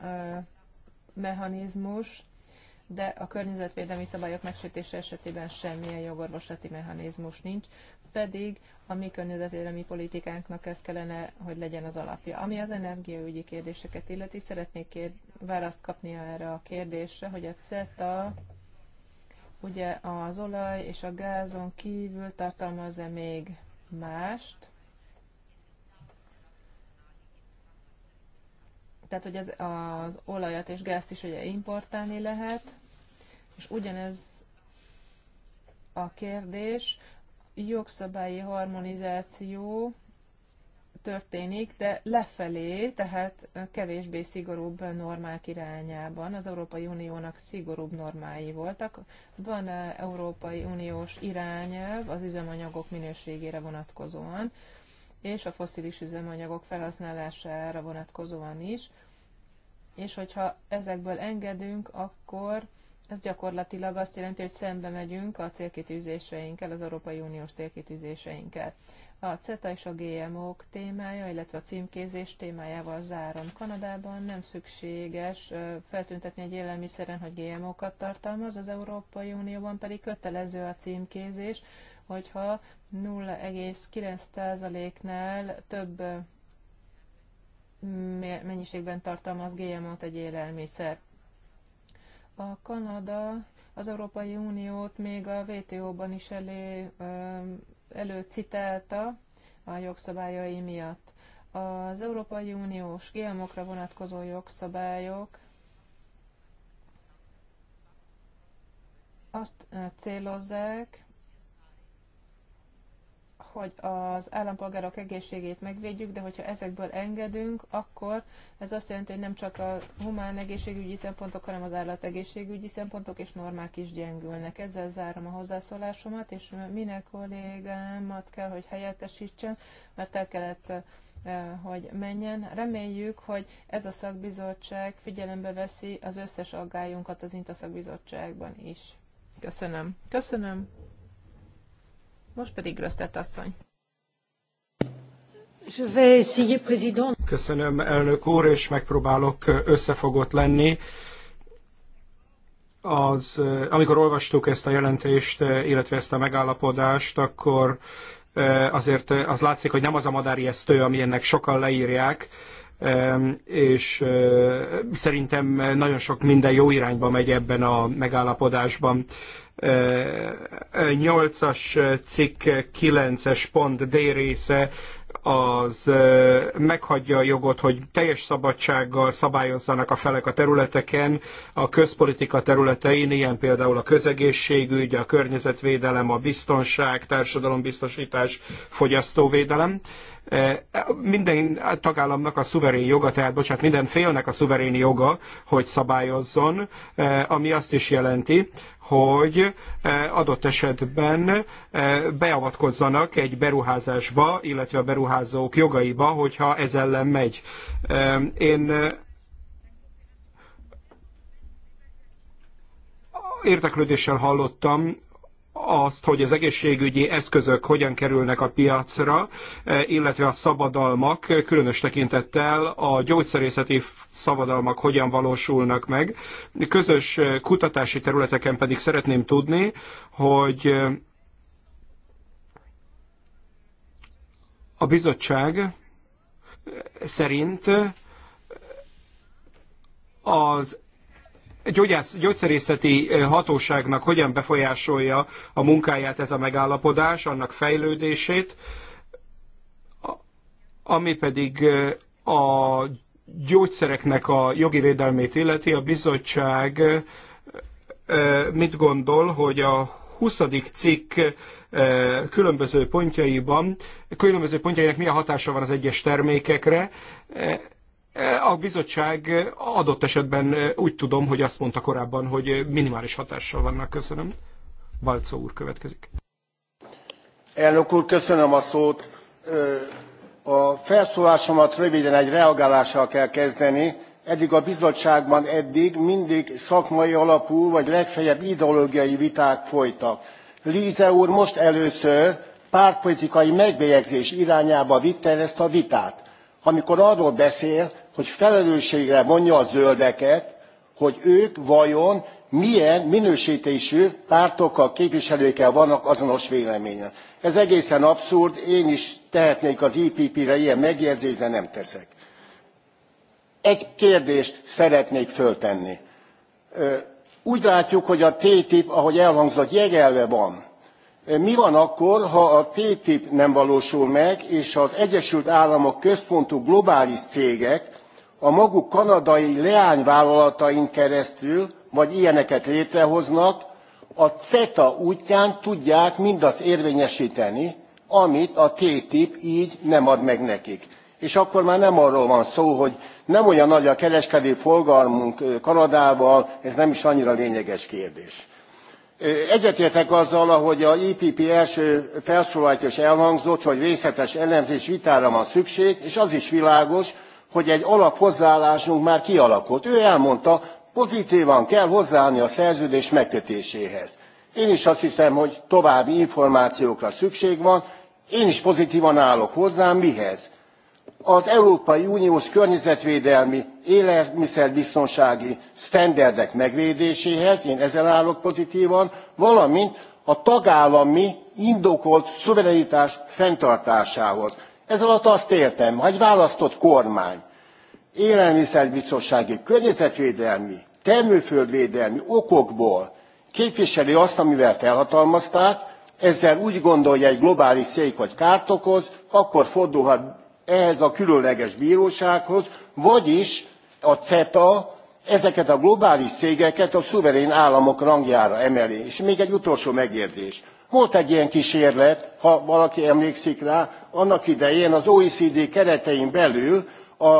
mechanizmus, de a környezetvédelmi szabályok megsértése esetében semmilyen jogorvoslati mechanizmus nincs, pedig a mi környezetvédelmi politikánknak ez kellene, hogy legyen az alapja. Ami az energiaügyi kérdéseket illeti, szeretnék kér- választ kapni erre a kérdésre, hogy a CETA ugye az olaj és a gázon kívül tartalmaz-e még mást? Tehát, hogy az, az olajat és gázt is ugye importálni lehet, és ugyanez a kérdés, jogszabályi harmonizáció történik, de lefelé, tehát kevésbé szigorúbb normák irányában. Az Európai Uniónak szigorúbb normái voltak. Van eh, Európai Uniós irányelv az üzemanyagok minőségére vonatkozóan, és a foszilis üzemanyagok felhasználására vonatkozóan is, és hogyha ezekből engedünk, akkor ez gyakorlatilag azt jelenti, hogy szembe megyünk a célkitűzéseinkkel, az Európai Uniós célkitűzéseinkkel. A CETA és a gmo -ok témája, illetve a címkézés témájával zárom. Kanadában nem szükséges feltüntetni egy élelmiszeren, hogy GMO-kat tartalmaz, az Európai Unióban pedig kötelező a címkézés, hogyha 0,9%-nál több mennyiségben tartalmaz GMO-t egy élelmiszer. A Kanada az Európai Uniót még a WTO-ban is elé, előcitelta a jogszabályai miatt. Az Európai Uniós GMO-kra vonatkozó jogszabályok azt célozzák, hogy az állampolgárok egészségét megvédjük, de hogyha ezekből engedünk, akkor ez azt jelenti, hogy nem csak a humán egészségügyi szempontok, hanem az állategészségügyi szempontok és normák is gyengülnek. Ezzel zárom a hozzászólásomat, és minek kollégámat kell, hogy helyettesítsen, mert el kellett eh, hogy menjen. Reméljük, hogy ez a szakbizottság figyelembe veszi az összes aggályunkat az Intaszakbizottságban is. Köszönöm. Köszönöm. Most pedig Grösztet asszony. Köszönöm, elnök úr, és megpróbálok összefogott lenni. Az, amikor olvastuk ezt a jelentést, illetve ezt a megállapodást, akkor azért az látszik, hogy nem az a madári esztő, ami ennek sokan leírják, és eh, szerintem nagyon sok minden jó irányba megy ebben a megállapodásban. 8-as eh, eh, cikk 9-es pont D része az meghagyja a jogot, hogy teljes szabadsággal szabályozzanak a felek a területeken, a közpolitika területein, ilyen például a közegészségügy, a környezetvédelem, a biztonság, társadalombiztosítás, fogyasztóvédelem. Minden tagállamnak a szuverén joga, tehát bocsánat, minden félnek a szuverén joga, hogy szabályozzon, eh, ami azt is jelenti, hogy eh, adott esetben eh, beavatkozzanak egy beruházásba, illetve a beruházók jogaiba, hogyha ez ellen megy. Én érteklődéssel hallottam azt, hogy az egészségügyi eszközök hogyan kerülnek a piacra, e, illetve a szabadalmak, különös tekintettel a gyógyszerészeti szabadalmak hogyan valósulnak meg. Közös e, kutatási területeken pedig szeretném tudni, hogy e, a bizottság szerint az gyógyász, gyógyszerészeti hatóságnak hogyan befolyásolja a munkáját ez a megállapodás, annak fejlődését, ami pedig a gyógyszereknek a jogi védelmét illeti, a bizottság mit gondol, hogy a 20. cikk különböző pontjaiban, különböző pontjainak milyen hatása van az egyes termékekre, a bizottság adott esetben úgy tudom, hogy azt mondta korábban, hogy minimális hatással vannak. Köszönöm. Balco úr következik. Elnök úr, köszönöm a szót. A felszólásomat röviden egy reagálással kell kezdeni. Eddig a bizottságban eddig mindig szakmai alapú, vagy legfeljebb ideológiai viták folytak. Líze úr most először pártpolitikai megbélyegzés irányába vitte ezt a vitát amikor arról beszél, hogy felelősségre vonja a zöldeket, hogy ők vajon milyen minőstésű pártokkal képviselőkkel vannak azonos véleményen. ez egészen abszurd én is tehetnék az epp re ilyen megjegyzést de nem teszek. egy kérdést szeretnék föltenni. úgy látjuk hogy a ttip ahogy elhangzott jegelve van E, mi van akkor ha a ttip nem valósul meg és az egyesült államok központú globális cégek a maguk kanadai leányvállalatain keresztül vagy ilyeneket létrehoznak a ceta útján tudják mindazt érvényesteni amit a ttip gy nem ad meg nekik. és akkor már nem arról van szó hogy nem olyan nagy a kereskedelmi forgalmunk kanadával ez nem is annyira lényeges kérdés egyetértek azzal ahogy az epp első felszólalója is elhangzott hogy részletes elemzés vitára van szükség és az is világos hogy egy alaphozzáállásunk már kialakult. ő elmondta pozitvan kell hozzáállni a szerződés megkötéséhez. én is azt hiszem hogy további információkra szükség van én is pozitvan állok hozzá mihez? az európai uniós környezetvédelmi élelmiszerbiztonsági sztenderdek megvédéséhez én ezen állok pozitvan valamint a tagállami indokolt szuverenitás fenntartásához. ez alatt azt értem ha egy választott kormány élelmiszerbiztonsági környezetvédelmi termőföldvédelmi okokból képviseli azt amivel felhatalmazták ezzel úgy gondolja egy globális cég hogy kárt okoz akkor fordulhat ehhez a különleges brósághoz vagyis a ceta ezeket a globális cégeket a szuverén államok rangjára emeli. és még egy utolsó megjegyzés volt egy ilyen ksérlet ha valaki emlékszik rá annak idején az oecd keretein belül a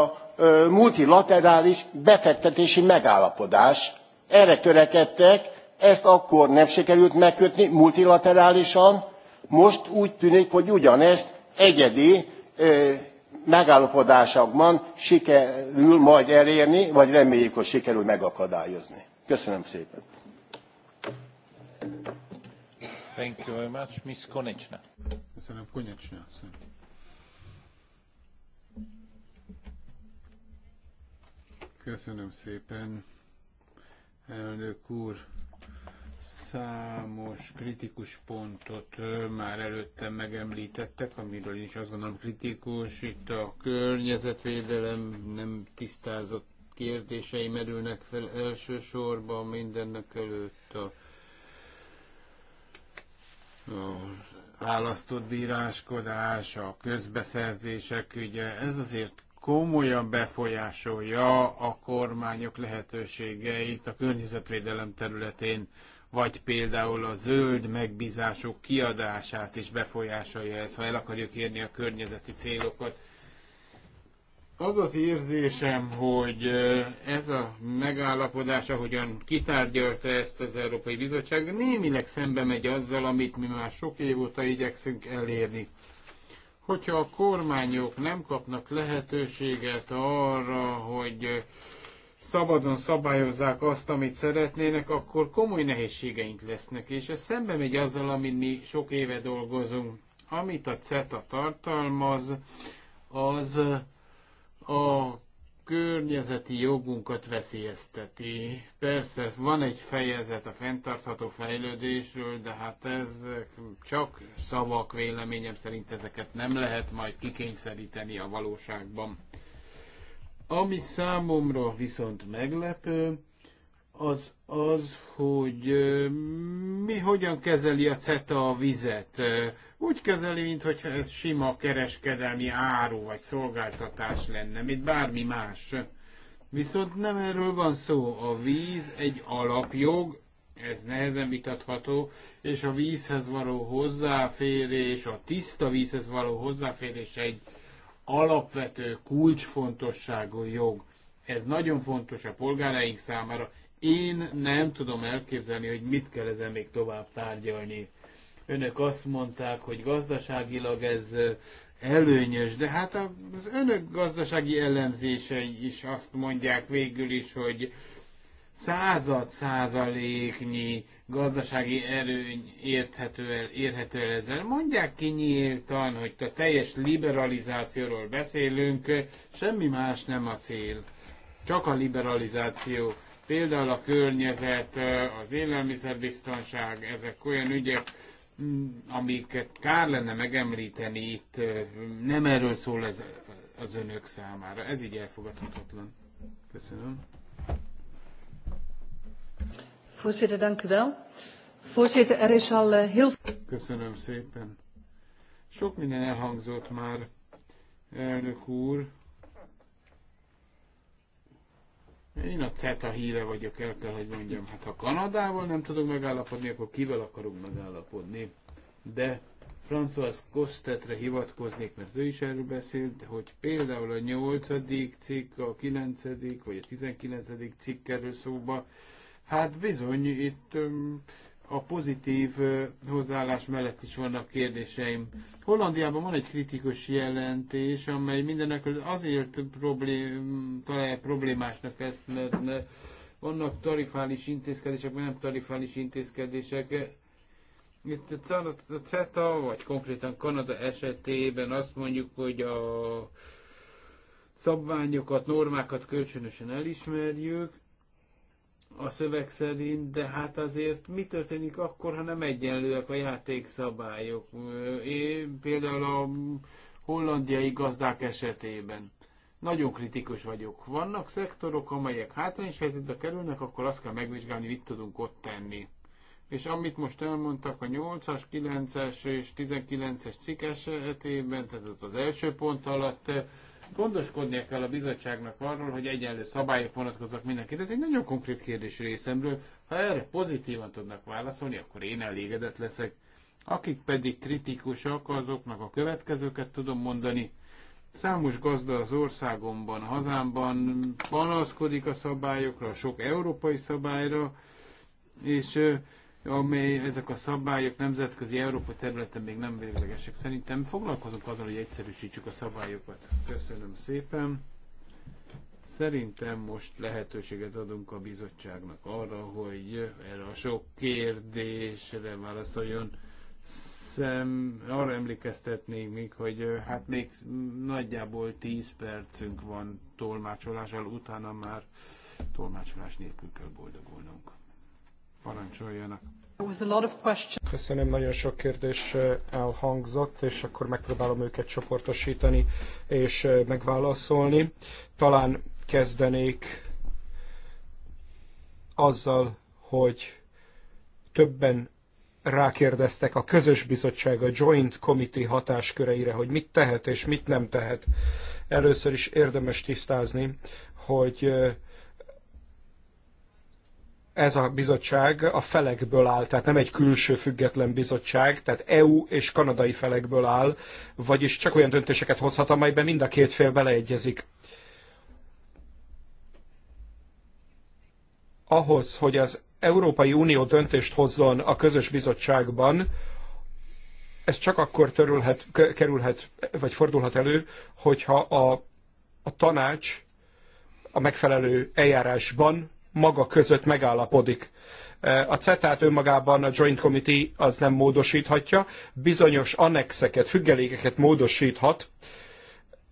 multilaterális befektetési megállapodás erre törekedtek ezt akkor nem sikerült megkötni multilaterálisan most úgy tűnik hogy ugyanezt egyedi megállapodásokban sikerül majd elérni, vagy reméljük, hogy sikerül megakadályozni. Köszönöm szépen. Thank you very much. Miss Konechna. Köszönöm, Konechna. Köszönöm szépen, elnök úr. Számos kritikus pontot már előtte megemlítettek, amiről is azt gondolom kritikus. Itt a környezetvédelem nem tisztázott kérdései merülnek fel elsősorban mindennek előtt a, az választott bíráskodás, a közbeszerzések ügye, ez azért komolyan befolyásolja a kormányok lehetőségeit a környezetvédelem területén vagy például a zöld megbízások kiadását is befolyásolja ez, ha el akarjuk érni a környezeti célokat. Az az érzésem, hogy ez a megállapodás, ahogyan kitárgyalta ezt az Európai Bizottság, némileg szembe megy azzal, amit mi már sok év óta igyekszünk elérni. Hogyha a kormányok nem kapnak lehetőséget arra, hogy szabadon szabályozzák azt, amit szeretnének, akkor komoly nehézségeink lesznek, és ez szembe megy azzal, amit mi sok éve dolgozunk. Amit a CETA tartalmaz, az a környezeti jogunkat veszélyezteti. Persze van egy fejezet a fenntartható fejlődésről, de hát ez csak szavak, véleményem szerint ezeket nem lehet majd kikényszeríteni a valóságban. Ami számomra viszont meglepő, az az, hogy mi hogyan kezeli a CETA a vizet. Úgy kezeli, mintha ez sima kereskedelmi áru vagy szolgáltatás lenne, mint bármi más. Viszont nem erről van szó. A víz egy alapjog, ez nehezen vitatható, és a vízhez való hozzáférés, a tiszta vízhez való hozzáférés egy alapvető, kulcsfontosságú jog. Ez nagyon fontos a polgáraink számára. Én nem tudom elképzelni, hogy mit kell ezen még tovább tárgyalni. Önök azt mondták, hogy gazdaságilag ez előnyös, de hát az önök gazdasági ellenzései is azt mondják végül is, hogy század százaléknyi gazdasági erőny érthető el, érhető el ezzel. Mondják ki nyíltan, hogy a teljes liberalizációról beszélünk, semmi más nem a cél. Csak a liberalizáció. Például a környezet, az élelmiszerbiztonság, ezek olyan ügyek, mm, amiket kár lenne megemlíteni itt, nem erről szól ez az önök számára. Ez így elfogadhatatlan. Köszönöm. Voorzitter, dank u wel. Voorzitter, er is al eh, heel... Köszönöm szépen. Sok minden elhangzott már, elnök úr. Én a CETA híre vagyok, el kell, hogy mondjam. Hát ha Kanadával nem tudok megállapodni, akkor kivel akarunk megállapodni? De François Kostetre hivatkoznék, mert ő is erről beszélt, hogy például a 8. cikk, a 9. vagy a 19. cikk kerül szóba, Hát bizony, itt a pozitív hozzáállás mellett is vannak kérdéseim. Hollandiában van egy kritikus jelentés, amely mindenek azért problém, találja problémásnak ezt, mert vannak tarifális intézkedések, vagy nem tarifális intézkedések. Itt a CETA, vagy konkrétan Kanada esetében azt mondjuk, hogy a szabványokat, normákat kölcsönösen elismerjük, a szöveg szerint, de hát azért mi történik akkor, ha nem egyenlőek a játékszabályok? Én például a hollandiai gazdák esetében nagyon kritikus vagyok. Vannak szektorok, amelyek hátrányos helyzetbe kerülnek, akkor azt kell megvizsgálni, mit tudunk ott tenni. És amit most elmondtak a 8-as, 9-es és 19-es cikk esetében, tehát az első pont alatt Gondoskodnia kell a bizottságnak arról, hogy egyenlő szabályok vonatkoznak mindenkit. Ez egy nagyon konkrét kérdés részemről. Ha erre pozitívan tudnak válaszolni, akkor én elégedett leszek. Akik pedig kritikusak, azoknak a következőket tudom mondani. Számos gazda az országomban, hazámban panaszkodik a szabályokra, a sok európai szabályra, és amely ezek a szabályok nemzetközi Európa területen még nem véglegesek. Szerintem foglalkozunk azon, hogy egyszerűsítsük a szabályokat. Köszönöm szépen. Szerintem most lehetőséget adunk a bizottságnak arra, hogy erre a sok kérdésre válaszoljon. Szem, arra emlékeztetnék még, hogy hát még nagyjából 10 percünk van tolmácsolással, utána már tolmácsolás nélkül kell boldogulnunk. Parancsoljanak. Köszönöm, nagyon sok kérdés eh, elhangzott, és akkor megpróbálom őket csoportosítani és eh, megválaszolni. Talán kezdenék azzal, hogy többen rákérdeztek a közös bizottság, a Joint Committee hatásköreire, hogy mit tehet és mit nem tehet. Először is érdemes tisztázni, hogy eh, ez a bizottság a felekből áll, tehát nem egy külső független bizottság, tehát EU és kanadai felekből áll, vagyis csak olyan döntéseket hozhat, amelyben mind a két fél beleegyezik. Ahhoz, hogy az Európai Unió döntést hozzon a közös bizottságban, ez csak akkor törülhet, kerülhet, vagy fordulhat elő, hogyha a, a tanács a megfelelő eljárásban maga között megállapodik. E, a CETA-t önmagában a Joint Committee az nem módosíthatja, bizonyos annexeket, függelékeket módosíthat,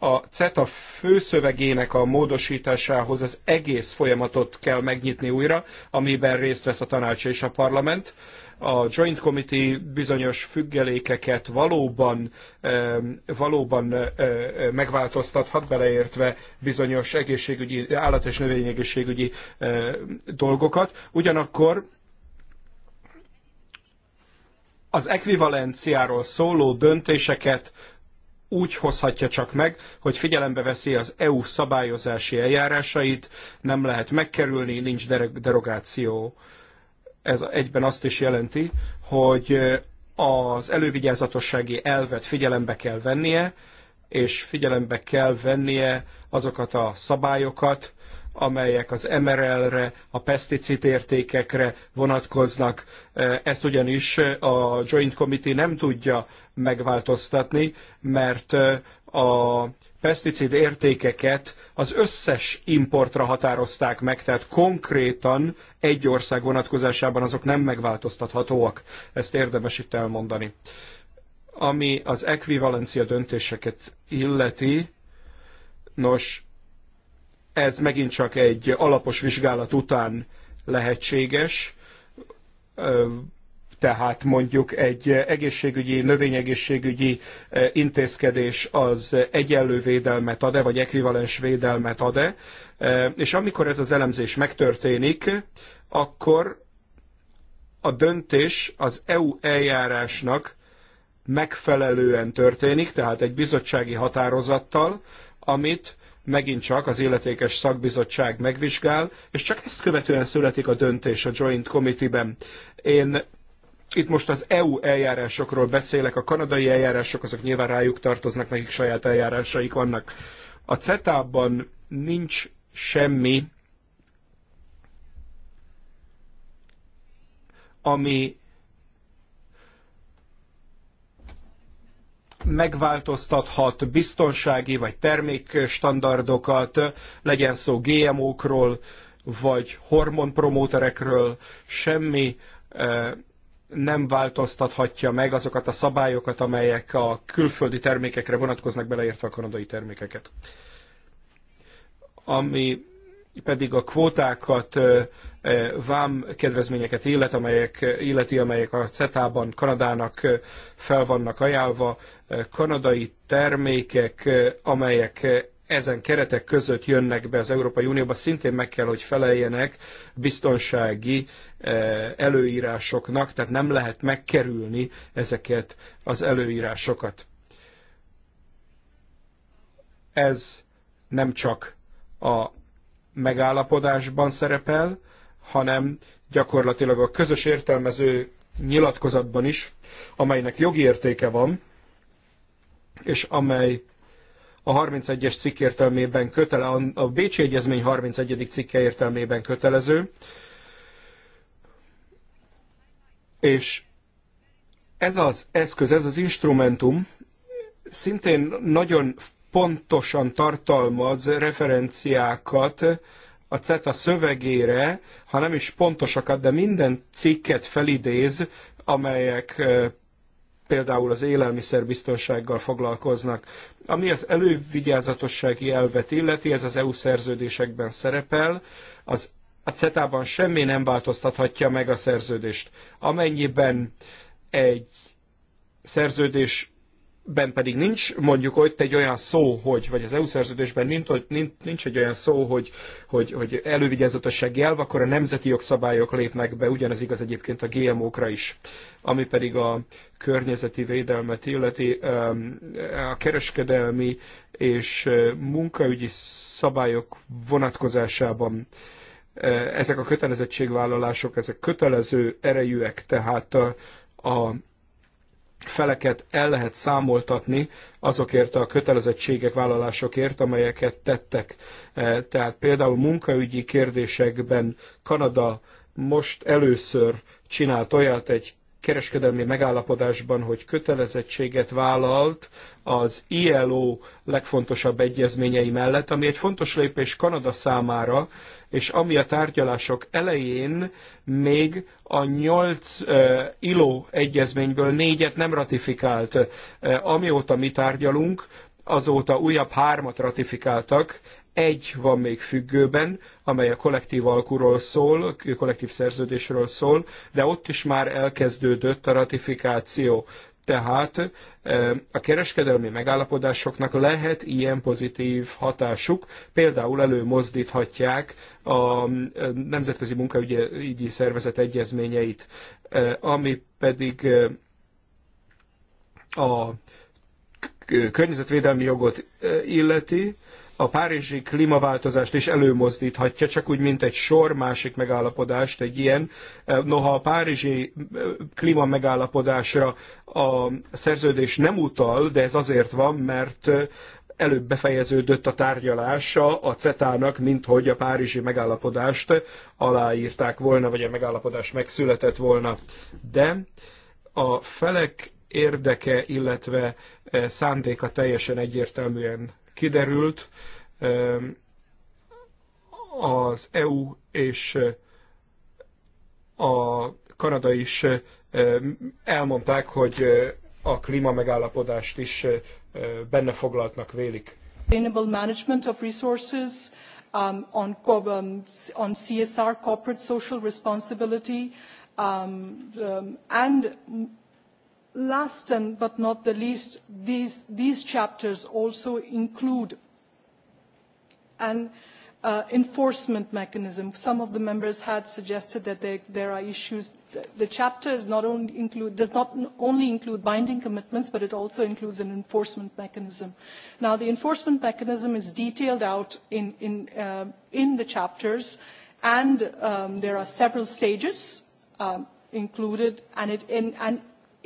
a CETA főszövegének a módosításához az egész folyamatot kell megnyitni újra, amiben részt vesz a tanács és a parlament a Joint Committee bizonyos függelékeket valóban, valóban megváltoztathat, beleértve bizonyos egészségügyi, állat- és növényegészségügyi dolgokat. Ugyanakkor az ekvivalenciáról szóló döntéseket úgy hozhatja csak meg, hogy figyelembe veszi az EU szabályozási eljárásait, nem lehet megkerülni, nincs derogáció ez egyben azt is jelenti, hogy az elővigyázatossági elvet figyelembe kell vennie, és figyelembe kell vennie azokat a szabályokat, amelyek az MRL-re, a peszticid értékekre vonatkoznak. Ezt ugyanis a Joint Committee nem tudja megváltoztatni, mert a peszticid értékeket az összes importra határozták meg, tehát konkrétan egy ország vonatkozásában azok nem megváltoztathatóak. Ezt érdemes itt elmondani. Ami az ekvivalencia döntéseket illeti, nos, ez megint csak egy alapos vizsgálat után lehetséges tehát mondjuk egy egészségügyi, növényegészségügyi eh, intézkedés az egyenlő védelmet ad-e, vagy ekvivalens védelmet ad-e, eh, és amikor ez az elemzés megtörténik, akkor a döntés az EU eljárásnak megfelelően történik, tehát egy bizottsági határozattal, amit megint csak az illetékes szakbizottság megvizsgál, és csak ezt követően születik a döntés a Joint Committee-ben. Én itt most az EU eljárásokról beszélek, a kanadai eljárások, azok nyilván rájuk tartoznak, nekik saját eljárásaik vannak. A CETA-ban nincs semmi, ami megváltoztathat biztonsági vagy termékstandardokat, legyen szó GMO-król, vagy hormonpromóterekről, semmi eh, nem változtathatja meg azokat a szabályokat, amelyek a külföldi termékekre vonatkoznak, beleértve a kanadai termékeket. Ami pedig a kvótákat, vám kedvezményeket illet, amelyek, illeti, amelyek a CETA-ban Kanadának fel vannak ajánlva. Kanadai termékek, amelyek ezen keretek között jönnek be az Európai Unióba, szintén meg kell, hogy feleljenek biztonsági eh, előírásoknak, tehát nem lehet megkerülni ezeket az előírásokat. Ez nem csak a megállapodásban szerepel, hanem gyakorlatilag a közös értelmező nyilatkozatban is, amelynek jogi értéke van, és amely a 31-es cikk értelmében kötele, a Bécsi Egyezmény 31. cikke értelmében kötelező, és ez az eszköz, ez az instrumentum szintén nagyon pontosan tartalmaz referenciákat a CETA szövegére, ha nem is pontosakat, de minden cikket felidéz, amelyek például az élelmiszerbiztonsággal foglalkoznak. Ami az elővigyázatossági elvet illeti, ez az EU szerződésekben szerepel, az a CETA-ban semmi nem változtathatja meg a szerződést. Amennyiben egy szerződés ben pedig nincs mondjuk ott egy olyan szó, hogy, vagy az EU szerződésben nincs, nincs, nincs egy olyan szó, hogy, hogy, hogy elővigyázatosság jelv, akkor a nemzeti jogszabályok lépnek be, ugyanez igaz egyébként a GMO-kra is. Ami pedig a környezeti védelmet illeti, a kereskedelmi és munkaügyi szabályok vonatkozásában ezek a kötelezettségvállalások, ezek kötelező erejűek, tehát a, a feleket el lehet számoltatni azokért a kötelezettségek, vállalásokért, amelyeket tettek. E, tehát például munkaügyi kérdésekben Kanada most először csinált olyat egy kereskedelmi megállapodásban, hogy kötelezettséget vállalt az ILO legfontosabb egyezményei mellett, ami egy fontos lépés Kanada számára, és ami a tárgyalások elején még a nyolc uh, ILO egyezményből négyet nem ratifikált. Uh, amióta mi tárgyalunk, azóta újabb hármat ratifikáltak, egy van még függőben, amely a kollektív alkuról szól, a kollektív szerződésről szól, de ott is már elkezdődött a ratifikáció. Tehát e, a kereskedelmi megállapodásoknak lehet ilyen pozitív hatásuk, például előmozdíthatják a e, Nemzetközi Munkaügyi Szervezet egyezményeit, e, ami pedig a környezetvédelmi jogot illeti, a párizsi klímaváltozást is előmozdíthatja, csak úgy, mint egy sor másik megállapodást, egy ilyen. Noha a párizsi klíma megállapodásra a szerződés nem utal, de ez azért van, mert előbb befejeződött a tárgyalása a CETA-nak, mint hogy a párizsi megállapodást aláírták volna, vagy a megállapodás megszületett volna. De a felek érdeke, illetve szándéka teljesen egyértelműen kiderült, az EU és a Kanada is elmondták, hogy a klímamegállapodást is benne foglaltnak vélik. Sustainable management of resources um, on, um, on CSR, corporate social responsibility, um, um, and last but not the least, these, these chapters also include an uh, enforcement mechanism. Some of the members had suggested that they, there are issues. The, the chapter is not only include, does not only include binding commitments, but it also includes an enforcement mechanism. Now, the enforcement mechanism is detailed out in, in, uh, in the chapters, and um, there are several stages um, included, and, it, in, and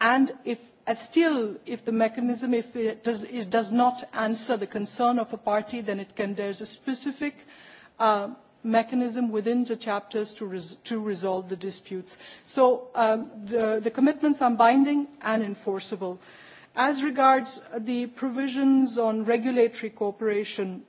and still if the mechanism does, not answer the concern of a party then there is a specific uh, mechanism within the chapters to, resolve the disputes. So um, the commitments are binding and enforceable. As regards the provisions on regulatory cooperation,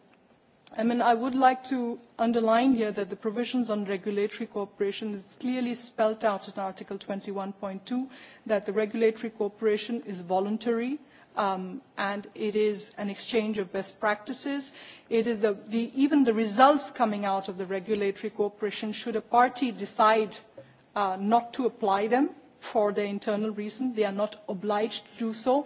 I mean, I would like to underline here that the provisions on regulatory cooperation is clearly spelled out in Article 21.2 that the regulatory cooperation is voluntary um, and it is an exchange of best practices. It is the, the, even the results coming out of the regulatory cooperation should a party decide uh, not to apply them for their internal reason. They are not obliged to do so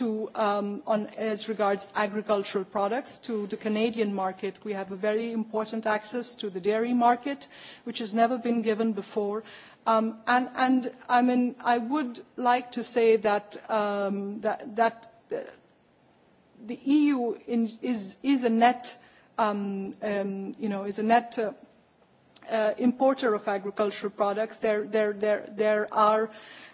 Um, on, as regards agricultural products to the Canadian market. We have a very important access to the dairy market, which has never been given before. Um, and, I mean, I would like to say that, um, uh, the EU is, a net, you know, is a net uh, uh, importer of agricultural products. there are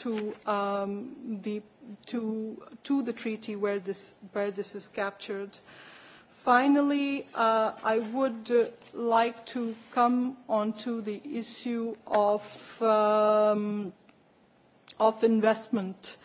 to um, the to to the treaty where this where this is captured. Finally, uh, I would uh, like to come onto the issue of um, of investment. Uh,